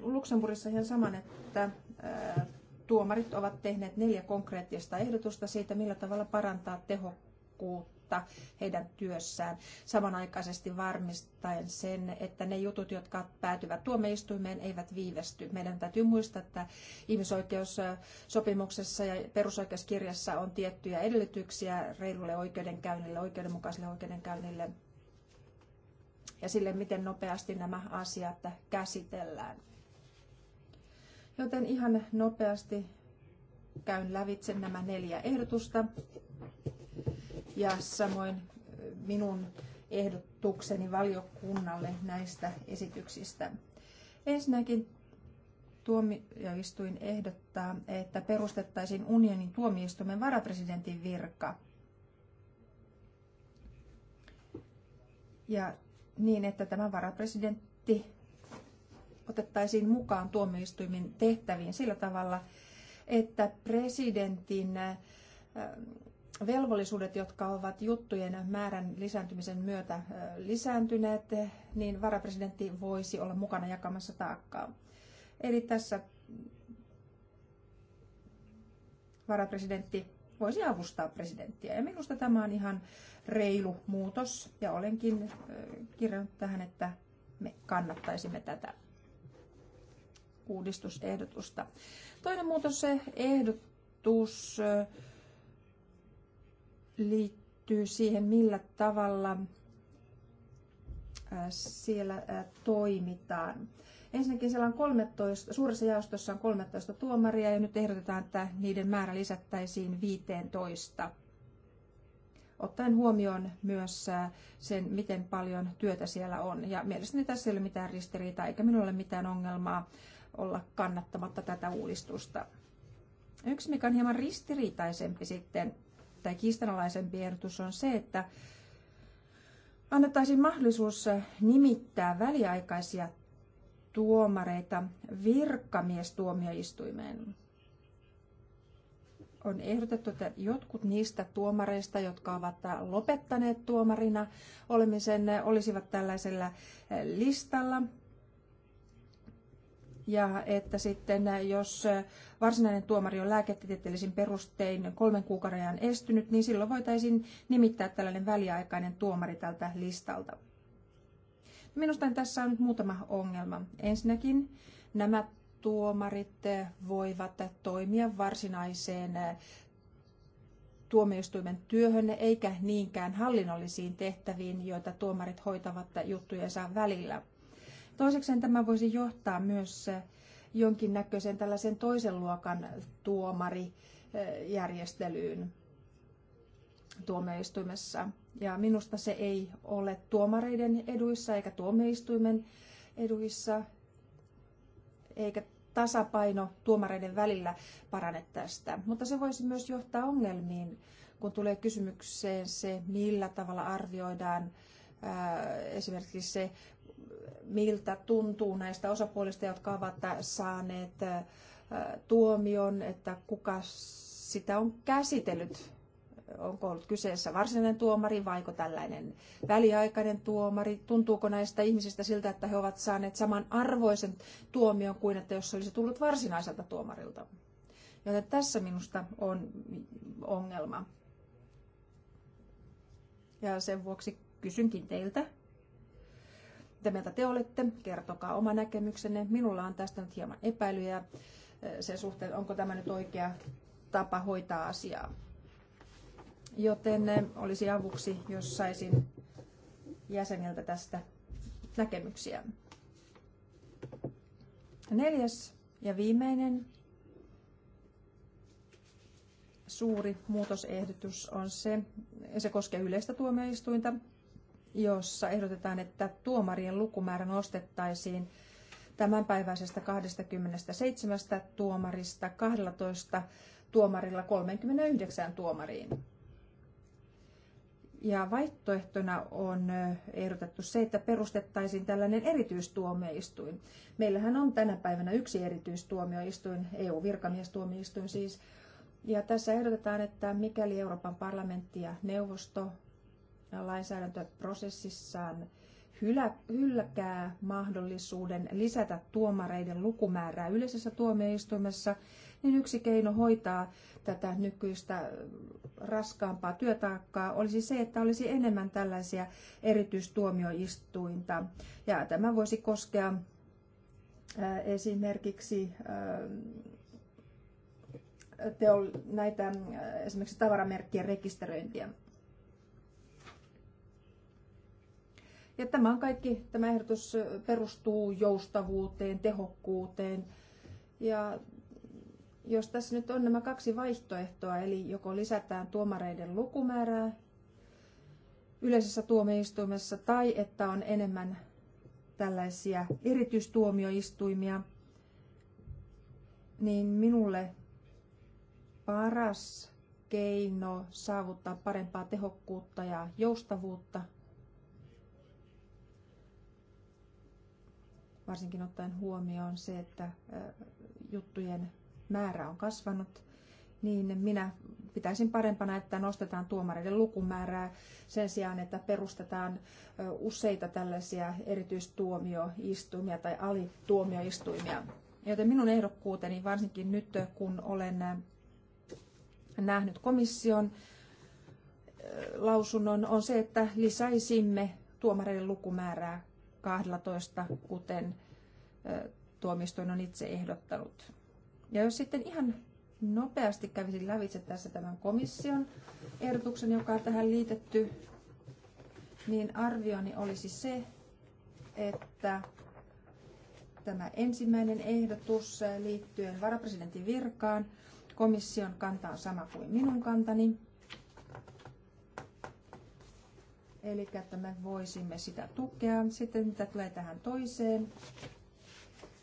Luxemburgissa ihan saman, että ää, tuomarit ovat tehneet neljä konkreettista ehdotusta siitä, millä tavalla parantaa tehokkuutta heidän työssään, samanaikaisesti varmistaen sen, että ne jutut, jotka päätyvät tuomioistuimeen, eivät viivästy. Meidän täytyy muistaa, että ihmisoikeussopimuksessa ja perusoikeuskirjassa on tiettyjä edellytyksiä reilulle oikeudenkäynnille, oikeudenmukaiselle oikeudenkäynnille – ja sille, miten nopeasti nämä asiat käsitellään. Joten ihan nopeasti käyn lävitse nämä neljä ehdotusta ja samoin minun ehdotukseni valiokunnalle näistä esityksistä. Ensinnäkin tuomioistuin ehdottaa, että perustettaisiin unionin tuomioistuimen varapresidentin virka. Ja niin, että tämä varapresidentti otettaisiin mukaan tuomioistuimen tehtäviin sillä tavalla, että presidentin velvollisuudet, jotka ovat juttujen määrän lisääntymisen myötä lisääntyneet, niin varapresidentti voisi olla mukana jakamassa taakkaa. Eli tässä varapresidentti voisi avustaa presidenttiä. Ja minusta tämä on ihan reilu muutos ja olenkin kirjannut tähän, että me kannattaisimme tätä uudistusehdotusta. Toinen muutos se ehdotus liittyy siihen, millä tavalla siellä toimitaan. Ensinnäkin siellä on 13, suuressa jaostossa on 13 tuomaria ja nyt ehdotetaan, että niiden määrä lisättäisiin 15 ottaen huomioon myös äh, sen, miten paljon työtä siellä on. Ja mielestäni tässä ei ole mitään ristiriitaa, eikä minulla ole mitään ongelmaa olla kannattamatta tätä uudistusta. Yksi, mikä on hieman ristiriitaisempi sitten, tai kiistanalaisempi ehdotus on se, että annettaisiin mahdollisuus äh, nimittää väliaikaisia tuomareita virkamiestuomioistuimeen. On ehdotettu, että jotkut niistä tuomareista, jotka ovat lopettaneet tuomarina olemisen, olisivat tällaisella eh, listalla. Ja että sitten eh, jos eh, varsinainen tuomari on lääketieteellisin perustein kolmen kuukauden ajan estynyt, niin silloin voitaisiin nimittää tällainen väliaikainen tuomari tältä listalta. Minusta tässä on nyt muutama ongelma. Ensinnäkin nämä tuomarit eh, voivat toimia varsinaiseen eh, tuomioistuimen työhön eikä niinkään hallinnollisiin tehtäviin, joita tuomarit hoitavat juttujensa välillä. Toisekseen tämä voisi johtaa myös eh, jonkinnäköiseen tällaisen toisen luokan tuomarijärjestelyyn tuomioistuimessa. Ja minusta se ei ole tuomareiden eduissa eikä tuomioistuimen eduissa, eikä tasapaino tuomareiden välillä parane tästä. Mutta se voisi myös johtaa ongelmiin, kun tulee kysymykseen se, millä tavalla arvioidaan esimerkiksi se, miltä tuntuu näistä osapuolista, jotka ovat saaneet tuomion, että kuka sitä on käsitellyt onko ollut kyseessä varsinainen tuomari vai tällainen väliaikainen tuomari. Tuntuuko näistä ihmisistä siltä, että he ovat saaneet saman arvoisen tuomion kuin että jos se olisi tullut varsinaiselta tuomarilta. Joten tässä minusta on ongelma. Ja sen vuoksi kysynkin teiltä, mitä mieltä te olette, kertokaa oma näkemyksenne. Minulla on tästä nyt hieman epäilyjä eh, sen suhteen, onko tämä nyt oikea tapa hoitaa asiaa. Joten eh, olisi avuksi, jos saisin jäseniltä tästä näkemyksiä. Neljäs ja viimeinen suuri muutosehdotus on se, se koskee yleistä tuomioistuinta, jossa ehdotetaan, että tuomarien lukumäärä nostettaisiin tämänpäiväisestä 27 tuomarista 12 tuomarilla 39 tuomariin. Ja vaihtoehtona on ehdotettu se, että perustettaisiin tällainen erityistuomioistuin. Meillähän on tänä päivänä yksi erityistuomioistuin, EU-virkamiestuomioistuin siis. Ja tässä ehdotetaan, että mikäli Euroopan parlamentti ja neuvosto lainsäädäntöprosessissaan hylkää mahdollisuuden lisätä tuomareiden lukumäärää yleisessä tuomioistuimessa, niin yksi keino hoitaa tätä nykyistä raskaampaa työtaakkaa olisi se, että olisi enemmän tällaisia erityistuomioistuinta. Ja tämä voisi koskea äh, esimerkiksi äh, teo, näitä äh, esimerkiksi tavaramerkkien rekisteröintiä. Ja tämä on kaikki, tämä ehdotus perustuu joustavuuteen, tehokkuuteen ja jos tässä nyt on nämä kaksi vaihtoehtoa, eli joko lisätään tuomareiden lukumäärää yleisessä tuomioistuimessa tai että on enemmän tällaisia erityistuomioistuimia, niin minulle paras keino saavuttaa parempaa tehokkuutta ja joustavuutta, varsinkin ottaen huomioon se, että juttujen määrä on kasvanut, niin minä pitäisin parempana, että nostetaan tuomareiden lukumäärää sen sijaan, että perustetaan useita tällaisia erityistuomioistuimia tai alituomioistuimia. Joten minun ehdokkuuteni, varsinkin nyt kun olen nähnyt komission lausunnon, on se, että lisäisimme tuomareiden lukumäärää 12, kuten tuomistoin on itse ehdottanut. Ja jos sitten ihan nopeasti kävisin lävitse tässä tämän komission ehdotuksen, joka on tähän liitetty, niin arvioni olisi se, että tämä ensimmäinen ehdotus liittyen varapresidentin virkaan, komission kanta on sama kuin minun kantani. Eli että me voisimme sitä tukea. Sitten mitä tulee tähän toiseen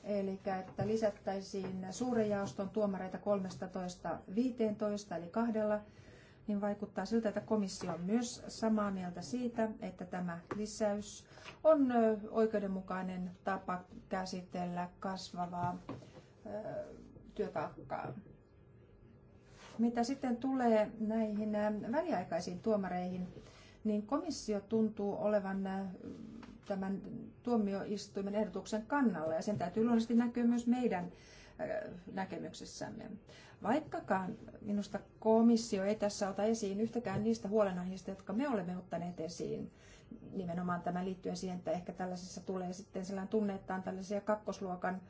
eli että lisättäisiin suuren jaoston tuomareita 13-15, eli kahdella, niin vaikuttaa siltä, että komissio on myös samaa mieltä siitä, että tämä lisäys on oikeudenmukainen tapa käsitellä kasvavaa työtaakkaa. Mitä sitten tulee näihin väliaikaisiin tuomareihin, niin komissio tuntuu olevan tämän tuomioistuimen ehdotuksen kannalla ja sen täytyy luonnollisesti näkyä myös meidän näkemyksessämme. Vaikkakaan minusta komissio ei tässä ota esiin yhtäkään niistä huolenaiheista, jotka me olemme ottaneet esiin, nimenomaan tämän liittyen siihen, että ehkä tällaisessa tulee sitten sellainen tunne, että on tällaisia kakkosluokan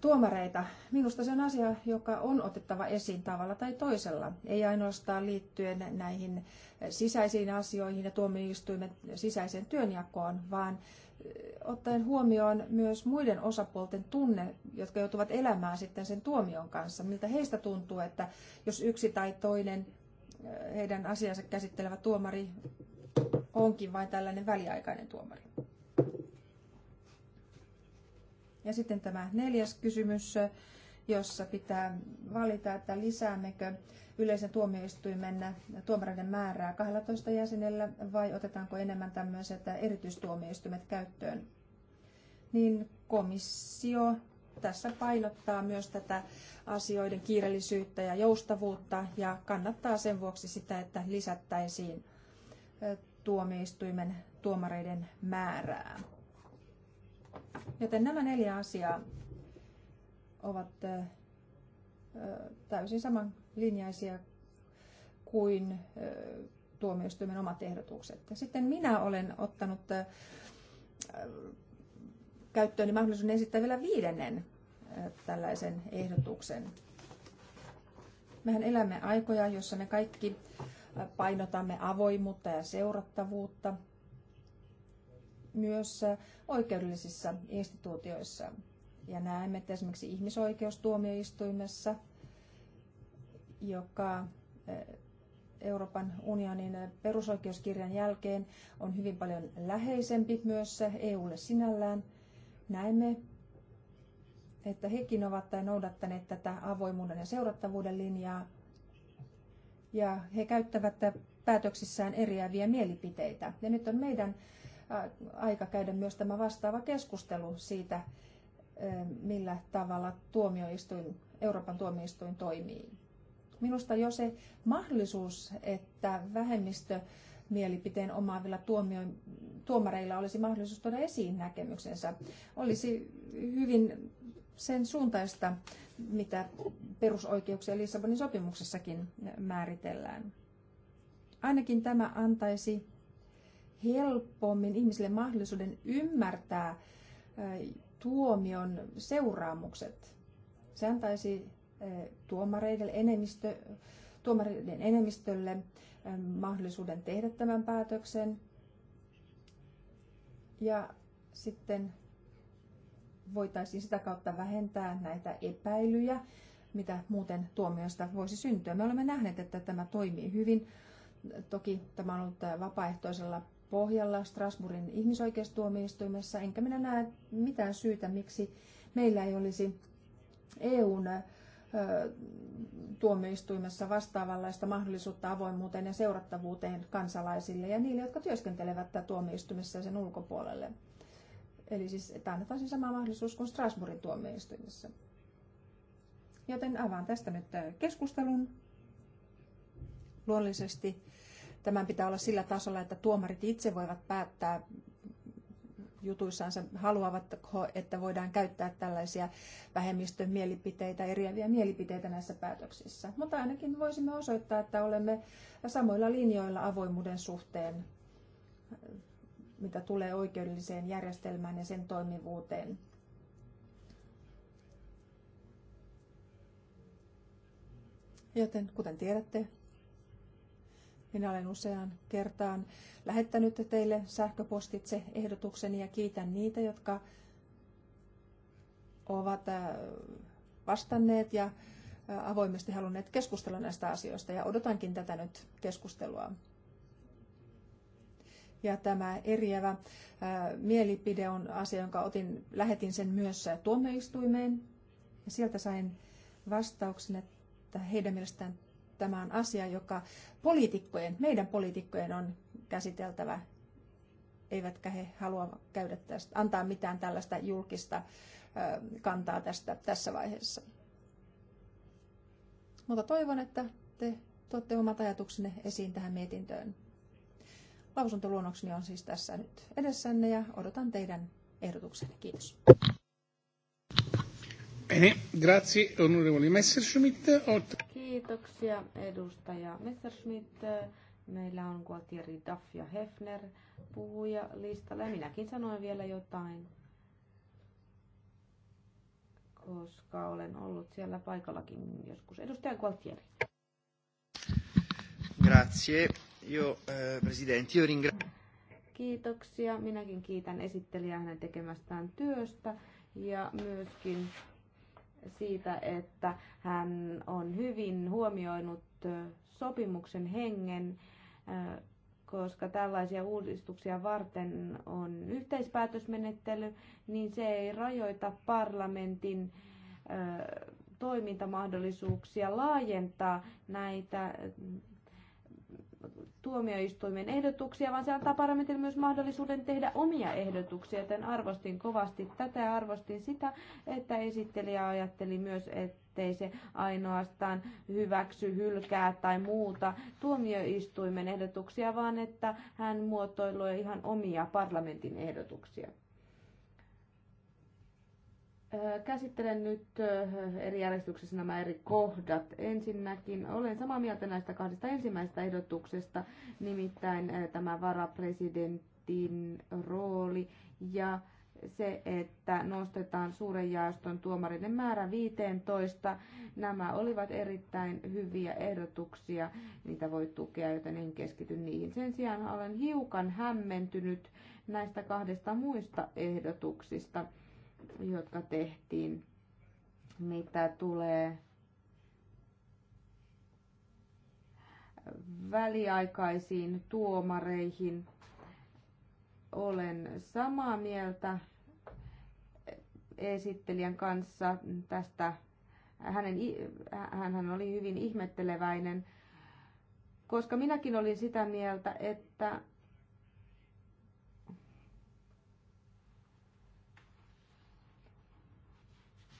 tuomareita. Minusta se on asia, joka on otettava esiin tavalla tai toisella, ei ainoastaan liittyen näihin sisäisiin asioihin ja tuomioistuimen sisäiseen työnjakoon, vaan eh, ottaen huomioon myös muiden osapuolten tunne, jotka joutuvat elämään sitten sen tuomion kanssa. Miltä heistä tuntuu, että jos yksi tai toinen eh, heidän asiansa käsittelevä tuomari onkin vain tällainen väliaikainen tuomari. Ja sitten tämä neljäs kysymys, jossa pitää valita, että lisäämmekö yleisen tuomioistuimen tuomareiden määrää 12 jäsenellä vai otetaanko enemmän tämmöiset erityistuomioistuimet käyttöön. Niin komissio tässä painottaa myös tätä asioiden kiireellisyyttä ja joustavuutta ja kannattaa sen vuoksi sitä, että lisättäisiin tuomioistuimen tuomareiden määrää. Joten nämä neljä asiaa ovat täysin samanlinjaisia kuin tuomioistuimen omat ehdotukset. Sitten minä olen ottanut käyttööni mahdollisuuden esittää vielä viidennen tällaisen ehdotuksen. Mehän elämme aikoja, jossa me kaikki painotamme avoimuutta ja seurattavuutta myös äh, oikeudellisissa instituutioissa. Ja näemme, että esimerkiksi ihmisoikeustuomioistuimessa, joka äh, Euroopan unionin äh, perusoikeuskirjan jälkeen on hyvin paljon läheisempi myös EUlle sinällään, näemme, että hekin ovat noudattaneet tätä avoimuuden ja seurattavuuden linjaa, ja he käyttävät päätöksissään eriäviä mielipiteitä. Ja nyt on meidän aika käydä myös tämä vastaava keskustelu siitä, millä tavalla tuomioistuin, Euroopan tuomioistuin toimii. Minusta jo se mahdollisuus, että vähemmistö mielipiteen omaavilla tuomio, tuomareilla olisi mahdollisuus tuoda esiin näkemyksensä, olisi hyvin sen suuntaista, mitä perusoikeuksia Lissabonin sopimuksessakin määritellään. Ainakin tämä antaisi helpommin ihmisille mahdollisuuden ymmärtää tuomion seuraamukset. Se antaisi tuomareiden, enemmistö, tuomareiden enemmistölle mahdollisuuden tehdä tämän päätöksen. Ja sitten voitaisiin sitä kautta vähentää näitä epäilyjä, mitä muuten tuomiosta voisi syntyä. Me olemme nähneet, että tämä toimii hyvin. Toki tämä on ollut vapaaehtoisella pohjalla Strasbourgin ihmisoikeustuomioistuimessa, enkä minä näe mitään syytä, miksi meillä ei olisi EUn tuomioistuimessa vastaavanlaista mahdollisuutta avoimuuteen ja seurattavuuteen kansalaisille ja niille, jotka työskentelevät tuomioistuimessa ja sen ulkopuolelle. Eli siis että annetaan se siis sama mahdollisuus kuin Strasbourgin tuomioistuimessa. Joten avaan tästä nyt keskustelun. Luonnollisesti Tämän pitää olla sillä tasolla, että tuomarit itse voivat päättää jutuissansa, haluavatko, että voidaan käyttää tällaisia vähemmistön mielipiteitä, eriäviä mielipiteitä näissä päätöksissä. Mutta ainakin voisimme osoittaa, että olemme samoilla linjoilla avoimuuden suhteen, mitä tulee oikeudelliseen järjestelmään ja sen toimivuuteen. Joten kuten tiedätte, minä olen useaan kertaan lähettänyt teille sähköpostitse ehdotukseni ja kiitän niitä, jotka ovat äh, vastanneet ja äh, avoimesti halunneet keskustella näistä asioista ja odotankin tätä nyt keskustelua. Ja tämä eriävä ää, äh, mielipide on asia, jonka otin, lähetin sen myös tuomioistuimeen. Ja sieltä sain vastauksen, että heidän mielestään tämä on asia, joka poliitikkojen, meidän poliitikkojen on käsiteltävä, eivätkä he halua käydä tästä, antaa mitään tällaista julkista kantaa tästä tässä vaiheessa. Mutta toivon, että te tuotte omat ajatuksenne esiin tähän mietintöön. Lausuntoluonnokseni on siis tässä nyt edessänne ja odotan teidän ehdotuksenne. Kiitos. Bene, grazie onorevoli Kiitoksia edustaja Messerschmidt. Meillä on Gualtieri Duff ja Hefner puhuja listalla. Ja minäkin sanoin vielä jotain, koska olen ollut siellä paikallakin joskus. Edustaja Gualtieri. Grazie. Io, eh, io Kiitoksia. Minäkin kiitän esittelijää hänen tekemästään työstä ja myöskin siitä, että hän on hyvin huomioinut sopimuksen hengen, koska tällaisia uudistuksia varten on yhteispäätösmenettely, niin se ei rajoita parlamentin toimintamahdollisuuksia laajentaa näitä tuomioistuimen ehdotuksia, vaan se antaa parlamentille myös mahdollisuuden tehdä omia ehdotuksia, joten arvostin kovasti tätä ja arvostin sitä, että esittelijä ajatteli myös, ettei se ainoastaan hyväksy, hylkää tai muuta tuomioistuimen ehdotuksia, vaan että hän muotoilui ihan omia parlamentin ehdotuksia. Käsittelen nyt eri järjestyksessä nämä eri kohdat. Ensinnäkin olen samaa mieltä näistä kahdesta ensimmäisestä ehdotuksesta, nimittäin tämä varapresidentin rooli ja se, että nostetaan suuren jaoston tuomarinen määrä 15. Nämä olivat erittäin hyviä ehdotuksia, niitä voi tukea, joten en keskity niihin. Sen sijaan olen hiukan hämmentynyt näistä kahdesta muista ehdotuksista jotka tehtiin, mitä tulee väliaikaisiin tuomareihin. Olen samaa mieltä esittelijän kanssa tästä. Hänen, hän oli hyvin ihmetteleväinen, koska minäkin olin sitä mieltä, että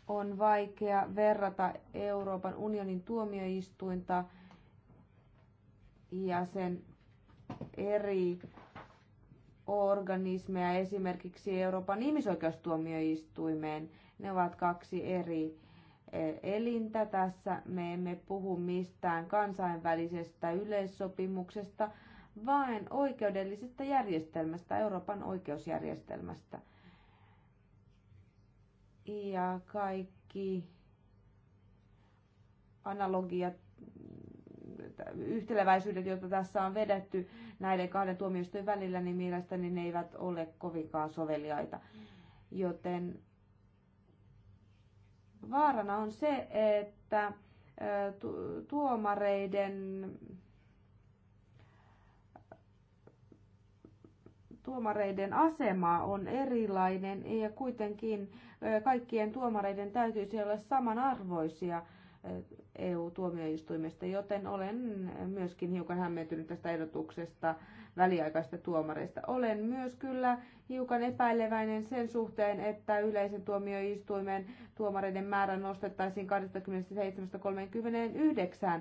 on vaikea verrata Euroopan unionin tuomioistuinta ja sen eri organismeja esimerkiksi Euroopan ihmisoikeustuomioistuimeen. Ne ovat kaksi eri e, elintä tässä. Me emme puhu mistään kansainvälisestä yleissopimuksesta, vaan oikeudellisesta järjestelmästä, Euroopan oikeusjärjestelmästä – ja kaikki analogiat, yhteleväisyydet, joita tässä on vedetty näiden kahden tuomioistuin välillä, niin mielestäni ne eivät ole kovinkaan soveliaita. Joten vaarana on se, että tuomareiden tuomareiden asema on erilainen ja kuitenkin kaikkien tuomareiden täytyisi olla samanarvoisia EU-tuomioistuimesta, joten olen myöskin hiukan hämmentynyt tästä ehdotuksesta väliaikaista tuomareista. Olen myös kyllä hiukan epäileväinen sen suhteen, että yleisen tuomioistuimen tuomareiden määrä nostettaisiin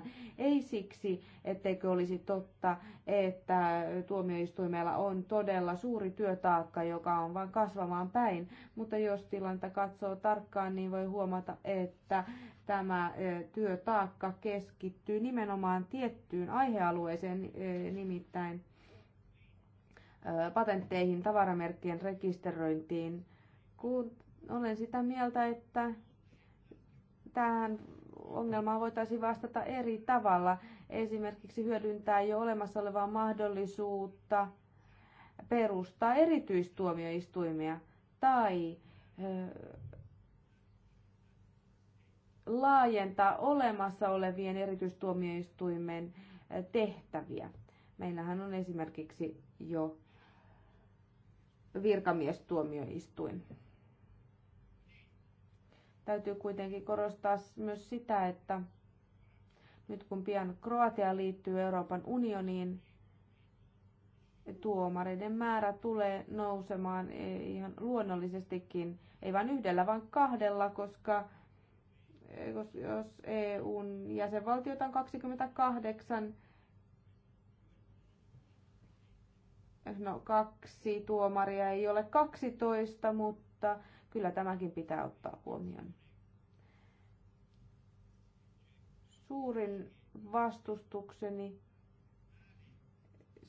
27-39. Ei siksi, etteikö olisi totta, että tuomioistuimella on todella suuri työtaakka, joka on vain kasvamaan päin. Mutta jos tilannetta katsoo tarkkaan, niin voi huomata, että tämä e, työtaakka keskittyy nimenomaan tiettyyn aihealueeseen e, nimittäin patentteihin, tavaramerkkien rekisteröintiin, kun olen sitä mieltä, että tähän ongelmaan voitaisiin vastata eri tavalla. Esimerkiksi hyödyntää jo olemassa olevaa mahdollisuutta perustaa erityistuomioistuimia tai laajentaa olemassa olevien erityistuomioistuimen tehtäviä. Meillähän on esimerkiksi jo virkamiestuomioistuin. Täytyy kuitenkin korostaa myös sitä, että nyt kun pian Kroatia liittyy Euroopan unioniin, tuomareiden määrä tulee nousemaan e, ihan luonnollisestikin, ei vain yhdellä, vaan kahdella, koska e, jos EUn jäsenvaltiot on 28, no kaksi tuomaria ei ole 12, mutta kyllä tämäkin pitää ottaa huomioon. Suurin vastustukseni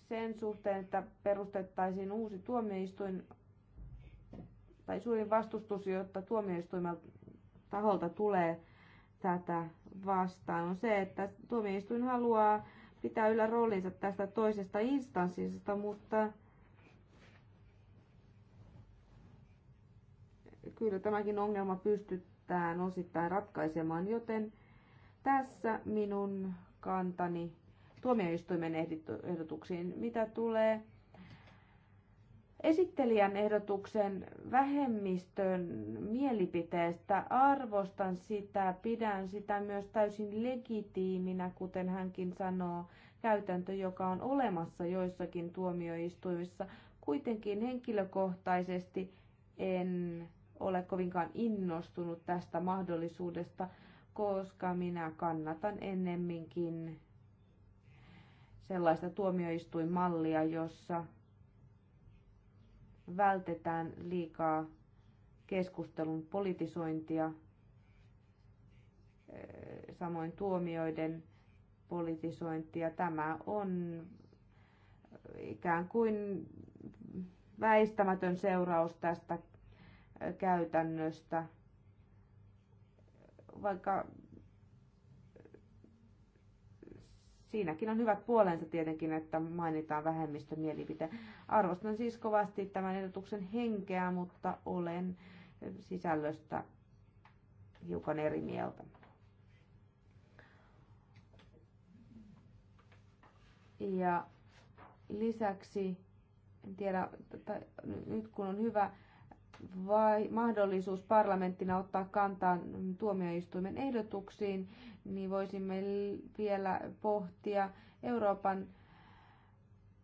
sen suhteen, että perustettaisiin uusi tuomioistuin, tai suurin vastustus, jotta tuomioistuimen taholta tulee tätä vastaan, on se, että tuomioistuin haluaa pitää yllä roolinsa tästä toisesta instanssista, mutta kyllä tämäkin ongelma pystytään osittain ratkaisemaan, joten tässä minun kantani tuomioistuimen ehdotuksiin, mitä tulee esittelijän ehdotuksen vähemmistön mielipiteestä. Arvostan sitä, pidän sitä myös täysin legitiiminä, kuten hänkin sanoo, käytäntö, joka on olemassa joissakin tuomioistuimissa. Kuitenkin henkilökohtaisesti en ole kovinkaan innostunut tästä mahdollisuudesta, koska minä kannatan ennemminkin sellaista tuomioistuinmallia, jossa vältetään liikaa keskustelun politisointia, eh, samoin tuomioiden politisointia. Tämä on ikään kuin väistämätön seuraus tästä eh, käytännöstä, vaikka Siinäkin on hyvät puolensa tietenkin, että mainitaan mielipite. Arvostan siis kovasti tämän ehdotuksen henkeä, mutta olen sisällöstä hiukan eri mieltä. Ja lisäksi, en tiedä, nyt kun on hyvä vai mahdollisuus parlamenttina ottaa kantaa tuomioistuimen ehdotuksiin, niin voisimme vielä pohtia Euroopan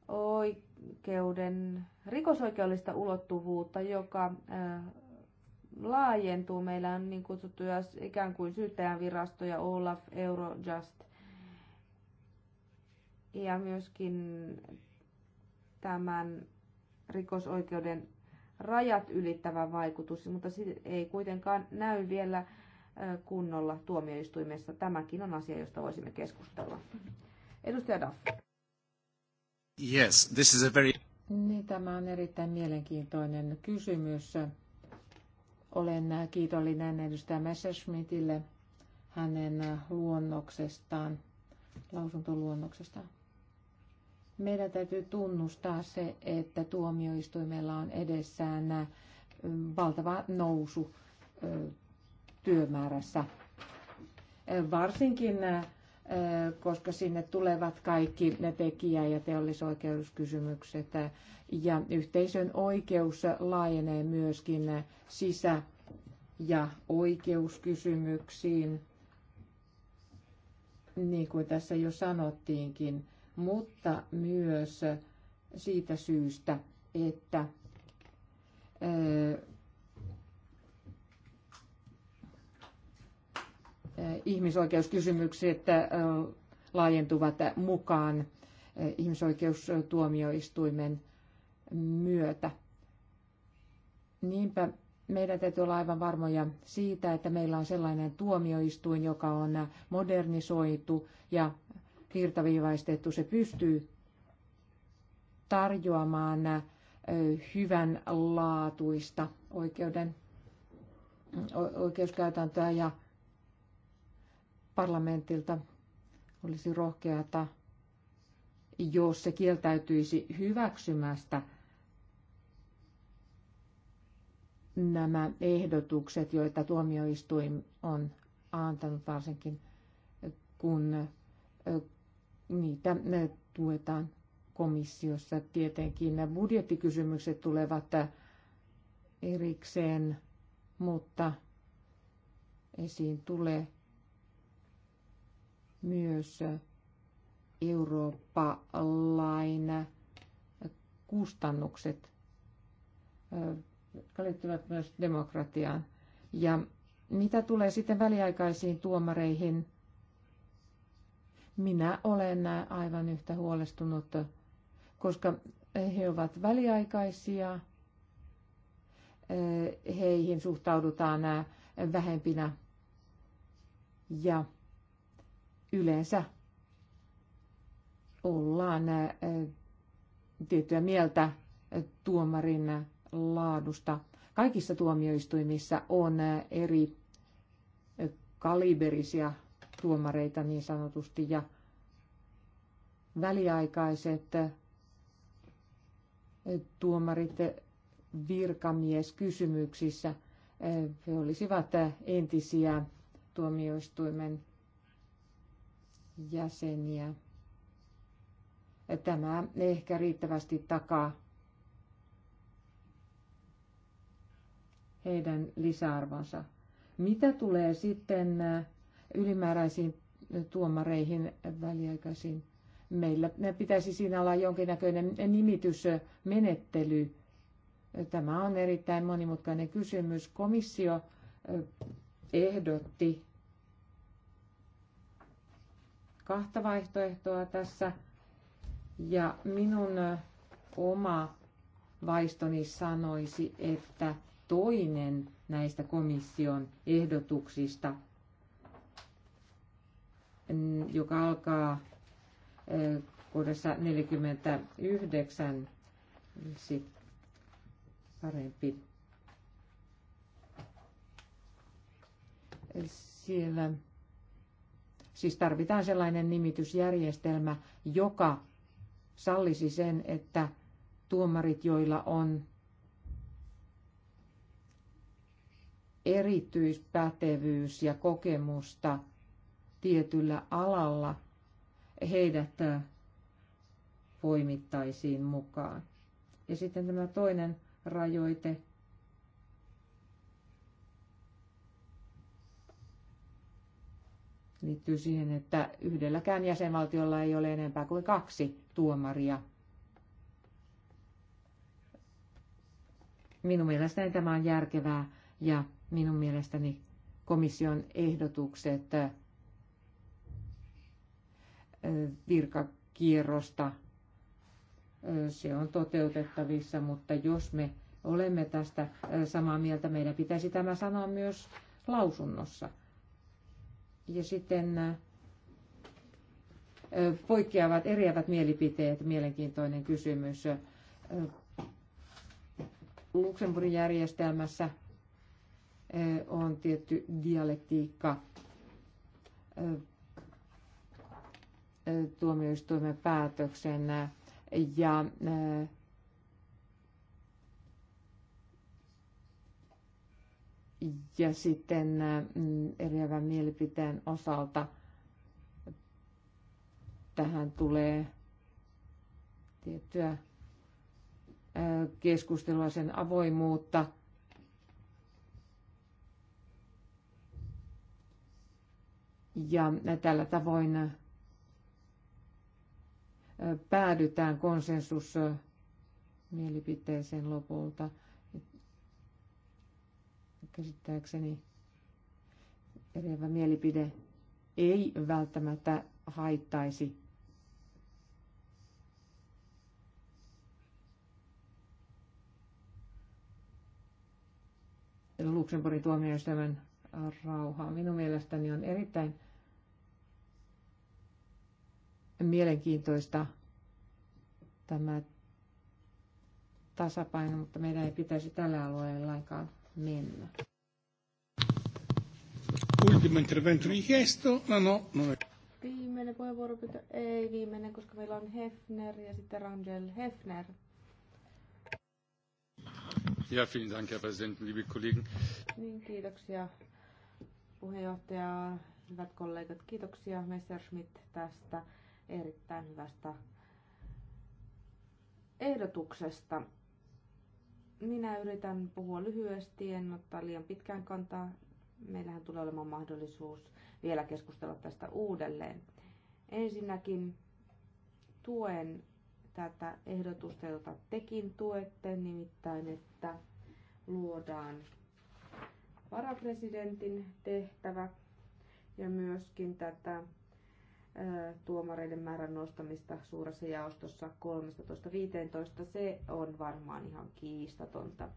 oikeuden rikosoikeudellista ulottuvuutta, joka laajentuu. Meillä on niin kutsuttuja ikään kuin syyttäjän virastoja, Olaf, Eurojust ja myöskin tämän rikosoikeuden rajat ylittävä vaikutus, mutta se ei kuitenkaan näy vielä kunnolla tuomioistuimessa. Tämäkin on asia, josta voisimme keskustella. Edustaja Duff. Yes, this is a very... Niin, tämä on erittäin mielenkiintoinen kysymys. Olen kiitollinen edustaja Messerschmittille hänen luonnoksestaan, lausuntoluonnoksestaan meidän täytyy tunnustaa se, että tuomioistuimella on edessään valtava nousu työmäärässä. Varsinkin koska sinne tulevat kaikki ne tekijä- ja teollisoikeuskysymykset. Ja yhteisön oikeus laajenee myöskin sisä- ja oikeuskysymyksiin, niin kuin tässä jo sanottiinkin mutta myös siitä syystä, että ihmisoikeuskysymykset laajentuvat mukaan ihmisoikeustuomioistuimen myötä. Niinpä meidän täytyy olla aivan varmoja siitä, että meillä on sellainen tuomioistuin, joka on modernisoitu ja virtaviivaistettu. Se pystyy tarjoamaan hyvän laatuista oikeuden, oikeuskäytäntöä ja parlamentilta olisi rohkeata, jos se kieltäytyisi hyväksymästä nämä ehdotukset, joita tuomioistuin on antanut, varsinkin kun niitä tuetaan komissiossa tietenkin. Nämä budjettikysymykset tulevat erikseen, mutta esiin tulee myös eurooppalain kustannukset, jotka liittyvät myös demokratiaan. Ja mitä tulee sitten väliaikaisiin tuomareihin, minä olen aivan yhtä huolestunut, koska he ovat väliaikaisia, heihin suhtaudutaan vähempinä ja yleensä ollaan tiettyä mieltä tuomarin laadusta. Kaikissa tuomioistuimissa on eri kaliberisia tuomareita niin sanotusti ja väliaikaiset eh, tuomarit eh, virkamieskysymyksissä. Eh, he olisivat entisiä tuomioistuimen jäseniä. Tämä ehkä riittävästi takaa heidän lisäarvonsa. Mitä tulee sitten ylimääräisiin tuomareihin väliaikaisiin. Meillä pitäisi siinä olla jonkinnäköinen nimitysmenettely. Tämä on erittäin monimutkainen kysymys. Komissio ehdotti kahta vaihtoehtoa tässä. Ja minun oma vaistoni sanoisi, että toinen näistä komission ehdotuksista Mm, joka alkaa kohdassa 49, olisi parempi. Siellä siis tarvitaan sellainen nimitysjärjestelmä, joka sallisi sen, että tuomarit, joilla on erityispätevyys ja kokemusta – tietyllä alalla heidät äh, poimittaisiin mukaan. Ja sitten tämä toinen rajoite liittyy siihen, että yhdelläkään jäsenvaltiolla ei ole enempää kuin kaksi tuomaria. Minun mielestäni tämä on järkevää ja minun mielestäni komission ehdotukset äh, virkakierrosta. Se on toteutettavissa, mutta jos me olemme tästä samaa mieltä, meidän pitäisi tämä sanoa myös lausunnossa. Ja sitten poikkeavat, eriävät mielipiteet, mielenkiintoinen kysymys. Luxemburgin järjestelmässä on tietty dialektiikka tuomioistuimen päätöksen ja ja sitten eriävän mielipiteen osalta tähän tulee tiettyä keskustelua sen avoimuutta. Ja tällä tavoin päädytään konsensus mielipiteeseen lopulta. Käsittääkseni eriävä mielipide ei välttämättä haittaisi Luxemburgin tuomioistuimen rauhaa. Minun mielestäni on erittäin mielenkiintoista tämä tasapaino, mutta meidän ei pitäisi tällä alueella lainkaan mennä. Ultimo intervento richiesto, no no, no. Viimeinen puheenvuoropyyntö, ei viimeinen, koska meillä on Hefner ja sitten Rangel Hefner. Ja, vielen Dank, Herr Präsident, liebe Kollegen. Niin, kiitoksia puheenjohtaja, hyvät kollegat, kiitoksia Messerschmidt tästä erittäin hyvästä ehdotuksesta. Minä yritän puhua lyhyesti, en ottaa liian pitkään kantaa. Meillähän tulee olemaan mahdollisuus vielä keskustella tästä uudelleen. Ensinnäkin tuen tätä ehdotusta, jota tekin tuette, nimittäin että luodaan varapresidentin tehtävä ja myöskin tätä tuomareiden määrän nostamista suuressa jaostossa 13-15. Se on varmaan ihan kiistatonta.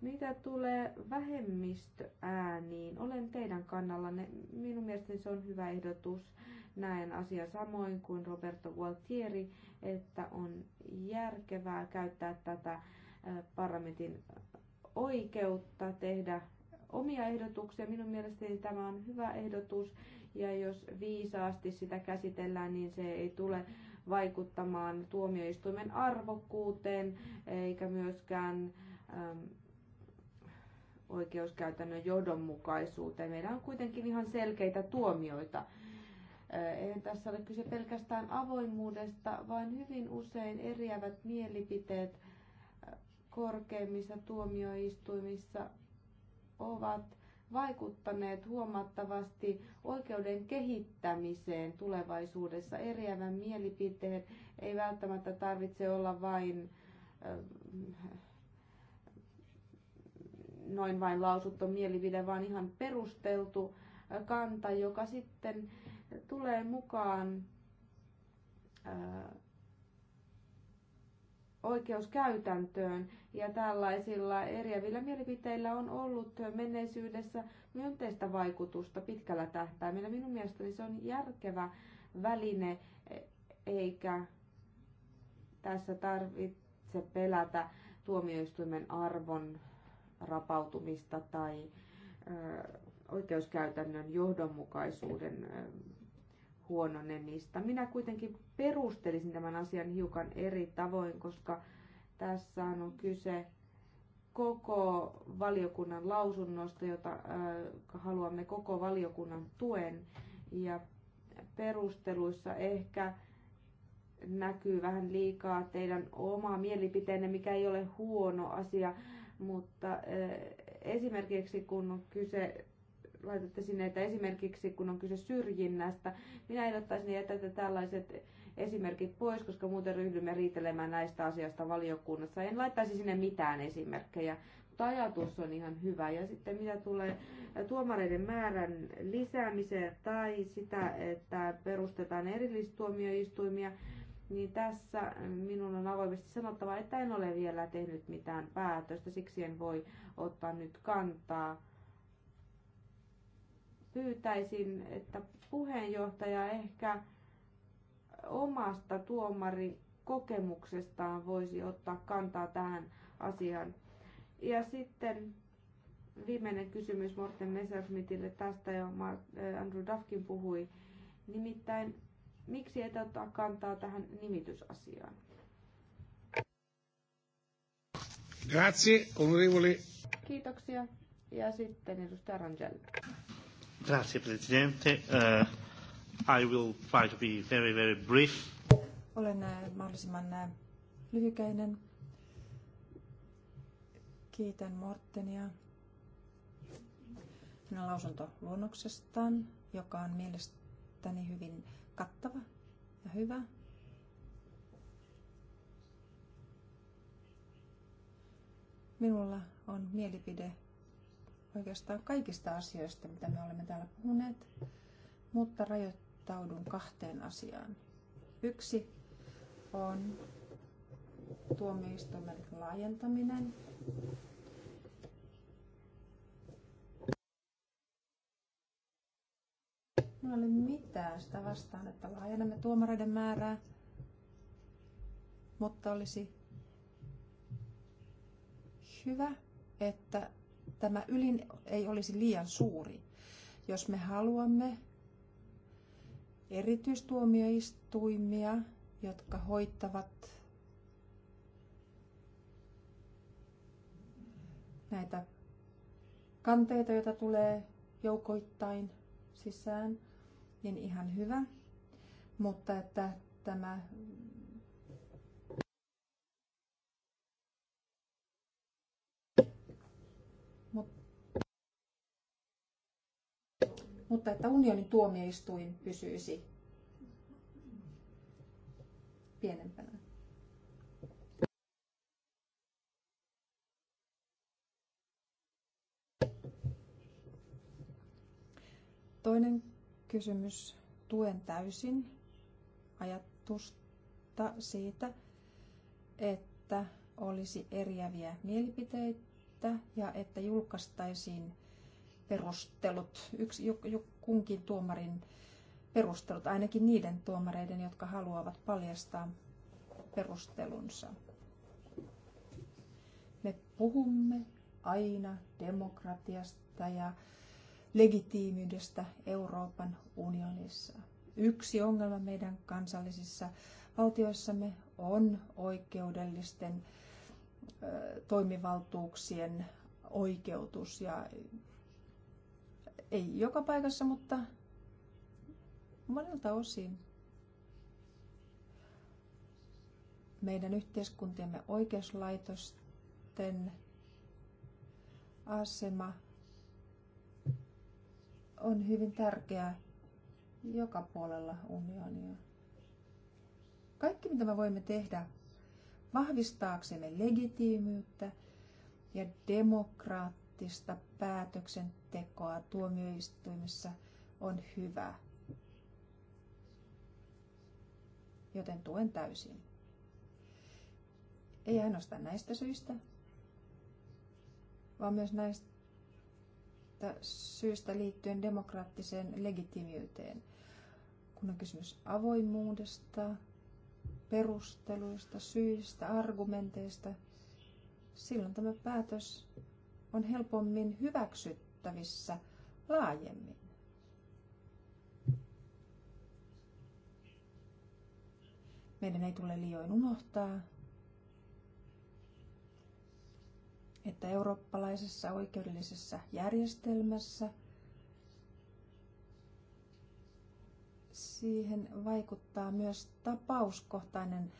Mitä tulee vähemmistöääniin, olen teidän kannallanne. Minun mielestäni se on hyvä ehdotus. Näen asia samoin kuin Roberto Gualtieri, että on järkevää käyttää tätä parlamentin oikeutta tehdä omia ehdotuksia. Minun mielestäni tämä on hyvä ehdotus ja jos viisaasti sitä käsitellään, niin se ei tule vaikuttamaan tuomioistuimen arvokkuuteen eikä myöskään äm, oikeuskäytännön johdonmukaisuuteen. Meillä on kuitenkin ihan selkeitä tuomioita. Eihän tässä ole kyse pelkästään avoimuudesta, vaan hyvin usein eriävät mielipiteet korkeimmissa tuomioistuimissa ovat vaikuttaneet huomattavasti oikeuden kehittämiseen tulevaisuudessa. Eriävän mielipiteen ei välttämättä tarvitse olla vain ähm, noin vain lausuttu mielipide, vaan ihan perusteltu kanta, joka sitten tulee mukaan äh, oikeuskäytäntöön. Ja tällaisilla eriävillä mielipiteillä on ollut menneisyydessä myönteistä vaikutusta pitkällä tähtäimellä. Minun mielestäni se on järkevä väline, eikä tässä tarvitse pelätä tuomioistuimen arvon rapautumista tai oikeuskäytännön johdonmukaisuuden huononemista. Minä kuitenkin perustelisin tämän asian hiukan eri tavoin, koska tässä on kyse koko valiokunnan lausunnosta, jota äh, haluamme koko valiokunnan tuen. Ja perusteluissa ehkä näkyy vähän liikaa teidän omaa mielipiteenne, mikä ei ole huono asia, mutta äh, esimerkiksi kun on kyse laitatte sinne, että esimerkiksi kun on kyse syrjinnästä, minä ehdottaisin, että jätätte tällaiset esimerkit pois, koska muuten ryhdymme riitelemään näistä asioista valiokunnassa. En laittaisi sinne mitään esimerkkejä, mutta ajatus on ihan hyvä. Ja sitten mitä tulee tuomareiden määrän lisäämiseen tai sitä, että perustetaan erillistuomioistuimia, niin tässä minun on avoimesti sanottava, että en ole vielä tehnyt mitään päätöstä, siksi en voi ottaa nyt kantaa pyytäisin, että puheenjohtaja ehkä omasta tuomarin kokemuksestaan voisi ottaa kantaa tähän asiaan. Ja sitten viimeinen kysymys Morten Messersmithille tästä jo äh, Andrew Duffkin puhui, nimittäin miksi et ottaa kantaa tähän nimitysasiaan? Grazie, onorevoli. Kiitoksia. Ja sitten edustaja Rangel. Grazie, Presidente. Uh, I will try to be very, very brief. Olen eh, mahdollisimman eh, lyhykäinen. Kiitän Mortenia hänen lausuntoluonnoksestaan, joka on mielestäni hyvin kattava ja hyvä. Minulla on mielipide oikeastaan kaikista asioista, mitä me olemme täällä puhuneet, mutta rajoittaudun kahteen asiaan. Yksi on tuomioistuimen laajentaminen. Minulla ei ole mitään sitä vastaan, että laajennamme tuomareiden määrää, mutta olisi hyvä, että tämä ylin ei olisi liian suuri. Jos me haluamme erityistuomioistuimia, jotka hoittavat näitä kanteita, joita tulee joukoittain sisään, niin ihan hyvä. Mutta että tämä mutta että unionin tuomioistuin pysyisi pienempänä. Toinen kysymys. Tuen täysin ajatusta siitä, että olisi eriäviä mielipiteitä ja että julkaistaisiin perustelut, yksi, kunkin tuomarin perustelut, ainakin niiden tuomareiden, jotka haluavat paljastaa perustelunsa. Me puhumme aina demokratiasta ja legitiimiydestä Euroopan unionissa. Yksi ongelma meidän kansallisissa valtioissamme on oikeudellisten toimivaltuuksien oikeutus ja ei joka paikassa, mutta monelta osin. Meidän yhteiskuntiemme oikeuslaitosten asema on hyvin tärkeä joka puolella unionia. Kaikki mitä me voimme tehdä vahvistaaksemme legitiimiyttä ja demokraattista päätöksentekoa, tekoa tuomioistuimessa on hyvä. Joten tuen täysin. Ei ainoastaan näistä syistä, vaan myös näistä syistä liittyen demokraattiseen legitimiyteen. Kun on kysymys avoimuudesta, perusteluista, syistä, argumenteista, silloin tämä päätös on helpommin hyväksytty hyväksyttävissä laajemmin. Meidän ei tule liioin unohtaa, että eurooppalaisessa oikeudellisessa järjestelmässä siihen vaikuttaa myös tapauskohtainen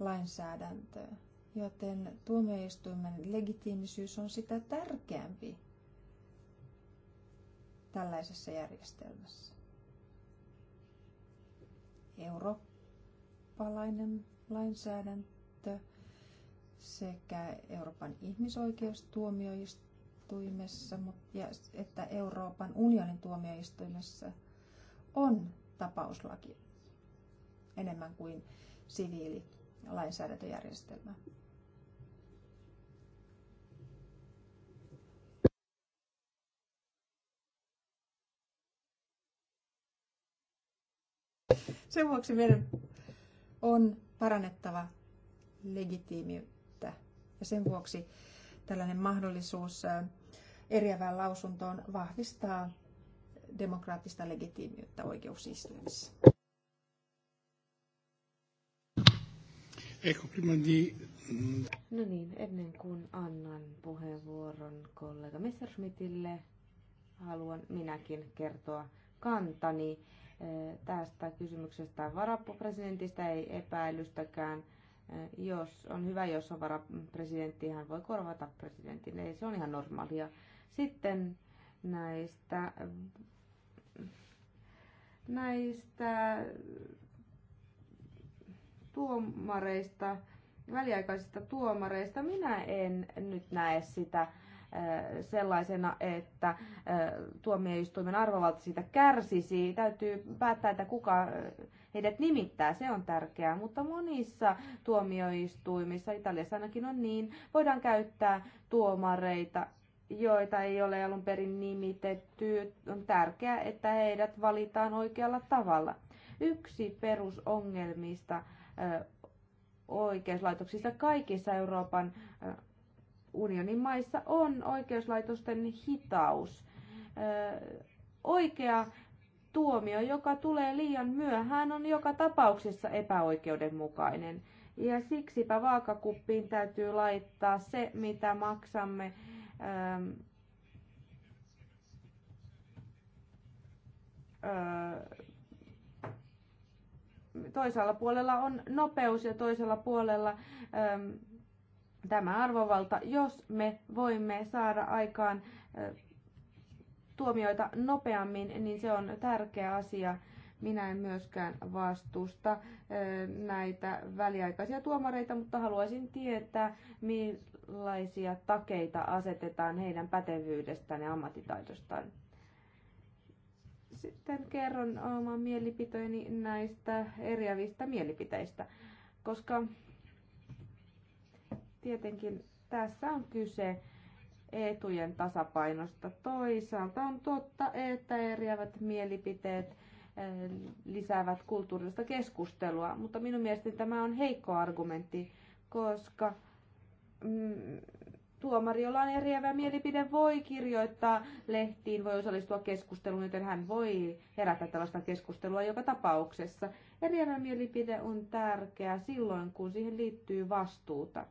lainsäädäntö, joten tuomioistuimen legitiimisyys on sitä tärkeämpi tällaisessa järjestelmässä. Eurooppalainen lainsäädäntö sekä Euroopan ihmisoikeustuomioistuimessa ja että Euroopan unionin tuomioistuimessa on tapauslaki enemmän kuin siviililainsäädäntöjärjestelmä. Sen vuoksi meidän on parannettava legitiimiyttä. Ja sen vuoksi tällainen mahdollisuus eriävään lausuntoon vahvistaa demokraattista legitiimiyttä oikeusistuimissa. Ecco, prima di... Mm, no niin, ennen kuin annan puheenvuoron kollega Messerschmittille, haluan minäkin kertoa kantani Eh, tästä kysymyksestä varapresidentistä, ei epäilystäkään. Eh, jos on hyvä, jos on varapresidentti, hän voi korvata presidentin. ei se on ihan normaalia. Sitten näistä, näistä tuomareista, väliaikaisista tuomareista, minä en nyt näe sitä Eh, sellaisena, että eh, tuomioistuimen arvovalta siitä kärsisi. Täytyy päättää, että kuka eh, heidät nimittää, se on tärkeää, mutta monissa tuomioistuimissa, Italiassa ainakin on niin, voidaan käyttää tuomareita, joita ei ole alun perin nimitetty. On tärkeää, että heidät valitaan oikealla tavalla. Yksi perusongelmista oikeuslaitoksista kaikissa Euroopan unionin maissa on oikeuslaitosten hitaus. Oikea tuomio, joka tulee liian myöhään, on joka tapauksessa epäoikeudenmukainen. Ja siksipä vaakakuppiin täytyy laittaa se, mitä maksamme ähm, äh, toisella puolella on nopeus ja toisella puolella ähm, tämä arvovalta, jos me voimme saada aikaan tuomioita nopeammin, niin se on tärkeä asia. Minä en myöskään vastusta näitä väliaikaisia tuomareita, mutta haluaisin tietää, millaisia takeita asetetaan heidän pätevyydestään ja ammattitaidostaan. Sitten kerron oman mielipiteeni näistä eriävistä mielipiteistä, koska Tietenkin tässä on kyse etujen tasapainosta. Toisaalta on totta, että eriävät mielipiteet eh, lisäävät kulttuurista keskustelua, mutta minun mielestäni tämä on heikko argumentti, koska mm, tuomari, jolla on eriävä mielipide, voi kirjoittaa lehtiin, voi osallistua keskusteluun, joten hän voi herättää tällaista keskustelua joka tapauksessa. Eriävä mielipide on tärkeä silloin, kun siihen liittyy vastuuta.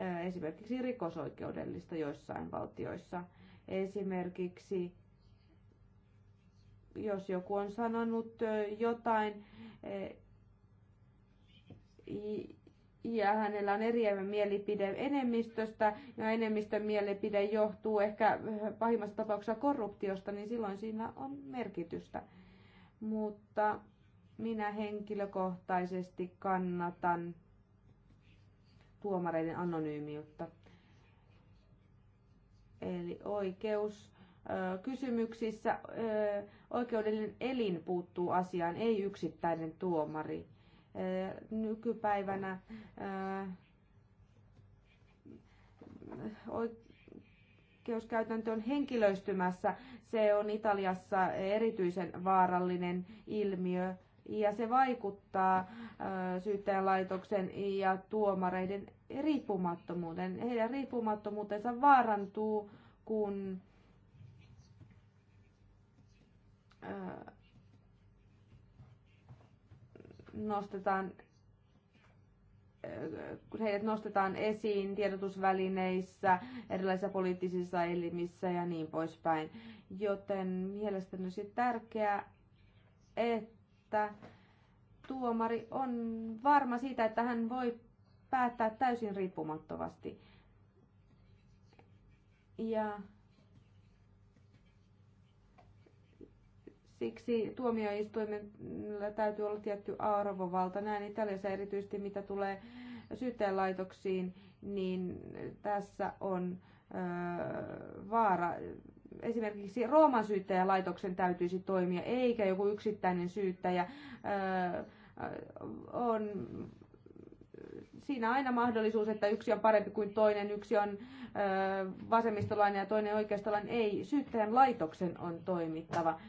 Äh, esimerkiksi rikosoikeudellista joissain valtioissa. Esimerkiksi jos joku on sanonut äh, jotain äh, ja hänellä on eriävä mielipide enemmistöstä ja enemmistön mielipide johtuu ehkä pahimmassa tapauksessa korruptiosta, niin silloin siinä on merkitystä. Mutta minä henkilökohtaisesti kannatan tuomareiden anonyymiutta. Eli oikeus kysymyksissä oikeudellinen elin puuttuu asiaan, ei yksittäinen tuomari. Nykypäivänä oikeuskäytäntö on henkilöistymässä. Se on Italiassa erityisen vaarallinen ilmiö ja se vaikuttaa syyttäjälaitoksen ja tuomareiden riippumattomuuteen. Heidän riippumattomuutensa vaarantuu, kun nostetaan heidät nostetaan esiin tiedotusvälineissä, erilaisissa poliittisissa elimissä ja niin poispäin. Joten mielestäni olisi tärkeää, että että tuomari on varma siitä, että hän voi päättää täysin riippumattomasti. Ja siksi tuomioistuimella täytyy olla tietty arvovalta. Näin Italiassa erityisesti mitä tulee syyttäjälaitoksiin, niin tässä on vaara esimerkiksi Rooman syyttäjälaitoksen täytyisi toimia, eikä joku yksittäinen syyttäjä. On siinä aina mahdollisuus, että yksi on parempi kuin toinen, yksi on vasemmistolainen ja toinen oikeistolainen. Ei, syyttäjän laitoksen on toimittava.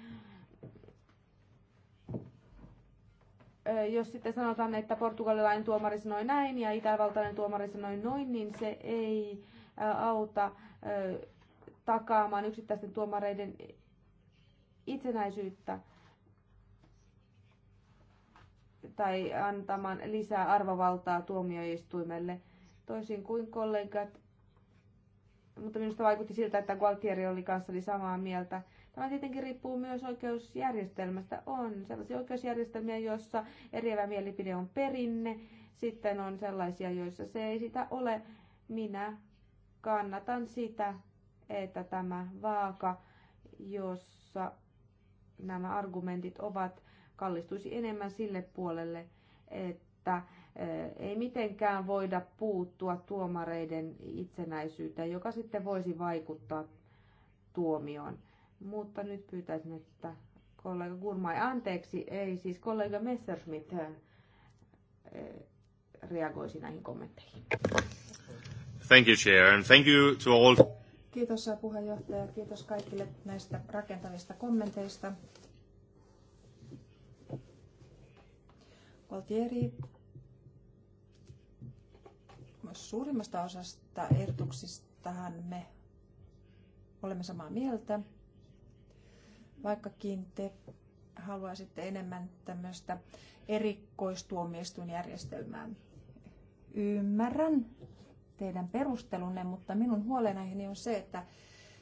jos sitten sanotaan, että portugalilainen tuomari sanoi näin ja itävaltainen tuomari sanoi noin, niin se ei auta takaamaan yksittäisten tuomareiden itsenäisyyttä tai antamaan lisää arvovaltaa tuomioistuimelle, toisin kuin kollegat. Mutta minusta vaikutti siltä, että Gualtieri oli kanssani samaa mieltä. Tämä tietenkin riippuu myös oikeusjärjestelmästä. On sellaisia oikeusjärjestelmiä, joissa eriävä mielipide on perinne. Sitten on sellaisia, joissa se ei sitä ole. Minä kannatan sitä, että tämä vaaka, jossa nämä argumentit ovat, kallistuisi enemmän sille puolelle, että e, ei mitenkään voida puuttua tuomareiden itsenäisyyteen, joka sitten voisi vaikuttaa tuomioon. Mutta nyt pyytäisin, että kollega Gurmai, anteeksi, ei siis kollega Messerschmidt e, reagoisi näihin kommentteihin. Thank you, Chair, and thank you to all. Kiitos puheenjohtaja, kiitos kaikille näistä rakentavista kommenteista. Valtieri, suurimmasta osasta ehdotuksistahan me olemme samaa mieltä, vaikkakin te haluaisitte enemmän tämmöistä erikoistuomioistuinjärjestelmää. Ymmärrän teidän perustelunne, mutta minun huolenaiheeni on se, että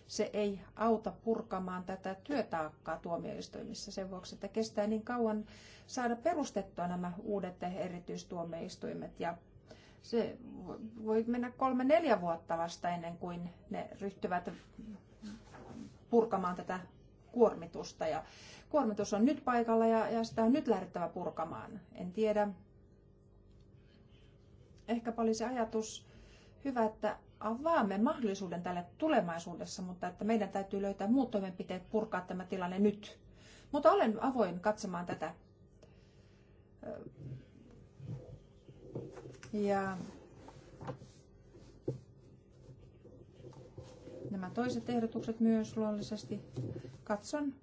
se ei auta purkamaan tätä työtaakkaa tuomioistuimissa sen vuoksi, että kestää niin kauan saada perustettua nämä uudet erityistuomioistuimet ja se voi mennä kolme neljä vuotta vasta ennen kuin ne ryhtyvät purkamaan tätä kuormitusta. Ja kuormitus on nyt paikalla ja, ja sitä on nyt lähdettävä purkamaan. En tiedä. Ehkä oli se ajatus, hyvä, että avaamme mahdollisuuden tälle tulevaisuudessa, mutta että meidän täytyy löytää muut toimenpiteet purkaa tämä tilanne nyt. Mutta olen avoin katsomaan tätä. Ja nämä toiset ehdotukset myös luonnollisesti katson,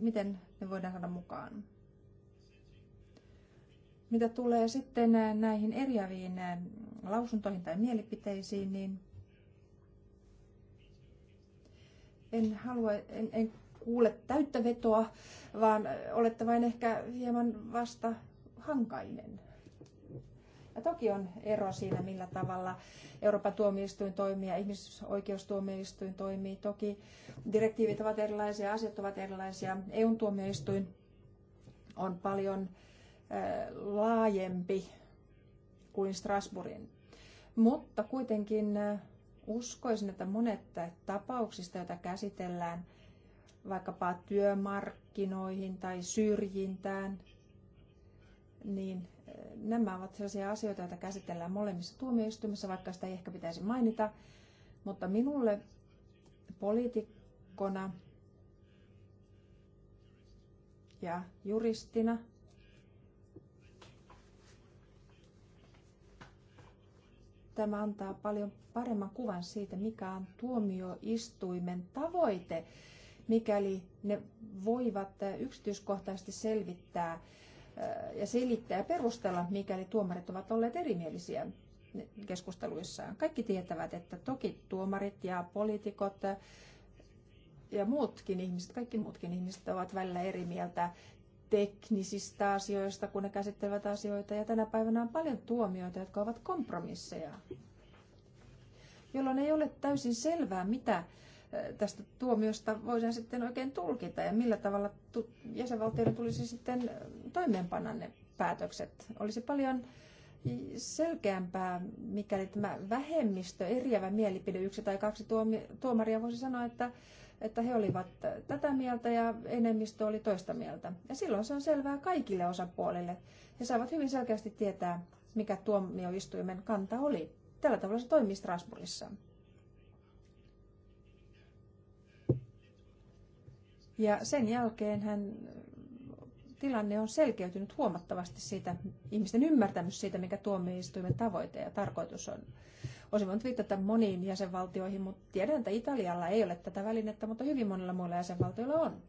miten ne voidaan saada mukaan. Mitä tulee sitten näihin eriäviin lausuntoihin tai mielipiteisiin, niin en, halua, en, en kuule täyttä vetoa, vaan olette vain ehkä hieman vasta hankainen. Ja toki on ero siinä, millä tavalla Euroopan tuomioistuin toimii ja ihmisoikeustuomioistuin toimii. Toki direktiivit ovat erilaisia, asiat ovat erilaisia. eu tuomioistuin on paljon äh, laajempi kuin Strasbourgin. Mutta kuitenkin uskoisin, että monet tapauksista, joita käsitellään vaikkapa työmarkkinoihin tai syrjintään, niin nämä ovat sellaisia asioita, joita käsitellään molemmissa tuomioistuimissa, vaikka sitä ei ehkä pitäisi mainita. Mutta minulle poliitikkona ja juristina – Tämä antaa paljon paremman kuvan siitä, mikä on tuomioistuimen tavoite, mikäli ne voivat äh, yksityiskohtaisesti selvittää äh, ja selittää ja perustella, mikäli tuomarit ovat olleet erimielisiä keskusteluissaan. Kaikki tietävät, että toki tuomarit ja poliitikot äh, ja muutkin ihmiset, kaikki muutkin ihmiset ovat välillä eri mieltä teknisistä asioista, kun ne käsittelevät asioita. Ja tänä päivänä on paljon tuomioita, jotka ovat kompromisseja, jolloin ei ole täysin selvää, mitä eh, tästä tuomiosta voidaan sitten oikein tulkita ja millä tavalla jäsenvaltioiden tulisi sitten eh, toimeenpanna ne päätökset. Olisi paljon selkeämpää, mikäli tämä vähemmistö, eriävä mielipide, yksi tai kaksi tuomaria voisi sanoa, että että he olivat tätä mieltä ja enemmistö oli toista mieltä. Ja silloin se on selvää kaikille osapuolille. He saavat hyvin selkeästi tietää, mikä tuomioistuimen kanta oli. Tällä tavalla se toimii Strasbourgissa. Ja sen jälkeen hän tilanne on selkeytynyt huomattavasti siitä, ihmisten ymmärtämys siitä, mikä tuomioistuimen tavoite ja tarkoitus on. Olisin voinut viitata moniin jäsenvaltioihin, mutta tiedän, että Italialla ei ole tätä välinettä, mutta hyvin monilla muilla jäsenvaltioilla on.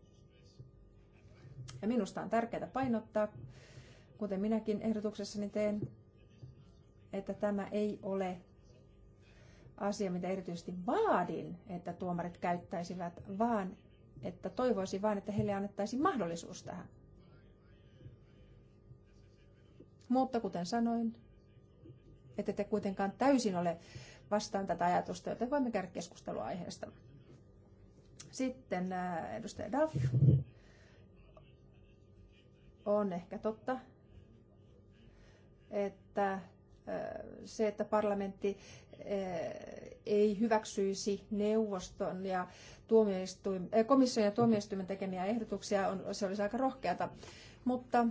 Ja minusta on tärkeää painottaa, kuten minäkin ehdotuksessani teen, että tämä ei ole asia, mitä erityisesti vaadin, että tuomarit käyttäisivät, vaan että toivoisin vain, että heille annettaisiin mahdollisuus tähän. Mutta kuten sanoin, että te kuitenkaan täysin ole vastaan tätä ajatusta, joten voimme käydä keskustelua aiheesta. Sitten äh, edustaja Duff. On ehkä totta, että äh, se, että parlamentti äh, ei hyväksyisi neuvoston ja tuomioistuin, komission ja tuomioistuimen tekemiä ehdotuksia, on, se olisi aika rohkeata. Mutta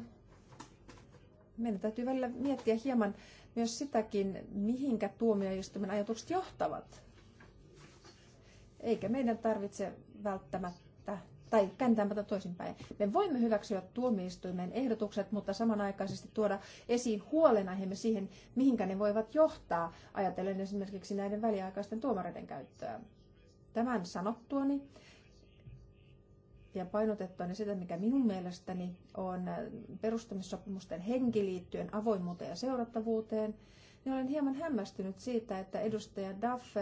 meidän täytyy välillä miettiä hieman, myös sitäkin, mihinkä tuomioistuimen ajatukset johtavat. Eikä meidän tarvitse välttämättä tai kääntämättä toisinpäin. Me voimme hyväksyä tuomioistuimen ehdotukset, mutta samanaikaisesti tuoda esiin huolenaiheemme siihen, mihinkä ne voivat johtaa, ajatellen esimerkiksi näiden väliaikaisten tuomareiden käyttöä. Tämän sanottuani ja painotettua niin sitä, mikä minun mielestäni on perustamissopimusten henki liittyen avoimuuteen ja seurattavuuteen, niin olen hieman hämmästynyt siitä, että edustaja Duff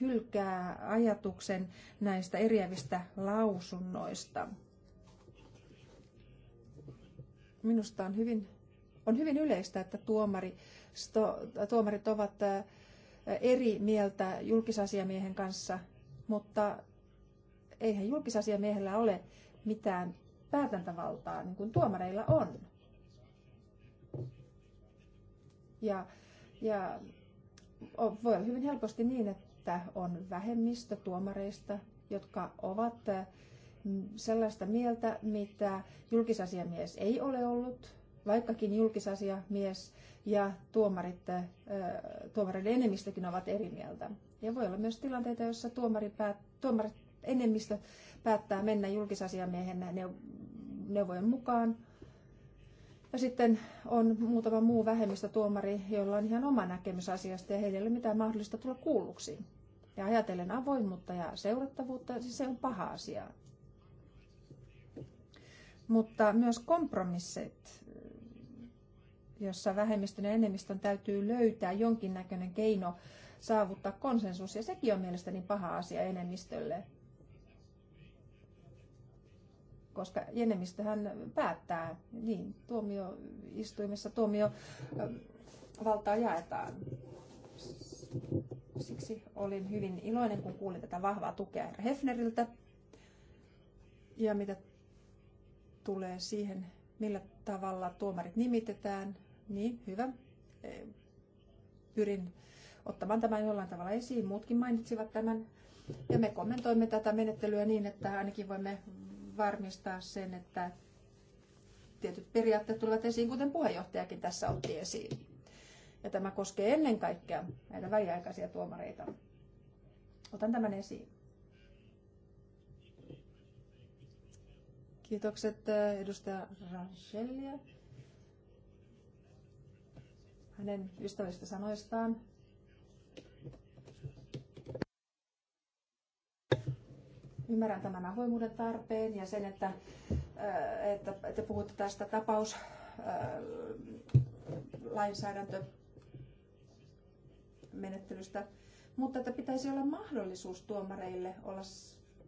hylkää ajatuksen näistä eriävistä lausunnoista. Minusta on hyvin, on hyvin yleistä, että tuomari, sto, tuomarit ovat eri mieltä julkisasiamiehen kanssa, mutta eihän julkisasiamiehellä ole mitään päätäntävaltaa, niin kuin tuomareilla on. Ja, ja voi olla hyvin helposti niin, että on vähemmistö tuomareista, jotka ovat sellaista mieltä, mitä julkisasiamies ei ole ollut, vaikkakin julkisasiamies ja tuomarit, tuomareiden enemmistökin ovat eri mieltä. Ja voi olla myös tilanteita, joissa tuomari päät, tuomarit enemmistö päättää mennä julkisasiamiehen neuvojen mukaan. Ja sitten on muutama muu vähemmistötuomari, jolla on ihan oma näkemys asiasta ja heillä ei ole mitään mahdollista tulla kuulluksi. Ja ajatellen avoimuutta ja seurattavuutta, siis se on paha asia. Mutta myös kompromissit, jossa vähemmistön ja enemmistön täytyy löytää jonkinnäköinen keino saavuttaa konsensus, ja sekin on mielestäni paha asia enemmistölle koska enemmistöhän päättää, niin tuomioistuimessa tuomio valtaa jaetaan. Siksi olin hyvin iloinen, kun kuulin tätä vahvaa tukea herra Hefneriltä. Ja mitä tulee siihen, millä tavalla tuomarit nimitetään, niin hyvä. E, pyrin ottamaan tämän jollain tavalla esiin. Muutkin mainitsivat tämän. Ja me kommentoimme tätä menettelyä niin, että ainakin voimme varmistaa sen, että tietyt periaatteet tulevat esiin, kuten puheenjohtajakin tässä otti esiin. Ja tämä koskee ennen kaikkea näitä väliaikaisia tuomareita. Otan tämän esiin. Kiitokset äh, edustaja Rangelia hänen ystävistä sanoistaan. Ymmärrän tämän avoimuuden tarpeen ja sen, että, äh, että, te puhutte tästä tapaus äh, mutta että pitäisi olla mahdollisuus tuomareille olla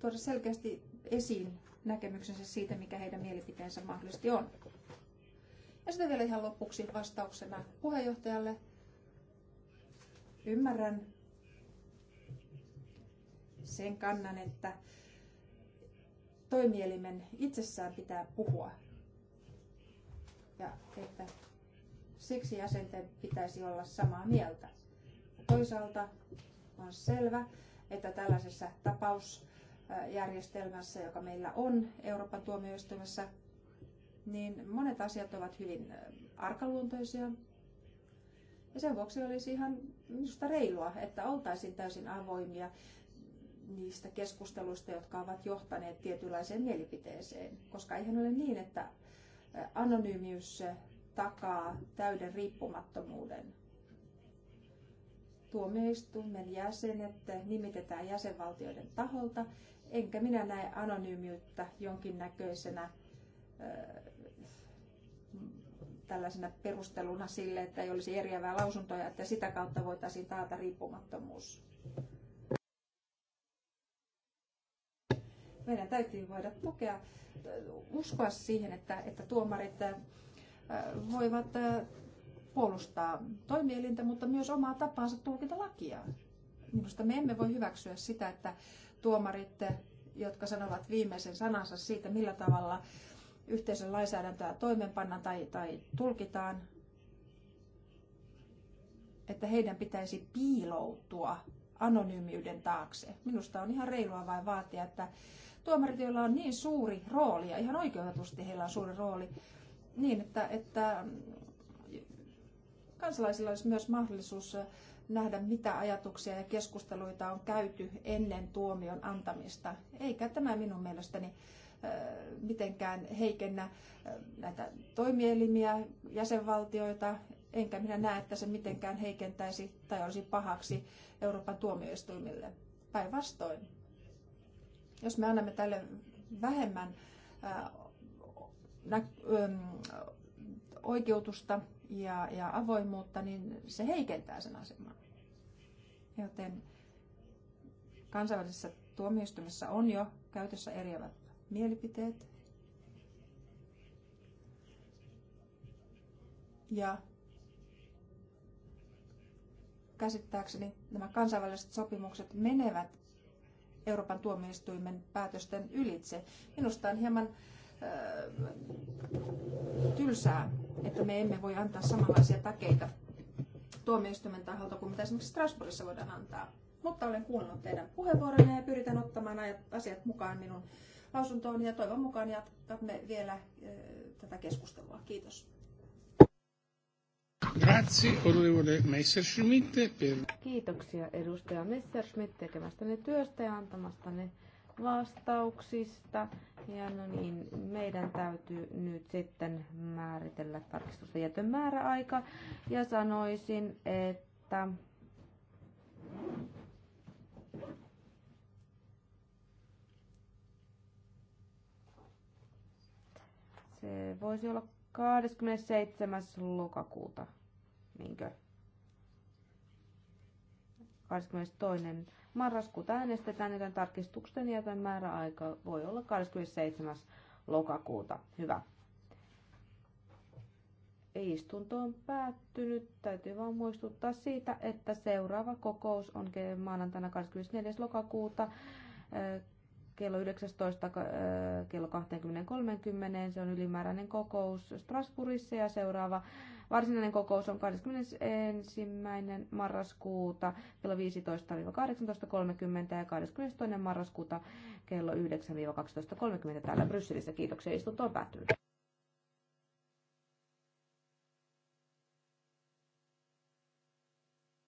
tuoda selkeästi esiin näkemyksensä siitä, mikä heidän mielipiteensä mahdollisesti on. Ja sitten vielä ihan lopuksi vastauksena puheenjohtajalle. Ymmärrän sen kannan, että toimielimen itsessään pitää puhua. Ja että siksi jäsenten pitäisi olla samaa mieltä. Toisaalta on selvä, että tällaisessa tapausjärjestelmässä, joka meillä on Euroopan tuomioistuimessa, niin monet asiat ovat hyvin arkaluontoisia. Ja sen vuoksi olisi ihan minusta reilua, että oltaisiin täysin avoimia niistä keskusteluista, jotka ovat johtaneet tietynlaiseen mielipiteeseen. Koska eihän ole niin, että anonyymiys takaa täyden riippumattomuuden. Tuomioistuimen jäsenet nimitetään jäsenvaltioiden taholta, enkä minä näe anonyymiyttä jonkinnäköisenä tällaisena perusteluna sille, että ei olisi eriävää lausuntoja, että sitä kautta voitaisiin taata riippumattomuus. Meidän täytyy voida tukea, äh, uskoa siihen, että, että tuomarit äh, voivat äh, puolustaa toimielintä, mutta myös omaa tapaansa tulkita lakia. Minusta me emme voi hyväksyä sitä, että tuomarit, jotka sanovat viimeisen sanansa siitä, millä tavalla yhteisön lainsäädäntöä toimeenpannaan tai, tai tulkitaan, että heidän pitäisi piiloutua anonyymiyden taakse. Minusta on ihan reilua vain vaatia, että tuomarit, joilla on niin suuri rooli, ja ihan oikeutetusti heillä on suuri rooli, niin että, että mm, kansalaisilla olisi myös mahdollisuus äh, nähdä, mitä ajatuksia ja keskusteluita on käyty ennen tuomion antamista. Eikä tämä minun mielestäni äh, mitenkään heikennä äh, näitä toimielimiä, jäsenvaltioita, enkä minä näe, että se mitenkään heikentäisi tai olisi pahaksi Euroopan tuomioistuimille. Päinvastoin jos me annamme tälle vähemmän oikeutusta ja, ja avoimuutta, niin se heikentää sen asemaa. Joten kansainvälisessä tuomioistumissa on jo käytössä eriävät mielipiteet. Ja käsittääkseni nämä kansainväliset sopimukset menevät Euroopan tuomioistuimen päätösten ylitse. Minusta on hieman tylsää, että me emme voi antaa samanlaisia takeita tuomioistuimen taholta kuin mitä esimerkiksi Strasbourgissa voidaan antaa. Mutta olen kuunnellut teidän puheenvuoronne ja pyritän ottamaan asiat mukaan minun lausuntooni ja toivon mukaan jatkamme vielä tätä keskustelua. Kiitos. Grazie, onorevole Per... Kiitoksia edustaja Messerschmidt tekemästäne työstä ja antamastanne vastauksista. Ja no niin, meidän täytyy nyt sitten määritellä tarkistusten jätön määräaika. Ja sanoisin, että se voisi olla 27. lokakuuta niinkö? 22. marraskuuta äänestetään, joten ja jätön määräaika voi olla 27. lokakuuta. Hyvä. Istunto on päättynyt. Täytyy vain muistuttaa siitä, että seuraava kokous on maanantaina 24. lokakuuta äh, kello 19 äh, kello 20.30. Se on ylimääräinen kokous Strasbourgissa ja seuraava Varsinainen kokous on 21. marraskuuta kello 15-18.30 ja 22. marraskuuta kello 9-12.30 täällä Brysselissä. Kiitoksia, istunto on päättynyt.